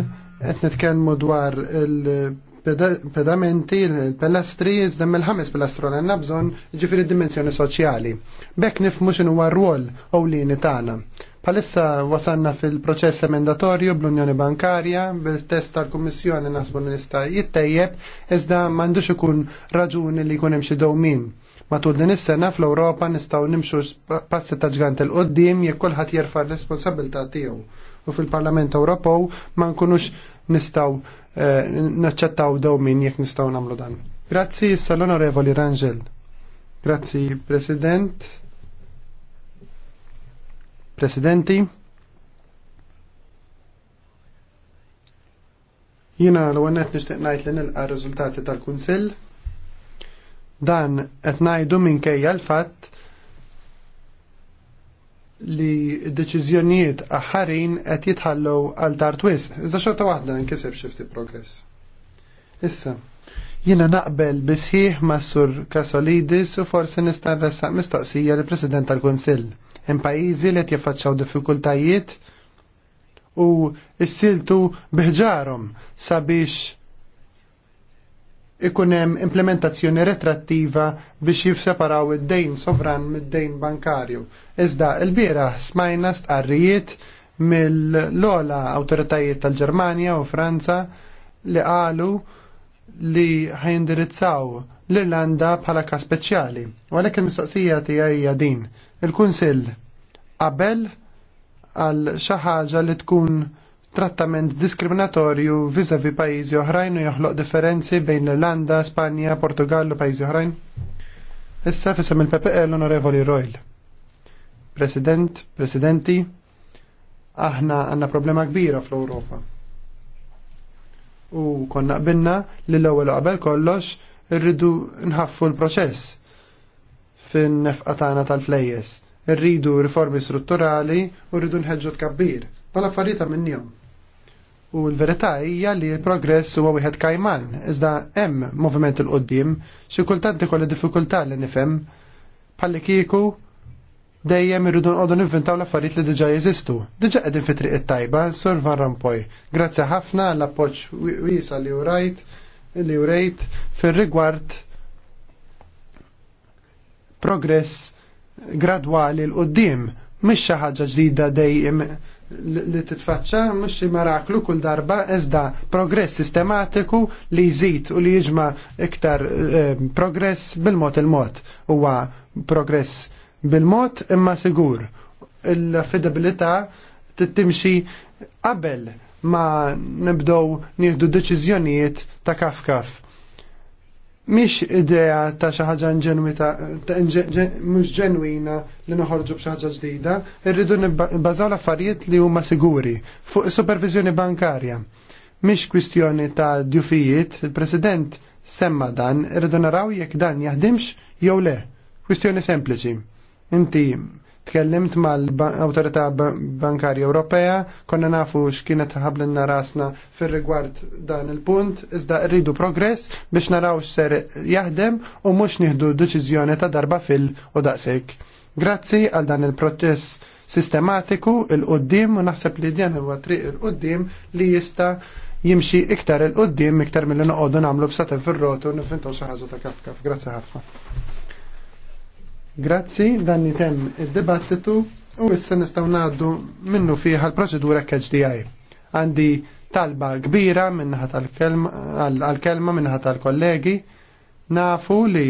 qed nitkellmu dwar il-pedamenti, il-pelastri, iżda mill-ħames pelastru l għandna bżonn ġifieri id dimensjoni soċjali. Bekk nifhmu x'inhu r-rwol ewlieni tagħna. Palissa wasanna fil-proċess emendatorju bl-Unjoni Bankarja, bil-test tal-Kummissjoni nasbu li nista' jittejjeb, iżda m'għandux ikun raġuni li jkun hemm xi dowmin. Matul din is-sena fl-Ewropa nistgħu nimxu passi ta' ġgant il-qoddim jekk kulħadd jerfa' r-responsabilità tiegħu. U fil-Parlament Ewropew ma nkunux nistgħu eh, naċċettaw dowmin jekk nistgħu nagħmlu dan. Grazzi, sal-Onorevoli Rangel. Grazzi, President. Presidenti, jina l-għannet nishtiq najt li nilqa rizultati tal-Kunsill. Dan qed ngħidu minkejja l-fatt li d deċiżjonijiet aħħarin qed jitħallu għal tard wisq. Iżda xorta waħda nkiseb xi ftit progress. Issa, Jina naqbel bisħiħ ma' sur Kasolidis u forsi nista' nressaq mistoqsija li president tal-Kunsill. Hemm pajjiżi li qed jaffaċċaw diffikultajiet u s-siltu biħġarhom sabiex ikun hemm implementazzjoni retrattiva biex jifseparaw id-dejn sovran mid-dejn bankarju. Iżda il bira smajna stqarrijiet mill lola awtoritajiet tal-Ġermanja u Franza li qalu li ħajindirizzaw l-Irlanda bħala ka speċjali. U għalhekk il-mistoqsija tiegħi għajja din. Il-Kunsill qabel għal xi ħaġa li tkun trattament diskriminatorju viżavi pajjiżi oħrajn u joħloq differenzi bejn l-Irlanda, Spanja, Portugallu, pajjiżi oħrajn? Issa fissam il-PPL Onorevoli Royal. President, Presidenti, aħna għanna problema kbira fl-Europa u konna qbilna li l-ewwel qabel kollox irridu nħaffu l-proċess fin-nefqa tagħna tal-flejjes. Irridu riformi strutturali u rridu nħeġġu tkabbir. Bħala affarijiet minnhom. U l-verità hija li l-progress huwa wieħed kajman, iżda hemm moviment il qoddim xi kultant ikolli diffikultà li nifhem bħalli kieku dejjem irridu nqogħdu nivvintaw l-affarijiet li diġà jeżistu. Diġà qegħdin fi triq it-tajba, Sur Van Rompuy. Grazzi ħafna għall appoġġ wiesa li urajt li urejt fir-rigward progress gradwali l-qoddim, mhix xi ħaġa ġdida dejjem li titfaċċa mhux maraklu kull darba iżda progress sistematiku li jżid u li jiġma iktar eh, progress bil-mod il-mod huwa progress bil-mod imma sigur. Il-affidabilità tittimxi qabel ma nibdow nieħdu deċiżjonijiet ta' kaf kaf. Mhix idea ta' xi ħaġa mhux ġenwina li noħorġu b'xaħġa ġdida, irridu nibbażaw l-affarijiet li huma siguri fuq supervizjoni bankarja. Mhix kwistjoni ta' djufijiet, il-President semma dan, irridu naraw jekk dan jaħdimx jew le. Kwistjoni sempliċi. Inti tkellimt mal-Autorità Bankarja Ewropea, konna nafu x'kienet ħablinna rasna fir-rigward dan il-punt, iżda rridu progress biex naraw x'ser jaħdem u mhux nieħdu deċiżjoni ta' darba fil u daqshekk. Grazzi għal dan il-proċess sistematiku il-qoddim u naħseb li dan huwa triq il-qoddim li jista' jimxi iktar il-qoddim iktar mill noqogħdu nagħmlu b'satem fir-rotu nifintgħu xi ħaġa ta' kafkaf. Grazzi ħafna. Grazzi, dan jitem id-dibattitu u issa nistaw naddu minnu fiħa l-proċedura KHDI. Għandi talba kbira minnaħat għal-kelma minnaħat għal-kollegi. Nafu li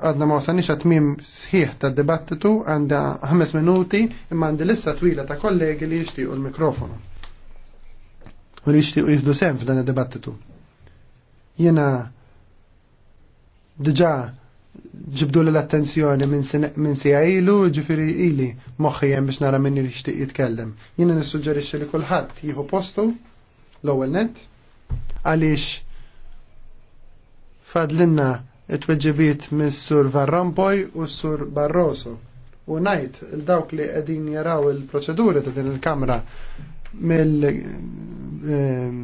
għadna ma wasanix għatmim sħiħ ta' dibattitu għanda 5 minuti imma għandi lissa twila ta' kollegi li jishtiqu l-mikrofonu. U li jishtiqu jihdu sem f'dan id-dibattitu. Jena diġa ġibdu l-attenzjoni minn si ilu ġifiri ili moħħi moħħijem biex nara minni xtiq jitkellem. Jina nissuġġerixxi li kulħadd jieħu postu l-ewwel net għaliex fadlinna it-tweġibiet mis-sur Varrampoj u s-sur Barroso. U najt dawk li qegħdin jaraw il-proċeduri ta' din il-Kamra mill ehm,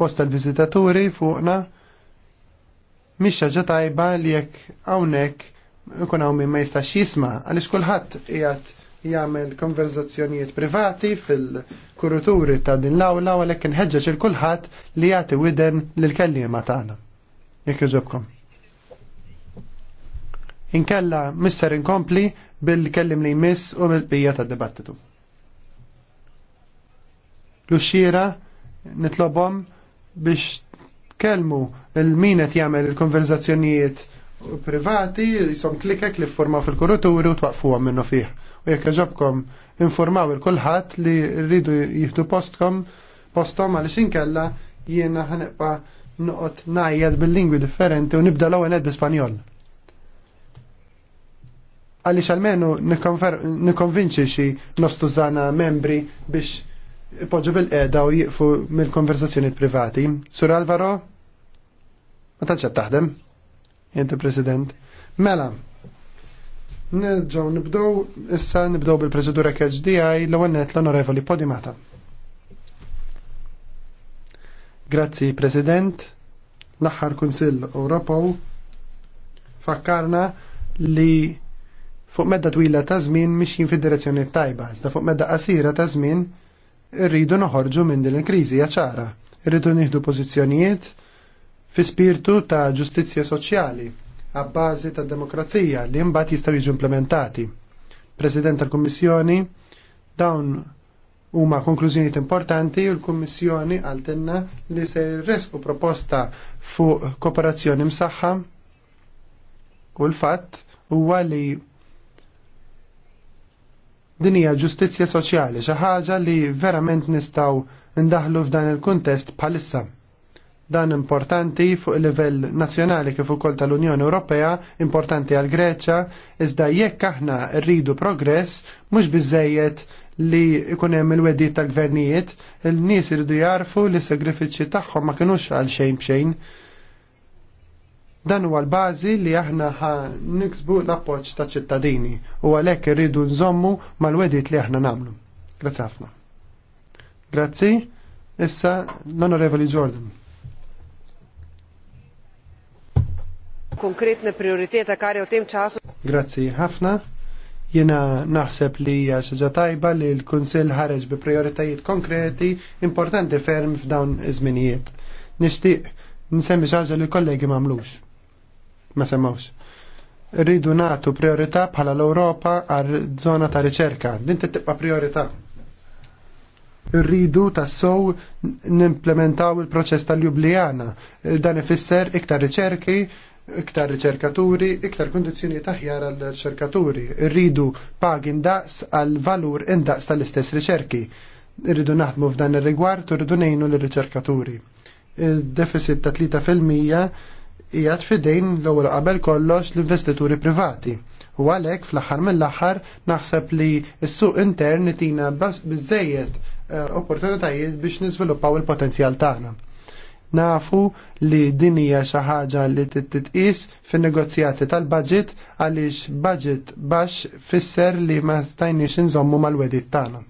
post tal-viżitaturi fuqna Mhix ħaġa tajba li jekk hawnhekk ikun hawn min ma jistax jisma' għaliex kulħadd qiegħed jagħmel konverzazzjonijiet privati fil-kuruturi ta' din l-awla għalhekk inħeġġeġ il kulħadd li jagħti widen lill-kelliema tagħna. Jekk iġobkom. Inkella misser inkompli bil-kellim li jmiss u bil-bija ta' dibattitu. L-uxxira nitlobhom biex kelmu il-min qed jagħmel il-konverzazzjonijiet privati jisom klikek li formaw fil-kuruturi u twaqfuhom minnu fih. U jekk ġobkom informaw il-kulħadd li rridu jieħdu postkom postom għaliex inkella jiena ħanibqa' noqgħod ngħajjed bil-lingwi differenti u nibda l-ewwel bi Spanjol. Għaliex almenu nikkonvinċi xi nostu żana membri biex ipoġġu bil-qeda u jieqfu mill-konversazzjoni privati. Sur Alvaro, Ma tantx qed taħdem. Inti President. Mela, Nerġgħu nibdow, issa nibdow bil-proċedura KHDI l-ewwel net l-Onorevoli Podimata. Grazzi President, l-aħħar Kunsill Ewropew fakkarna li fuq medda twila ta' żmien mixjin fid-direzzjoni tajba, iżda fuq medda qasira ta' żmien irridu noħorġu minn din il-kriżi ċara. Irridu nieħdu pożizzjonijiet fi spirtu ta' ġustizzja soċjali għabbażi ta' demokrazija li mbagħad jistgħu jiġu implementati. President tal-Kummissjoni, dawn huma konklużjonijiet importanti u l-Kummissjoni għaltenna li se jresqu proposta fuq kooperazzjoni msaħħa u l-fatt huwa li din hija ġustizzja soċjali xi ħaġa li verament nistgħu ndaħlu f'dan il-kuntest bħalissa. Dan importanti fuq livell nazzjonali kif ukoll tal-Unjoni Ewropea, importanti għal Greċja, iżda jekk aħna rridu progress mhux biżejjed li ikun hemm il-wedid tal-gvernijiet, il-nies iridu jarfu li s-sagrifiċċji tagħhom ma kinux għal xejn b'xejn. Dan huwa l-bażi li aħna ħa niksbu l-appoġġ ta' ċittadini u għalhekk irridu nżommu mal-wedid li aħna nagħmlu. Grazzi ħafna. Grazzi. Issa l-Onorevoli Jordan. konkretne prioriteta kare u tim ċasu. Grazzi ħafna. Jena naħseb li hija xaġa tajba li l-Kunsill ħareġ bi prioritajiet konkreti importanti ferm f'dawn iż-żminijiet. Nixtieq nsemmi xaġa li l-kollegi m'għamlux. Ma semmawx. Rridu nagħtu priorità bħala l-Ewropa għal żona ta' riċerka. Din tibqa' priorità rridu tassow nimplementaw il-proċess tal-Ljubljana. Dan ifisser iktar riċerki, iktar riċerkaturi, iktar kondizjoni taħjar għal riċerkaturi. Rridu pagi indaqs għal valur indaqs tal-istess riċerki. Rridu naħdmu f'dan ir-rigward u rridu nejnu l-riċerkaturi. Deficit ta' 3% jgħat fidejn l-ewwel qabel kollox l-investituri privati. U għalhekk fl-aħħar mill-aħħar naħseb li s-suq intern tina biżejjed eh, opportunitajiet biex niżviluppaw il-potenzjal tagħna. Nafu li din hija xi ħaġa li titqis fin-negozjati tal-budget għaliex budget baxx fisser li ma stajniex inżommu mal-wedit tagħna.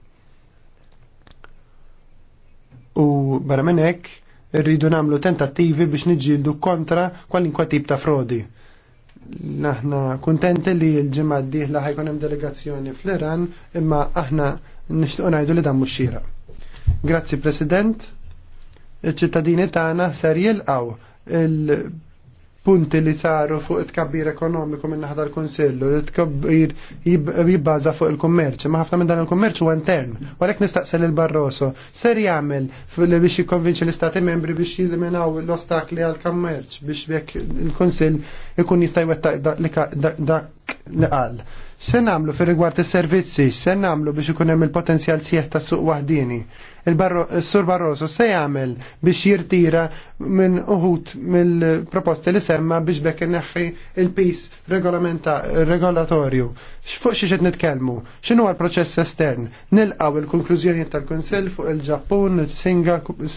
U barra minn hekk irridu nagħmlu tentattivi biex niġġieldu kontra kwalinkwa tip ta' frodi naħna kontenti li l-ġimgħa d-dieħla ħajkun hemm delegazzjoni fl-Iran, imma aħna nixtiequ ngħidu li dan mhux xira. Grazzi President il-ċittadini tagħna ser jilqaw il-punti li saru fuq it-kabbir ekonomiku minn naħa tal-Kunsillu, it-kabbir jibbaża fuq il-kummerċ, ma ħafna minn dan il-kummerċ huwa intern. Walek nistaqsel il-Barroso, ser jagħmel biex jikkonvinċi l-Istati membri biex jiliminaw l-ostakli għal-kummerċ biex jekk il-Kunsill ikun jista' jwettaq dak li qal. Se namlu fi rigward is-servizzi, se namlu biex ikun hemm il-potenzjal sieħ ta' suq waħdini. Il-Sur Barroso se jagħmel biex jirtira minn uħut mill-proposti li semma biex bekk inneħħi il-pis regolatorju. X'fuq xi qed nitkellmu? X'inhu l-proċess estern? Nilqgħu il-konklużjoni tal-Kunsill fuq il-Ġappun,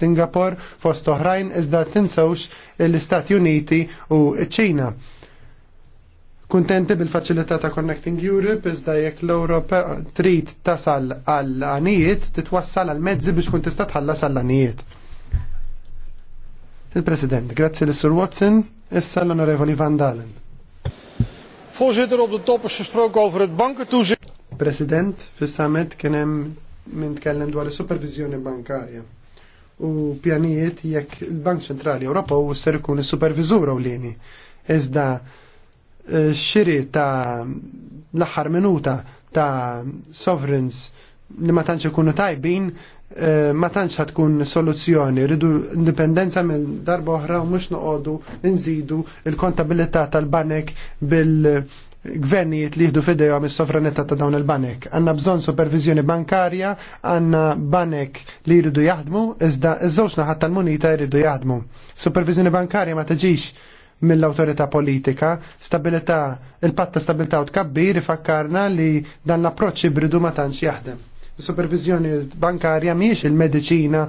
Singapore, fost oħrajn iżda tinsewx l-Istati Uniti u ċ-Ċina Kuntenti bil-faċilità ta' Connecting Europe iżda jekk l-Ewropa trid tasal għal għanijiet titwassal għal mezzi biex kun tista' tħallas għal għanijiet. Il-President, grazzi l sur Watson, issa l-Onorevoli Van Dalen. Voorzitter, op de top is gesproken over het bankentoezicht. President, fis-summit kien hemm min tkellem dwar is-supervizjoni bankarja u pjanijiet jekk il-Bank Ċentrali Ewropew ser ikun is-supervizur lini. Iżda xiri ta' l-aħħar minuta ta' sovereigns li ma tantx ikunu tajbin eh, ma tantx tkun soluzzjoni, rridu indipendenza minn darba oħra u mhux noqogħdu nżidu il-kontabilità tal-banek bil-gvernijiet li jieħdu fidejhom is-sovranità ta' dawn il-banek. Għandna bżonn supervizjoni bankarja, għandna banek li jridu jaħdmu, iżda iż-żewġ naħat tal-munita jridu jaħdmu. Supervizjoni bankarja ma tiġix mill-autorità politika, stabilità, il-patta stabilità u tkabbir ifakkarna li dan l-approċċ ibridu ma tantx jaħdem. Supervizjoni bankarja miex il-medicina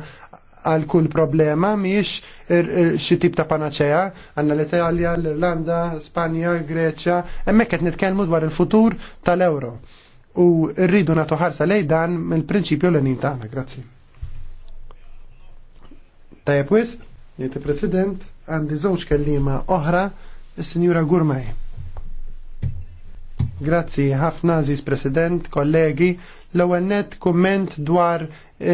għal kull problema miex xi tip ta' panaċea għandna l-Italja, l-Irlanda, Spanja, Greċja, hemmhekk qed nitkellmu dwar il-futur tal-euro. U rridu natu ħarsa lej dan mill-prinċipju l tagħna, grazzi. Tajjeb wisq, jieti President għandi żewġ kellima oħra, is-Sinjura Gurmaj. Grazzi ħafna, Aziz President, kollegi, l-ewwel net kumment dwar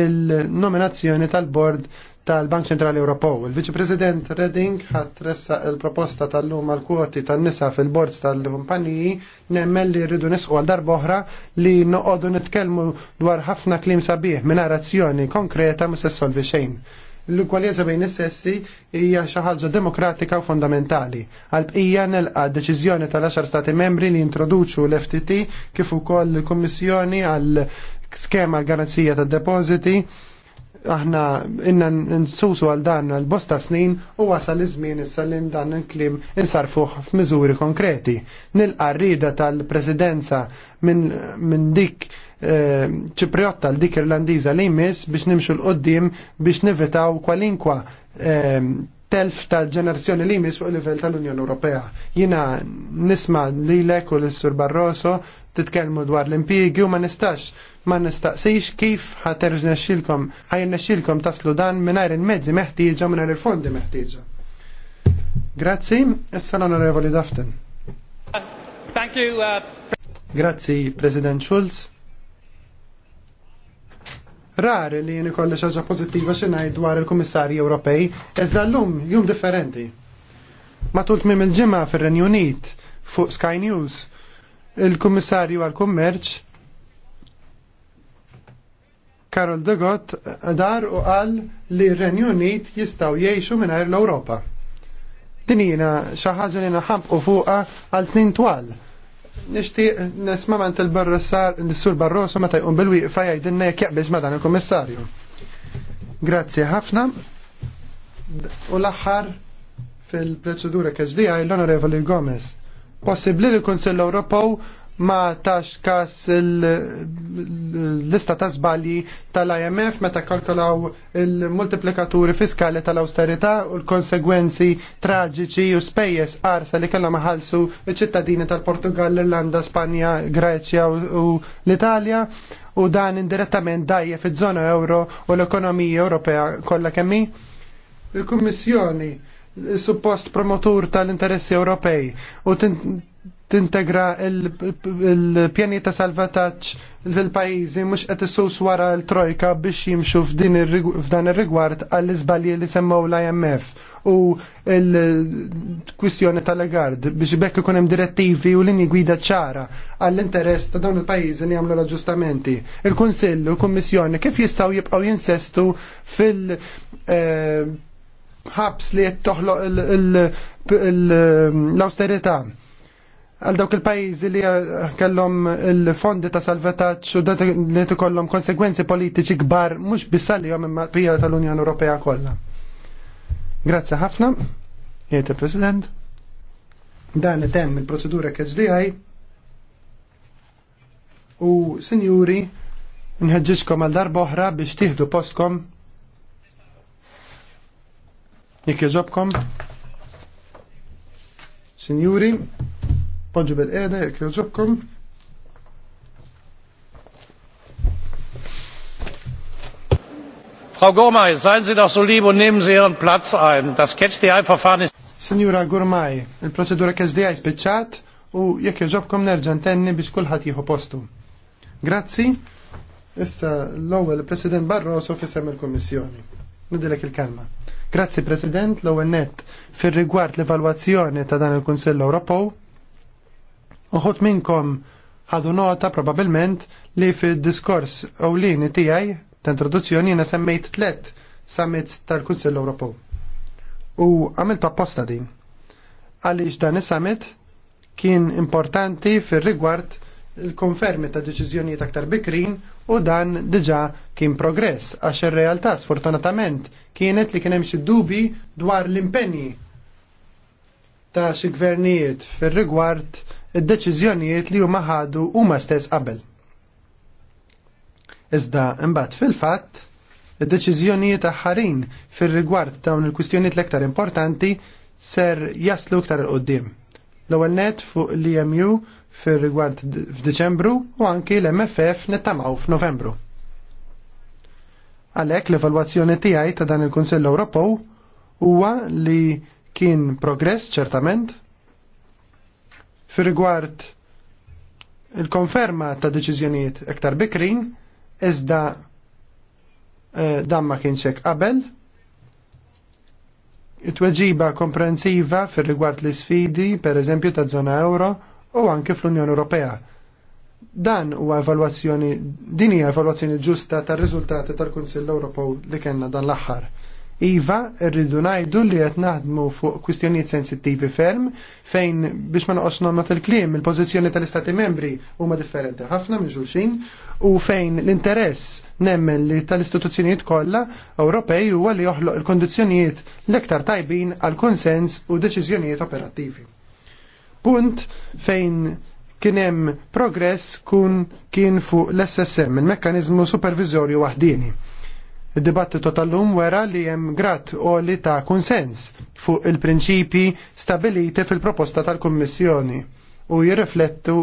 il-nominazzjoni tal-Bord tal-Bank Ċentrali Ewropew. Il-Viċi President Redding ħat ressa il-proposta tal-lum għal kwoti tan-nisa fil-bords tal-kumpaniji nemmen li rridu nisqu għal darba oħra li noqogħdu nitkellmu dwar ħafna klim sabiħ minn azzjoni konkreta ma se solvi xejn. L-kwaljenza bejn is-sessi hija xi ħaġa demokratika u fondamentali. Għalbqija nelqa deċiżjoni tal-10 stati membri li introduċu l-FTT kif ukoll il-Kummissjoni għal skema l-garanzija tad-depożiti aħna inna nsusu għal dan għal bosta snin u wasal iż-żmien issa li dan il-klim insarfu f'miżuri konkreti. Nilqa qarrida tal-presidenza minn min dik Eh, ċipriotta l-dik irlandiza li jmiss biex nimxu l-qoddim biex nivitaw kwalinkwa eh, telf ta' ġenerazzjoni li jmiss fuq livell tal-Unjoni Ewropea. Jina nisma li l-ek u l-Sur Barroso titkellmu dwar l impiegi u ma nistax ma nistaqsix kif ħaterġnexxilkom nesċilkom taslu dan mingħajr il-mezzi meħtieġa mingħajr il-fondi meħtieġa. Grazzi, issa l-Onorevoli Daften. Thank you. Uh, Grazzi, President Schulz. Rari li jien ikolli xaġa pożittiva xi ngħid dwar il-Kummissarji Ewropej, iżda llum jum differenti. Matul mim il-ġimgħa fir-Renju Unit fuq Sky News, il-Kummissarju għall-Kummerċ Karol Degot dar u qal li r-Renju Unit jistgħu jgħixu mingħajr l-Ewropa. Din Dinina xi ħaġa li naħabqu fuqha għal snin twal nishtiq nisma' mant il-barrossar l-sur Barroso meta jqum bil-wieqfa jgħidilna jekk jaqbilx ma' dan il-kummissarju. Grazzi ħafna. U l-aħħar fil-proċedura KSDI l-Onorevoli Gomez. Possibbli li l-Kunsill Ewropew ma tax kas l-lista ta' zbali tal-IMF meta kalkolaw il-multiplikaturi fiskali tal-austerità u l-konsegwenzi traġiċi u spejjes arsa li kellhom iċ ċittadini tal-Portugal, l-Irlanda, Spanja, Greċja u l-Italja u dan indirettament dajje fiż-żona euro u l-ekonomija Ewropea kollha kemmi. Il-Kummissjoni suppost promotur tal-interessi Ewropej u tintegra il-pjani ta' salvataġġ fil-pajjiżi mhux qed issus wara l-trojka biex jimxu f'dan ir-rigward għall iżbalji li semmew l-IMF u l-kwistjoni tal-legard biex bekk ikun hemm direttivi u linji gwida ċara għall-interess ta' dawn il-pajjiżi li jagħmlu l-aġġustamenti. Il-Kunsill u l-Kummissjoni kif jistgħu jibqgħu jinsestu fil- eh, ħabs li qed toħloq l-austerità għal dawk il-pajjiżi li eh, kellhom il-fondi ta' salvataġġ u li tikollhom konsegwenzi politiċi kbar mhux bissa li imma pija tal-Unjoni Ewropea kollha. Grazzi ħafna, jgħid il-President. Dan temm il-proċedura KHDI u sinjuri nħedġiġkom għal darba oħra biex tieħdu postkom jekk jogħġobkom. Sinjuri, Poġġu bil-qeda jekk joġobkom. Frau Gormai, seien Sie doch so lieb und nehmen Sie Ihren Platz ein. Das Catch-the-Eye-Verfahren ist... Signora Gormai, il-procedura Catch-the-Eye spiċċat u jekk joġobkom nerġan tenni biex kullħat jieħu postu. Grazzi. Issa l-ewwel President Barroso fissem il-Kommissjoni. Nidilek il-kalma. Grazzi President, l-ewwel net fir-rigward l-evalwazzjoni ta' dan il-Kunsell Ewropew Uħut minnkom ħadu nota probabilment li fil-diskors ewlieni tiegħi ta' introduzzjoni jiena semmejt tlet summits tal-Kunsill Ewropew. U għamiltu apposta din. Għaliex dan is-summit kien importanti fir-rigward il-konfermi ta' deċiżjonijiet aktar bikrin u dan diġa kien progress għax ir-realtà sfortunatament kienet li kien hemm xi dubi dwar l-impenji ta' xi gvernijiet fir-rigward id-deċiżjonijiet li huma ħadu huma stess qabel. Iżda imbagħad fil-fatt id-deċiżjonijiet aħħarin fir-rigward dawn il-kwistjonijiet l-aktar importanti ser jaslu iktar il qoddim L-ewwel net fuq l-EMU fir-rigward f'Diċembru u anki l-MFF nittamaw f'Novembru. Għalhekk l-evalwazzjoni tiegħi ta' dan il-Kunsill Ewropew huwa li kien progress ċertament, Fir-rigward il-konferma ta' deċiżjonijiet iktar bikrin, iżda eh, dan ma kienx hekk qabel. It-tweġiba komprensiva fir-rigward l-isfidi, per eżempju, ta' zona euro u anke fl-Unjoni Ewropea dan huwa evalwazzjoni din hija evalwazzjoni ġusta tar-riżultati tal-Kunsill Ewropew li kellna dan l-aħħar. Iva, rridu najdu li qed naħdmu fuq kwistjonijiet sensittivi ferm fejn biex ma noqgħodx nagħmel il-kliem il-pożizzjoni tal-Istati membri huma differenti ħafna minn xulxin u fejn l-interess nemmen li tal-istituzzjonijiet kollha Ewropej huwa li joħloq il kondizjoniet l-iktar tajbin għal konsens u deċiżjonijiet operattivi. Punt fejn kien hemm progress kun kien fuq l-SSM, il-mekkaniżmu supervizorju waħdini Id-dibattitu tal-lum wera li hemm grat u li ta' konsens fuq il-prinċipi stabiliti fil-proposta tal-Kommissjoni u jirriflettu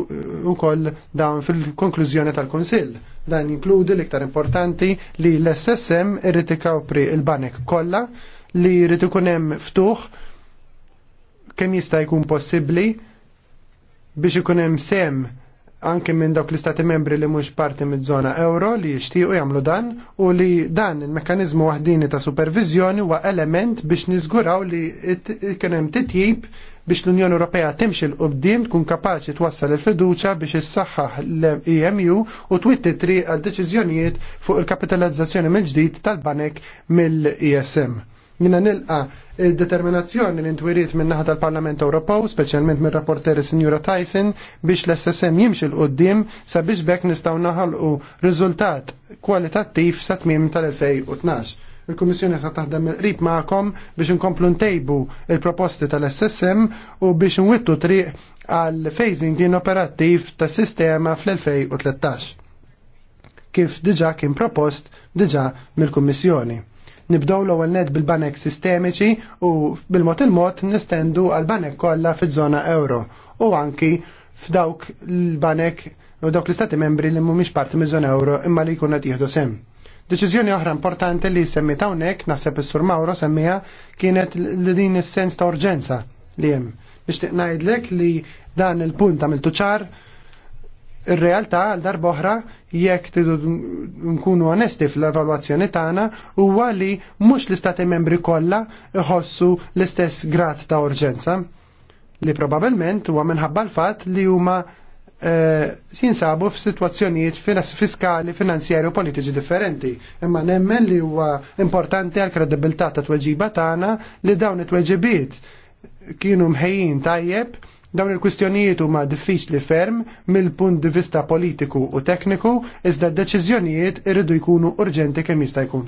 wkoll dawn fil-konklużjoni tal-Kunsill. Dan jinkludi l-iktar importanti li l-SSM irrid ikawpri il-banek kollha li jrid ikun hemm ftuħ kemm jista' jkun possibbli biex ikun hemm sem anke minn dawk l-istati membri li mhux parti mid-żona euro li jixtiequ jagħmlu dan u li dan il-mekkaniżmu waħdini ta' supervizjoni huwa element biex niżguraw li kien hemm titjib biex l-Unjoni Ewropea timxi l qudiem tkun kapaċi twassal il-fiduċa biex issaħħaħ l-EMU u twitti triq għal deċiżjonijiet fuq il-kapitalizzazzjoni mill-ġdid tal-banek mill-ESM. Jina nilqa' determinazzjoni li ntwiriet minn naħa tal-Parlament Ewropew, speċjalment minn rapporteri Sinjura Tyson, biex l-SSM jimxil qoddim sabiex bekk nistgħu naħalqu riżultat kwalitattiv sa tmiem tal-2012. Il-Kummissjoni ħad taħdem qrib magħkom biex inkomplu ntejbu il-proposti tal-SSM u biex nwittu triq għal phasing operattiv tas sistema fl-2013 kif diġa kien propost diġa mill-Kummissjoni Nibdow l-ewwel net bil-banek sistemiċi u bil-mod il-mod nistendu għal banek kollha fiż-żona euro u anki f'dawk l-banek u dawk l-istati membri li mhumiex parti mi żona euro imma li jkun qed jieħdu sem. Deċiżjoni oħra importanti li semmi hawnhekk naħseb is-Sur Mauro semmiha kienet li din is-sens ta' urġenza li hemm. Biex ngħidlek li dan il-punt għamiltu ċar Ir-realtà għal darba oħra jekk tridu nkunu onesti fl-evalwazzjoni tagħna huwa li mhux l-istati membri kollha iħossu l-istess grad ta' urġenza li probabbilment huwa minħabba l-fatt li huma eh, sinsabu f'sitwazzjonijiet fiskali, finanzjari u politiċi differenti. Imma nemmen li huwa importanti għal kredibilità ta' tweġiba tagħna li dawn it-tweġibiet kienu mħejjin tajjeb Dawn il-kwistjonijiet huma diffiċli ferm mill-punt di vista politiku u tekniku iżda d-deċiżjonijiet irridu jkunu urġenti kemm jista' jkun.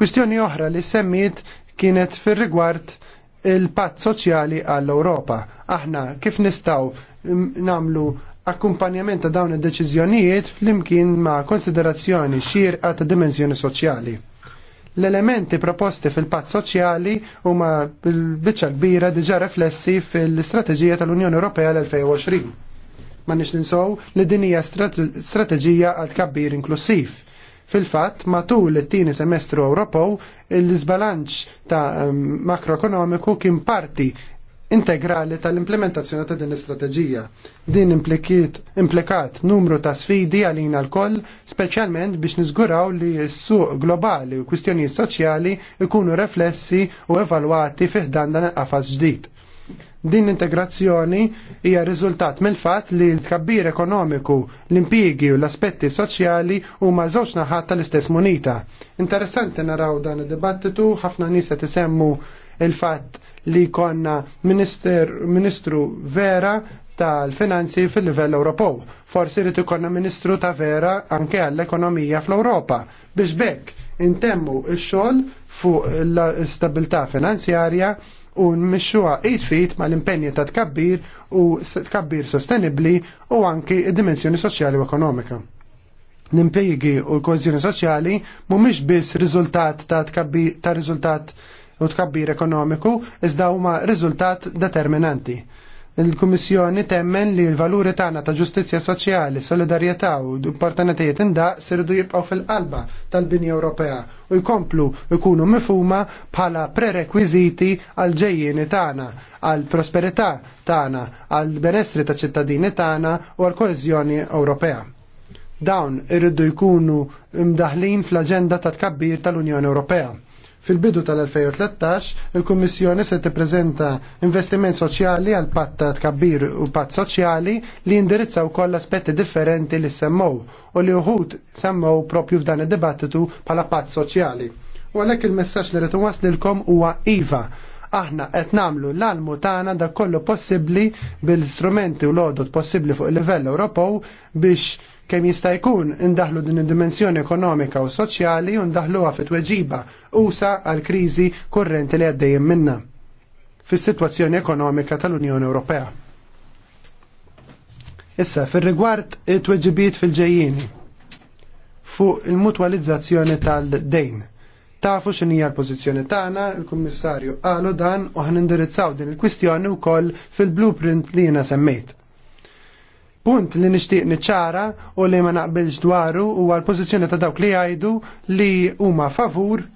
Kwistjoni oħra li semmiet kienet fir-rigward il-patt soċjali għall-Ewropa. Aħna kif nistgħu namlu akkumpanjament ta' dawn id-deċiżjonijiet flimkien ma' konsiderazzjoni xierqa ta' dimensjoni soċjali. L-elementi proposti fil-patt soċjali huma bil-biċċa kbira diġà riflessi fil strategija tal-Unjoni Ewropea l-2020. Ma nix ninsow li din hija strateġija għal kabbir inklusiv. Fil-fatt, matul it-tieni semestru Ewropew, l-iżbalanċ ta' um, makroekonomiku kien parti integrali tal-implementazzjoni ta' din l-istrateġija. Din implikat numru ta' sfidi għalina għal koll specialment biex nizguraw li s-suq globali u kwistjoni soċjali ikunu reflessi u evalwati fiħdan dan il-qafas ġdid. Din integrazzjoni hija riżultat mill-fatt li l-tkabbir ekonomiku, l-impjigi u l-aspetti soċjali huma żewġ naħat tal-istess munita. Interessanti naraw dan id-dibattitu, ħafna nies qed isemmu il-fatt li konna minister, ministru vera tal-finanzi fil-livell Ewropew. Forsi rrid ikonna ministru ta' vera anke għall-ekonomija fl-Ewropa biex bekk intemmu x-xogħol fuq l-istabilità finanzjarja u nmixxuha id fit mal-impenji ta' tkabbir u tkabbir sostenibbli u anki id-dimensjoni soċjali u ekonomika. L-impjegi u l-kohezjoni soċjali mhumiex biss riżultat ta' tkabbir ta' riżultat u tkabbir ekonomiku iżda huma riżultat determinanti. Il-Kummissjoni temmen li l-valuri tagħna ta' ġustizzja soċjali, solidarjetà u opportunitajiet indaqs irridu jibqgħu fil-qalba tal-Bini Ewropea u jkomplu jkunu mifhuma bħala prerekwiżiti għal ġejjieni tagħna, għal prosperità tagħna, għal benestri ta' ċittadini tagħna u għal koeżjoni Ewropea dawn irridu jkunu mdaħlin fl-aġenda ta' tkabbir tal-Unjoni Ewropea. Fil-bidu tal-2013, il-Kummissjoni se tippreżenta investiment soċjali għal patta tkabbir u patt soċjali li jindirizzaw koll aspetti differenti li semmow u li uħut semmow propju f'dan id-dibattitu bħala patt soċjali. U għalhekk il-messaġġ li rritu waslilkom huwa iva. Aħna qed nagħmlu l-almu tagħna da kollu possibbli bil-strumenti u l-għodot possibbli fuq il-livell Ewropew biex kemm jista' jkun indaħlu din id-dimensjoni ekonomika u soċjali u ndaħluha fit-tweġiba usa għal kriżi korrenti li għaddejjem minna fis-sitwazzjoni ekonomika tal-Unjoni Ewropea. Issa, fil-rigward it-tweġibiet fil-ġejjini fuq il-mutwalizzazzjoni tal-dejn. Tafu xin hija l-pożizzjoni tagħna, il-Kummissarju qalu dan u indirizzaw din il-kwistjoni wkoll fil-blueprint li jiena semmejt. Punt li nixtieq niċċara u li ma naqbilx dwaru huwa l-pożizzjoni ta' dawk li jgħidu li huma favur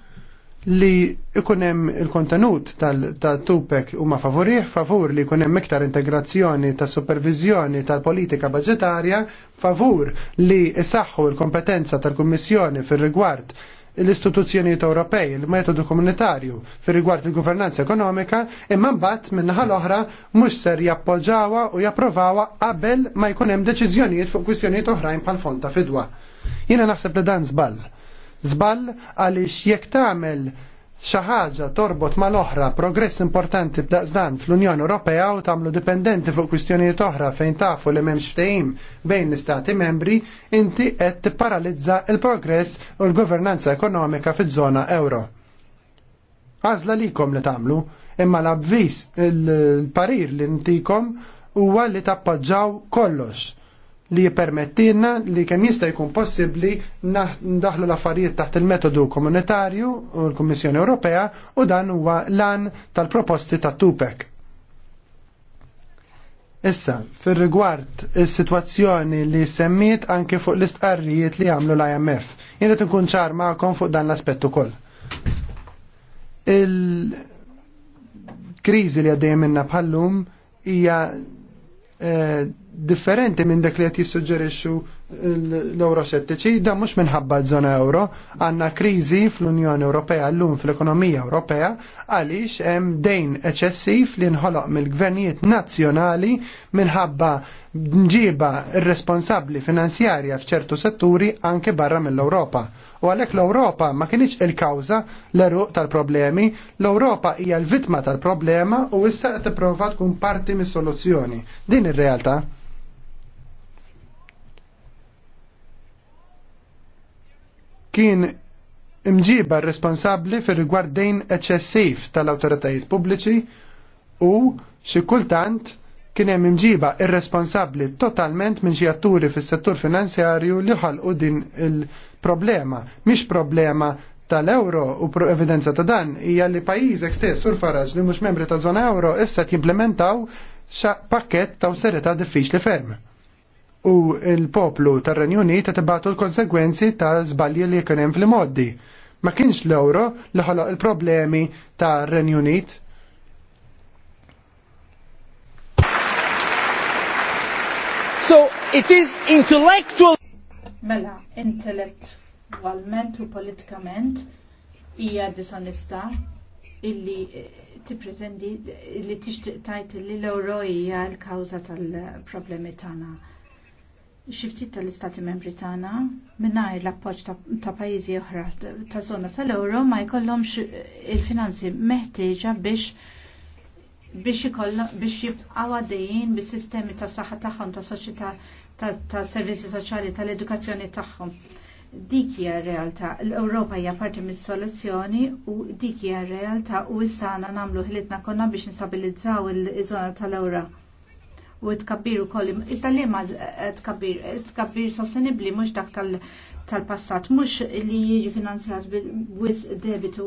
li ikunem il-kontenut tal-tupek u ma favorih, favur li ikunem iktar integrazzjoni ta' supervizjoni tal-politika budgetarja, favur li isaxħu il-kompetenza tal-Kommissjoni fil rigward l-istituzzjonijiet Ewropej, il-metodu komunitarju fil rigward il-governanza ekonomika, imma mbagħad minnaħal oħra mhux ser jappoġġawha u japprovawa qabel ma jkun hemm deċiżjonijiet fuq kwistjonijiet oħrajn pal fond ta' fidwa. Jiena naħseb li dan żball Żball għaliex jekk tagħmel xi ħaġa torbot mal-oħra progress importanti b'daqsdan fl-Unjoni Ewropea u tagħmlu dipendenti fuq kwistjonijiet oħra fejn tafu li m'hemmx ftehim bejn l-istati membri, inti qed tipparalizza l-progress u l-governanza ekonomika fiż-żona euro. Għażla likom li tagħmlu, imma l-abvis il-parir li ntikom huwa li tappoġġaw kollox li jipermettina li kemm jista' jkun possibbli ndaħlu l-affarijiet taħt il-metodu komunitarju u l-Kummissjoni Ewropea u dan huwa lan tal-proposti ta' Tupek. Issa, fir rigward is-sitwazzjoni li semmiet anke fuq l-istqarrijiet li għamlu l-IMF. Jirrit nkun ċar ma'kom fuq dan l-aspett ukoll. Il-kriżi li għaddejjem minna bħallum hija eh, differenti minn dak li qed jissuġġerixxu l-Euroxettiċi, da mhux minħabba żona euro, għandna kriżi fl-Unjoni Ewropea llum fl-ekonomija Ewropea għaliex hemm dejn eċessiv li nħoloq mill-gvernijiet nazzjonali minħabba nġiba responsabbli finanzjarja f'ċertu setturi anke barra mill-Ewropa. U għalhekk l-Ewropa ma kienx il-kawża l-eruq tal-problemi, l-Ewropa hija l-vittma tal-problema u issa qed tipprova tkun parti mis-soluzzjoni. Din ir-realtà. kien imġiba responsabbli fir rigwardejn eċessiv tal-awtoritajiet pubbliċi u xi kultant kien hemm imġiba irresponsabbli totalment minn xi atturi fis-settur finanzjarju li ħalqu din il-problema. Mhix problema tal-euro u pro evidenza ta' dan hija li pajjiżek stess sur faraġ li mhux membri ta' żona euro issa jimplementaw pakket ta' serjetà diffiċli ferm u il-poplu tar-Renju Unit qed l-konsegwenzi ta' żbalji li jkun hemm fil-moddi. Ma kienx l-euro li ħoloq il-problemi tar-Renju Unit. So it is intellectual Mela, intellectualment u politikament hija disonesta illi eh, tippretendi li tixtieq tajt li l-euro hija l-kawża tal-problemi tagħna xiftit tal-istati membri tagħna mingħajr l-appoġġ ta' pajjiżi oħra ta' żona tal-ewro ma jkollhomx eh, il-finanzi meħtieġa biex biex ikollhom biex jibqgħu għaddejjin bis-sistemi tas saħħa tagħhom tas soċjetà tas servizzi soċjali tal-edukazzjoni tagħhom. Dik hija r-realtà. L-Ewropa hija parti mis-soluzzjoni u dik hija r-realtà u issa għandna nagħmlu ħilitna konna biex nistabilizzaw il-żona tal-ewro u tkabbir u kollim. Iżda li ma tkabbir, tkabbir sostenibli mux dak tal-passat, mux li jiġi finanzjat bil-wis debitu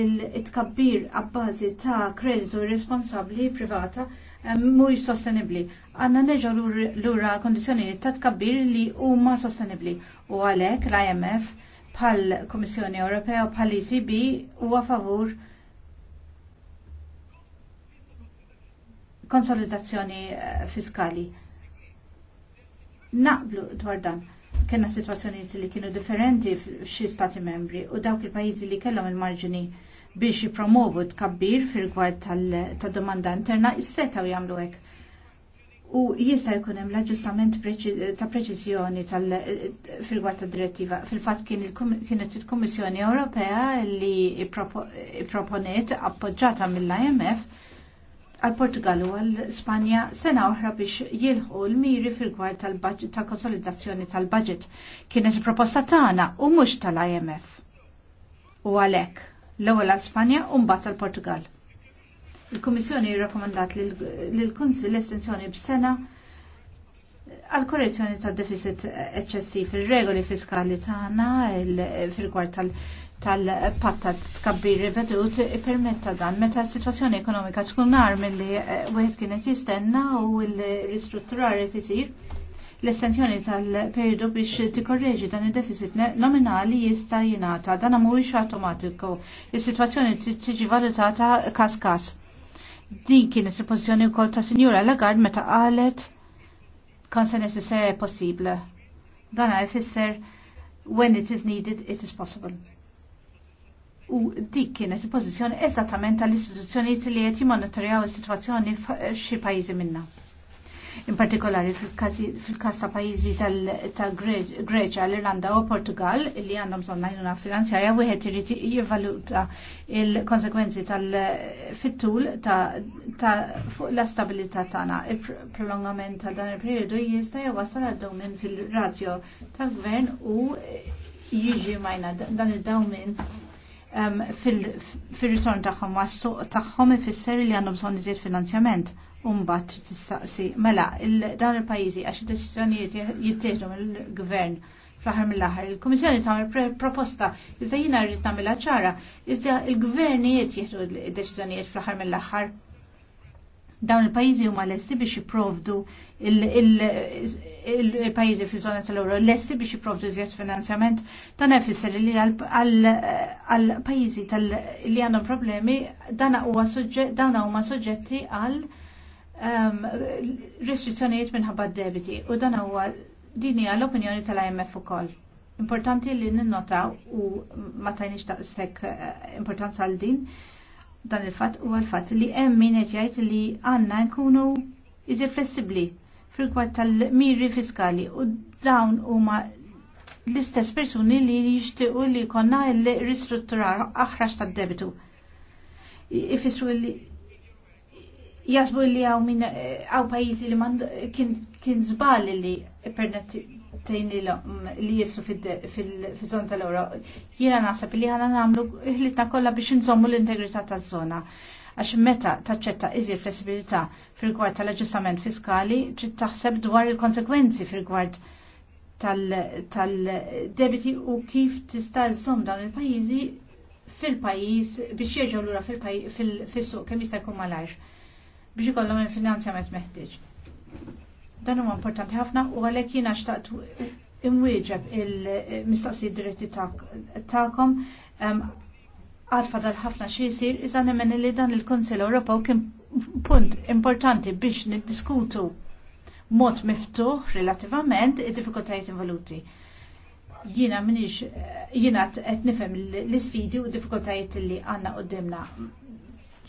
il-tkabbir għabbazi ta' kreditu responsabli privata mux sostenibli. Għanna neġa l-ura kondizjoni ta' tkabbir li huma sostenibli u għalhekk l-IMF pal Komissjoni Ewropea u bħal ECB huwa għafavur favur konsolidazzjoni eh, fiskali. Naqblu dwar dan kena situazzjoniet li kienu differenti f'xi stati membri u dawk il-pajjiżi li kellhom il-marġini biex jipromovu tkabbir fil-gwad tal-domanda interna jissetaw jagħmlu hekk. U jista' jkun hemm l-aġġustament ta' preċiżjoni fil-gwad tad-direttiva. Fil-fatt kienet il-Kummissjoni Ewropea li proponiet appoġġata mill-IMF għal Portugal u għal Spanja sena oħra biex jilħu l-miri fil-gwar tal-konsolidazzjoni tal-budget kienet proposta tagħna u mhux tal-IMF. U għalhekk l-ewwel għal Spanja u mbagħad tal portugal Il-Kummissjoni rrakkomandat lil kunsill estensjoni b'sena għal korrezzjoni tad deficit eċċessiv fil-regoli fiskali tagħna fil-gwar tal-, -tal tal-patta tkabbir rivedut permetta dan meta s-situazzjoni ekonomika tkun nar mill-li eh, wieħed kienet jistenna u l-ristrutturari tisir l-estensjoni tal-periodu biex tikorreġi dan il-deficit nominali jista' jingħata dan mhuwiex automatiku. Is-sitwazzjoni tiġi valutata kas-kas. Din kienet il-pożizzjoni wkoll ta' Sinjura Lagarde meta qalet kan se necessaire possibbli. Dan jfisser when it is needed it is possible U dik kienet il-pożizzjoni eżattament tal-istituzzjonijiet li qed jimonitorjaw is-sitwazzjoni f'xi pajjiżi minnha in partikolari fil-kas ta' pajjiżi ta' Greċja, l-Irlanda u Portugal, li għandhom bżonn għajnuna finanzjarja, wieħed irid jivvaluta il-konsekwenzi tal-fittul ta' fuq la stabilità tagħna. Il-prolongament ta' dan il-perjodu jista' jwassal għad-dawmin fil-razzjo tal-gvern u jiġi majna dan id-dawmin fil-ritorn tagħhom għas-suq tagħhom ifisser li għandhom bżonn iżjed finanzjament. Umbat tistaqsi, mela, dan il-pajjiżi għax id-deċiżjonijiet jittieħdu mill-gvern fl-aħħar mill-aħħar. Il-Kummissjoni tagħmel proposta iżda jiena rrid nagħmilha ċara, iżda il-gvernijiet jieħdu d-deċiżjonijiet fl-aħħar mill-aħħar. Dawn il-pajjiżi huma lesti biex jipprovdu il-pajizi fi zona tal-euro l-esti biex jiprovdu zjed finanzjament dan fisser li għal-pajizi li għandhom problemi dan huma soġġetti għal ehm, restrizzjonijiet minħabba debiti u dan huwa dini għal-opinjoni tal-IMF ukoll. Importanti li ninnota u ma tajniex sekk eh, importanza għal din dan il-fat u għal-fat li hemm min qed jgħid li għandna nkunu iżir flessibbli rigward tal-miri fiskali u dawn huma l-istess persuni li jixtiequ li jkollna l-ristrutturar aħrax tad-debitu. Ifisru li jasbu li għaw minn għaw pajizi li mand kien zbal li permettejni li jessu fil-zon tal euro Jena nasab li għana namlu ħlitna kolla biex nżommu l-integrità ta' zona. Għax meta taċċetta iżir flessibilità fil-gwart tal-aġġustament fiskali trid taħseb dwar il-konsekwenzi fil-gwart tal-debiti u kif tista' żżomm dawn il-pajjiżi fil-pajjiż biex jerġgħu lura fil-suq kemm jista' jkun malajr biex ikollhom il-finanzjament meħtieġ. Dan huwa importanti ħafna u għalhekk jiena xtaqt imwieġeb il-mistoqsijiet diretti tagħkom għad fadal ħafna xi jsir iżda nemmen li dan il-Kunsill Ewropew kien punt importanti biex niddiskutu mod miftuħ relativament id-diffikultajiet involuti. Jina minix, jina qed nifhem l-isfidi u d-diffikultajiet li għanna qoddimna.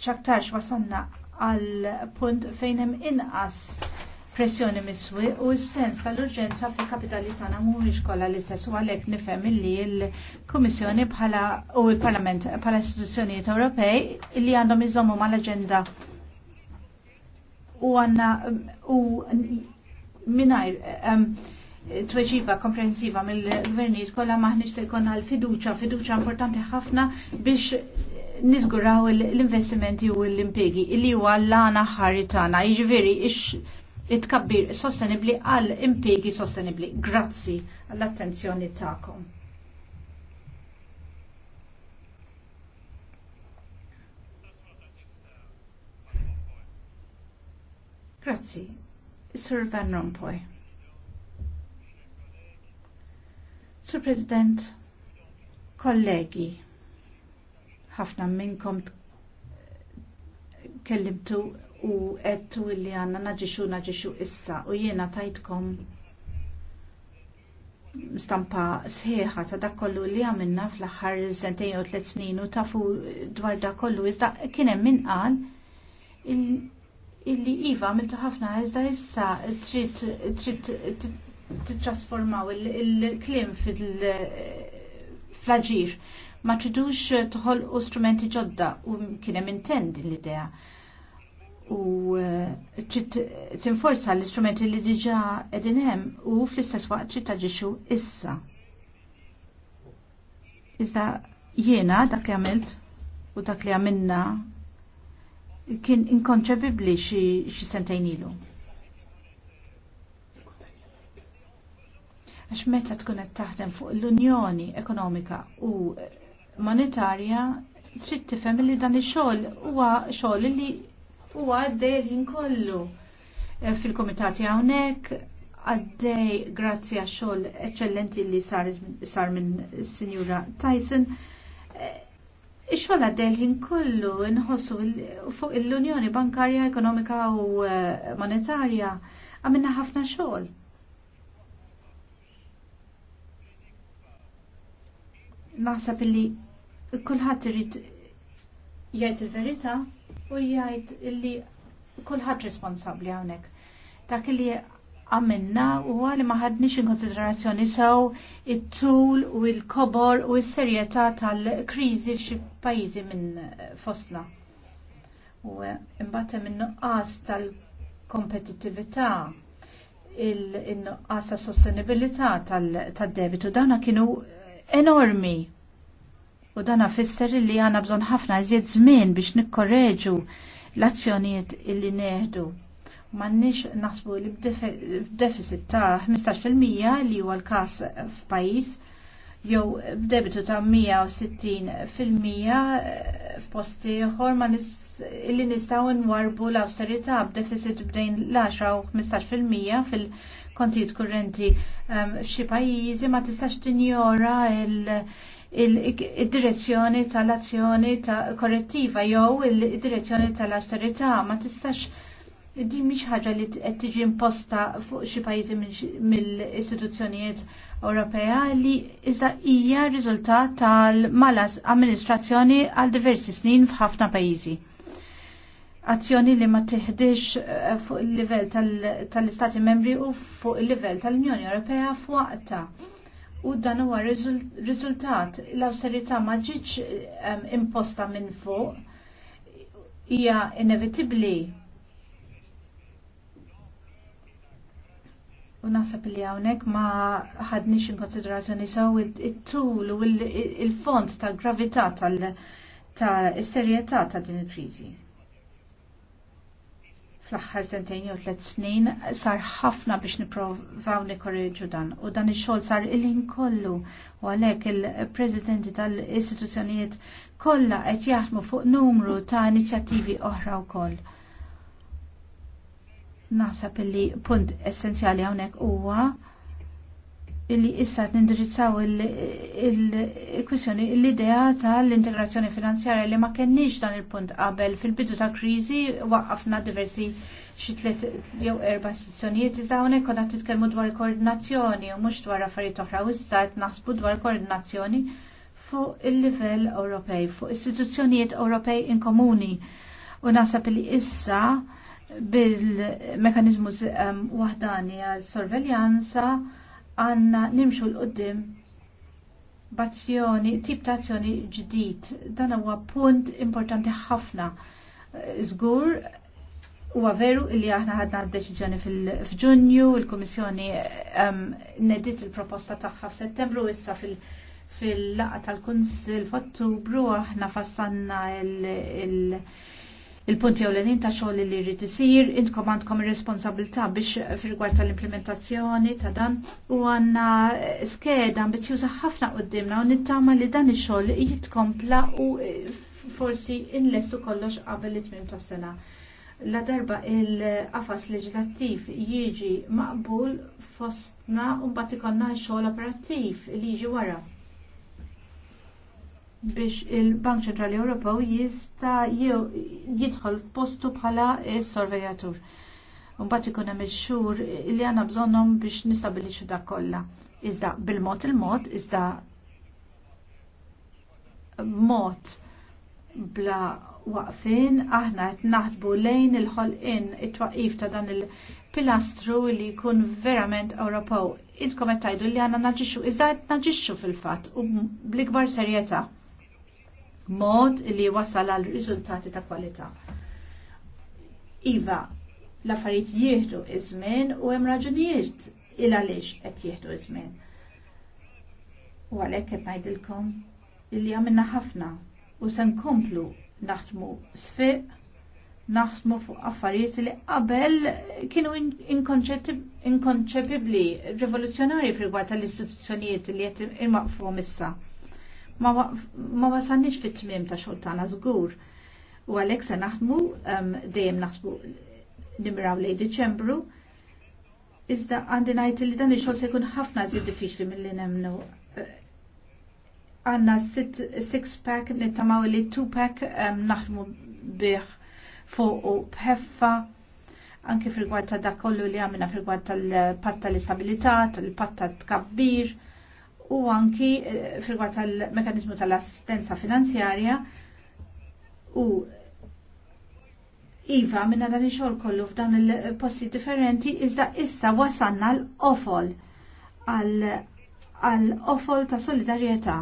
Xaktarx wasanna għal punt fejn hemm inqas pressjoni miswi u s-sens tal-urġenza fil-kapitali tagħna mhumiex kollha l-istess u għalhekk nifhem li l-Kummissjoni bħala u l-Parlament bħala istituzzjonijiet Ewropej li għandhom iżommu mal-aġenda u għanna um, u minnajr um, tweġiba komprensiva mill-gvernijiet kollha maħniġ se jkollna l-fiduċa, fiduċa importanti ħafna biex nizguraw l-investimenti u l impegi li huwa l-għana iġveri tagħna, jiġifieri it-tkabbir sostenibli għal impegi sostenibli. Grazzi għall-attenzjoni tagħkom. Grazzi. Sir Van Rompuy. Sir President, kollegi, ħafna minnkom kellimtu u għettu li għanna naġiċu naġiċu issa u jiena tajtkom stampa sħiħa ta' dak kollu li għamilna fl axar sentejn u tliet snin u tafu dwar dak kollu iżda kien hemm min qal illi Iva għamiltu ħafna iżda issa trid titrasformaw il-klim fil-flagġir. Ma tridux toħolqu strumenti ġodda u kien hemm intend l-idea u eh, tinforza l-istrumenti li diġa edin hemm u fl-istess waqt trid taġixxu issa. Iżda jiena dak li għamilt u dak li għamilna kien inkonċebibbli xi sentejn ilu. Għax meta tkun qed taħdem fuq l-Unjoni Ekonomika u Monetarja trid tifhem li dan ix-xogħol huwa xogħol li huwa għaddej ħin kollu eh, fil-komitati hawnhekk għaddej grazzi għax xogħol eċċellenti li sar minn Sinjura Tyson eh, Ix-xogħol għaddejlħin kollu inħossu fuq l-Unjoni Bankarja, Ekonomika u eh, Monetarja għamilna ħafna xogħol. Naħseb illi kulħadd irid jgħid il-verità u jgħid illi kulħadd responsabbli hawnhekk. Dak li għamilna u għali maħadni in konsiderazzjoni sew it-tul u l-kobor u s-serjetà tal-kriżi f'xi pajjiżi minn eh, fostna. U eh, imbagħad hemm in-nuqqas tal-kompetittività il-nuqqas ta' sostenibilità tad-debitu dana kienu enormi. U dana fisser li għana bżon ħafna iżjed żmien biex nikkorreġu l-azzjonijiet illi neħdu Mannix nasbu li b'deficit ta' 15% li huwa l-kas f'pajis jew b'debitu ta' 160% eh, f'post ieħor ma li nistgħu nwarbu l-awsterità b'deficit bdejn l-10 u 15% fil- kontijiet kurrenti ehm, f'xi pajjiżi ma tistax tinjora il-direzzjoni tal-azzjoni korrettiva jew il-direzzjoni tal-austerità ma tistax Din mhix ħaġa li qed tiġi imposta fuq xi pajjiżi mill-istituzzjonijiet Ewropea li iżda hija riżultat tal-malas amministrazzjoni għal diversi snin f'ħafna pajjiżi. Azzjoni li ma tiħdix eh, fuq il-livell tal-Istati membri u fuq il-livell tal-Unjoni Ewropea f'waqta. U dan huwa riżultat l-awsterità ma ġietx eh, imposta minn fuq hija inevitibbli. U nasab li għawnek ma ħadnix in konsiderazzjoni saw il-tul u il-fond ta' gravità tal-serjetà ta' din il-krizi. Fl-axħar sentejn jew tliet snin sar ħafna biex nipprovaw nikorreġu dan u dan ix-xogħol sar ilin kollu u għalhekk il-presidenti tal-istituzzjonijiet kollha qed jaħdmu fuq numru ta' inizjattivi oħra wkoll Naħseb illi punt essenzjali hawnhekk huwa illi issa nindirizzaw il-kwissjoni l-idea tal-integrazzjoni finanzjarja li ma kenniex dan il-punt qabel fil-bidu ta' kriżi waqqafna diversi xi tliet jew erba' sezzjonijiet iżda hawnhekk konna titkellmu dwar koordinazzjoni u mhux dwar affarijiet oħra u issa qed naħsbu dwar koordinazzjoni fuq il-livell Ewropej, fuq istituzzjonijiet Ewropej komuni U naħseb li issa bil-mekanizmu wahdani għal sorveljanza għanna nimxu l-qoddim b'azzjoni, tip ta' azzjoni ġdid. Dan huwa punt importanti ħafna. Żgur huwa veru li aħna ħadna d-deċiżjoni fil-Ġunju, il um, nedit il-proposta tagħha f'Settembru issa fil- fil-laqa tal-Kunsil f'Ottubru aħna fassanna il-, il il-punti l-enin ta' xogħol li jrid isir, intkom għandkom ir-responsabilità biex fil-gwar tal-implementazzjoni ta' dan u għandna eh, skeda ambizjuża ħafna qudiemna u nittama li dan ix-xogħol jitkompla u eh, forsi inlestu kollox qabel it-tmiem tas-sena. La darba il-qafas leġislattiv jiġi maqbul fostna u mbagħad ikollna x-xogħol operattiv li jiġi wara biex il-Bank Ċentrali Ewropew jista' jidħol f'postu bħala s-sorvejatur. Mbagħad ikun hemm ix-xhur li għandna bżonnhom biex nistabilixxu dak kollha. Iżda bil-mod il-mod, iżda mod bla waqfin aħna qed naħdbu lejn il-ħolqien it-twaqif ta' dan il-pilastru li jkun verament Ewropew. Intkom qed tgħidu li għandna naġixxu, iżda qed naġixxu fil-fatt u bl-ikbar serjetà mod li wasal għal riżultati ta' kwalità. Iva, l-affarijiet jieħdu iż-żmien u hemm raġunijiet il għaliex qed jieħdu iż-żmien. U għalhekk qed ngħidilkom li għamilna ħafna u se nkomplu naħdmu sfiq naħdmu fuq affarijiet li qabel kienu inkonċepibbli rivoluzzjonari fil tal-istituzzjonijiet li qed imaqfuhom issa ma wasalniex fit-tmiem ta' xoltana żgur. U għalhekk se naħdmu dejjem naħsbu nimraw lej Diċembru. Iżda għandi ngħid li dan ix-xogħol se jkun ħafna żied diffiċli milli nemmnu. Għandna six pack nittamaw li two pack naħdmu bih fuq u bħeffa anke fil-gwad ta' dak kollu li għamilna fil-gwad tal-patta l-istabilità, tal-patta tkabbir. kabbir u anki eh, frigwar tal-mekanizmu tal-assistenza finanzjarja u Iva, minna dan il kollu f'dan il-posti differenti, iżda issa wasanna l-ofol għal-ofol ta' solidarieta.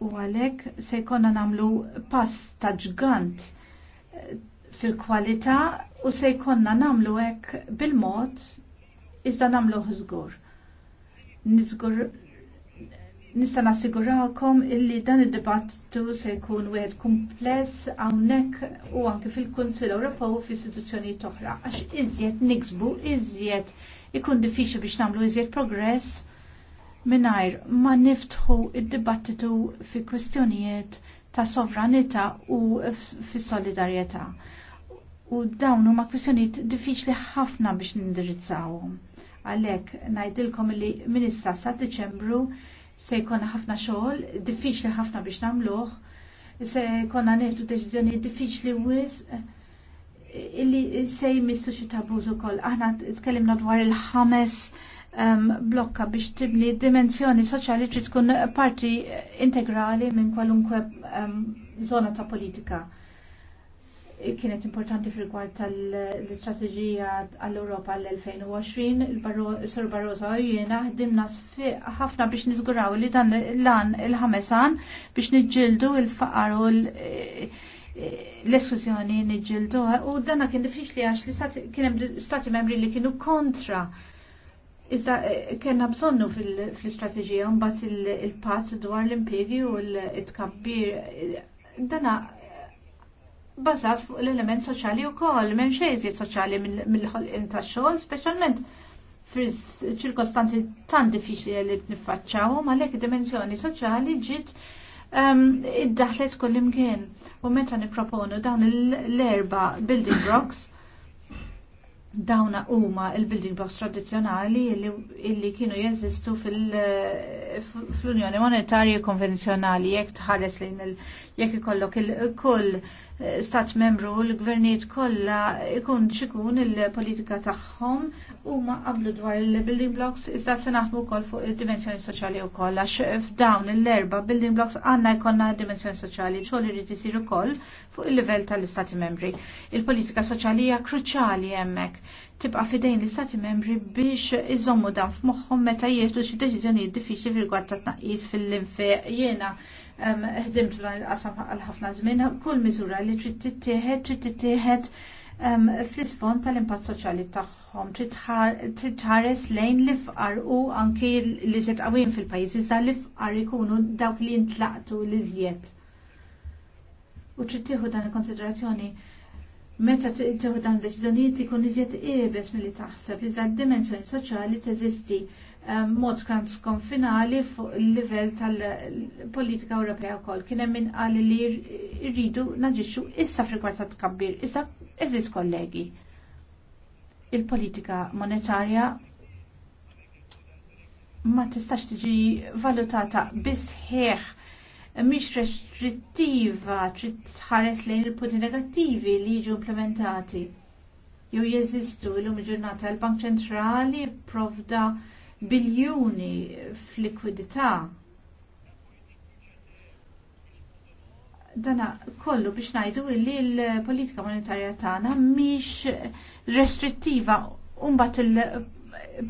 U għalek se konna namlu pass ta' ġgant eh, fil-kwalità u se jkonna namlu hekk bil-mod iżda namlu ħżgur nista' nassigurakom illi dan id-dibattitu se jkun wieħed kumpless hawnhekk u anke fil-Kunsill Ewropew u fl-istituzzjonijiet oħra għax iżjed niksbu iżjed ikun diffiċli biex nagħmlu iżjed progress mingħajr ma niftħu id-dibattitu fi kwistjonijiet ta' sovranità u fis solidarjetà U dawn huma kwistjonijiet diffiċli ħafna biex nindirizzawhom. Għalhekk ngħidilkom li minissa sa Diċembru se jkollna ħafna xogħol, diffiċli ħafna biex nagħmluh, se jkollna nieħdu deċiżjoni diffiċli wis illi se jmissu xi tabuż ukoll. Aħna tkellimna dwar il-ħames ehm, blokka biex tibni dimensjoni soċjali trid tkun parti integrali minn kwalunkwe żona ehm, ta' politika kienet importanti fil-gwart tal-istrateġija għall-Europa l-2020, il-Sor Barroso jiena ħdimna ħafna biex nizguraw li dan l-an il-ħamesan biex nġildu il-faqar u e- e- l-esklusjoni nġildu. U danna kien li għax li kienem stati membri li kienu kontra. Iżda e- kena bżonnu fil-istrateġija mbagħad il-pazz dwar l-impjegi u l-tkabbir. Dana bażat fuq l-element soċali wkoll, m'hemm xejn iżjed soċjali mill-ħolqien tax-xogħol, speċjalment fil-ċirkostanzi tan diffiċli li t-nifacċaw, ma l-ek dimensjoni soċjali ġiet ehm, id-daħlet kollim kien. U meta nipproponu dawn l-erba building blocks, dawna huma il-building blocks tradizzjonali illi kienu jeżistu fl-Unjoni Monetarja Konvenzjonali jekk tħares lejn jekk ikollok il-kull eh, stat membru u l-gvernijiet kollha ikun xikun il-politika tagħhom huma qablu dwar il-building blocks iżda se naħdmu wkoll fuq id-dimensjoni soċjali wkoll għax f'dawn l-erba building blocks għandna jkollna dimensjoni soċjali xogħol irid isir ukoll fuq il-livell tal-Istati membri. Il-politika soċjali hija kruċjali hemmhekk tibqa' fidejn l-Istati membri biex iżommu dan f'moħħhom meta jieħdu xi deċiżjonijiet diffiċli rigward ta' tnaqqis fil-infiq. Jiena ħdimt dan il-qasam għal ħafna żmien, kull miżura li trid tittieħed trid tittieħed fl-isfond tal-impatt soċjali tagħhom tħares lejn li fqar u anki li iżjed qawwin fil-pajjiż iżda l-ifqar ikunu dawk li ntlaqtu l-iżjed u trid tieħu dan il-konsiderazzjoni meta tieħu dan deċiżjonijiet ikun iżjed qiebes milli taħseb iżda d-dimensjoni soċjali teżisti eh, mod transkonfinali fuq il-livell tal-politika Ewropea wkoll kien hemm min qal li rridu naġixxu issa frikwart ta' tkabbir iżda eżist kollegi. Il-politika monetarja ma tistax tiġi valutata bisħieħ mhix restrittiva trid tħares lejn il-punti negattivi li jiġu implementati. Jew jeżistu illum il-ġurnata l-Bank Ċentrali provda biljuni f'likwidità dana kollu biex najdu li l-politika monetarja tagħna mhix restrittiva u mbagħad il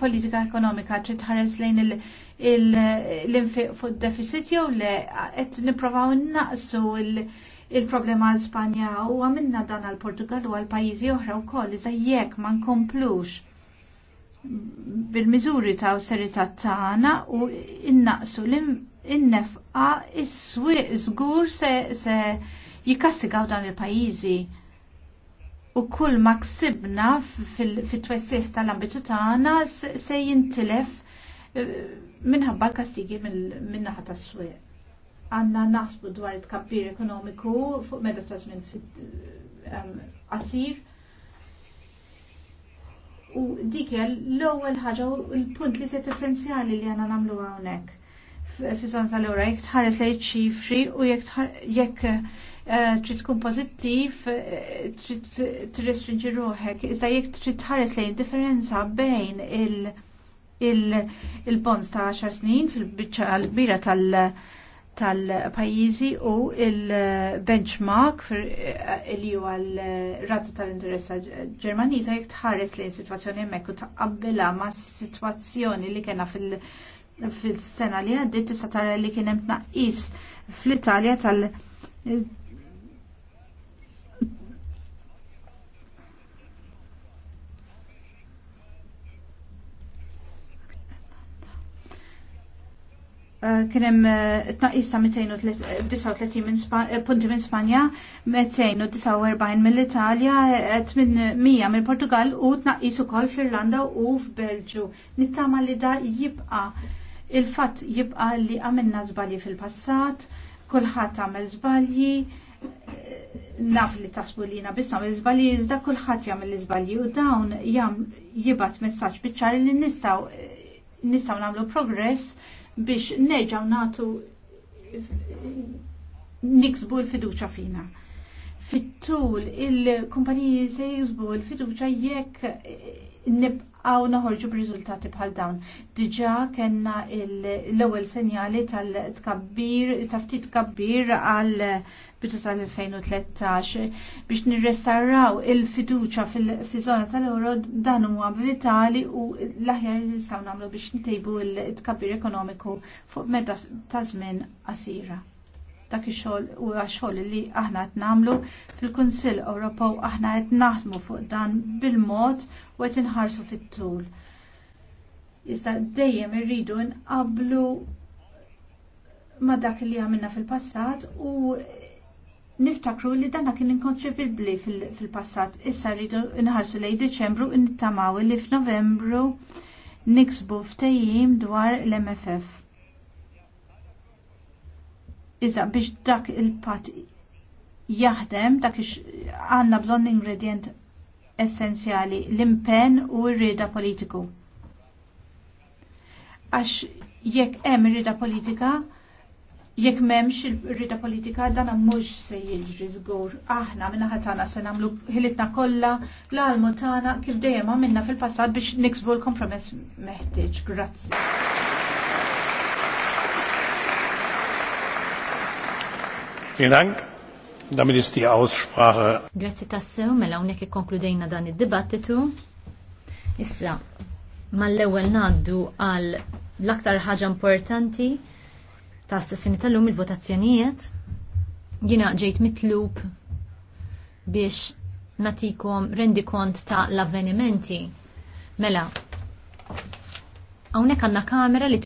politika ekonomika trid tħares lejn l-infiq fuq deficit jew le qed nipprovaw innaqsu il-problema għal Spanja u għamilna dan għal Portugal u għal pajjiżi oħra wkoll iżda jekk ma nkomplux bil-miżuri ta' awsterità tagħna u innaqsu l-innefqa is-swieq żgur se, se jikassigaw dan il-pajjiżi u kull ma ksibna fit-twessiħ tal-ambitu tagħna se jintilef eh, minħabba l-kastigi minnaħa tas swieq Għanna naħsbu dwar it kabbir ekonomiku fuq meda ta' żmien eh, qasir. U dik l-ewwel ħaġa u l-punt li set essenzjali li għandna nagħmlu hawnhekk. Fi zona tal-ewra jekk tħares lejn ċifri u jekk Eh, trid tkun pożittiv, eh, trid tirrestrinġi ruħek, iżda jekk trid tħares lejn differenza bejn il-bonds ta' 10 snin fil-biċċa l-kbira tal- tal-pajjiżi u il-benchmark eh, li huwa l-rata tal-interess Ġermaniża jekk tħares lejn sitwazzjoni hemmhekk u taqabbilha ma' sitwazzjoni li kena fil- fil-sena li għaddit tista' tara li kien hemm tnaqqis fl-Italja tal- kien hemm eh, tnaqis ta' 239 eh, eh, punti minn Spanja, 249 mill-Italja, 800 mill-Portugal u tnaqis ukoll fl-Irlanda u f'Belġu. Nittama li da jibqa' il-fatt jibqa' li għamilna żbalji fil-passat, kulħadd għamel żbalji, naf li tasbu li jina biss għamil zbalji, iżda kullħat jagħmel l u dawn jam jibat messaċ biċċar li nistaw nistgħu nagħmlu progress biex neġaw natu niksbu l-fiduċa fina. Fittul il-kumpaniji se jizbu l-fiduċa jekk nibqaw naħorġu b'riżultati bħal dawn. Diġa kena l-ewwel senjali tal-tkabbir, taftit kabbir għal bidu tal-2013 biex nirrestarraw il-fiduċa fil-zona tal-euro dan huwa vitali u l-aħjar li nistgħu nagħmlu biex ntejbu l-tkabbir ekonomiku fuq meta ta' żmien qasira. Dak ix-xogħol huwa xogħol li aħna qed nagħmlu fil-Kunsill Ewropew aħna qed naħdmu fuq dan bil-mod u qed inħarsu fit-tul. Iżda dejjem irridu nqablu ma dak li għamilna fil-passat u niftakru li danna kien inkonċevibbli fil-passat. Issa rridu nħarsu lej Deċembru nittamaw li f'Novembru niksbu ftejjim dwar l-MFF. Iżda biex dak il-pat jaħdem, dak ix għanna bżonn ingredient essenzjali, l-impen u r politiku. Għax jekk hemm rida politika, jekk memx il-rida politika dan mhux se jiġri żgur. Aħna minna ħatana se nagħmlu ħilitna kollha l-almu tagħna kif dejjem għamilna fil-passat biex niksbu l-kompromess meħtieġ. Grazzi. Vielen Dank. Damit ist die Aussprache. Grazie tassew, mela unek ikkonkludejna dan id-dibattitu. Issa, mal-ewwel naddu għal l-aktar ħaġa importanti ta' sessjoni tal-lum il-votazzjonijiet. Jina ġejt mitlub biex natikom rendi kont ta' l-avvenimenti. Mela, għawnek għanna kamera li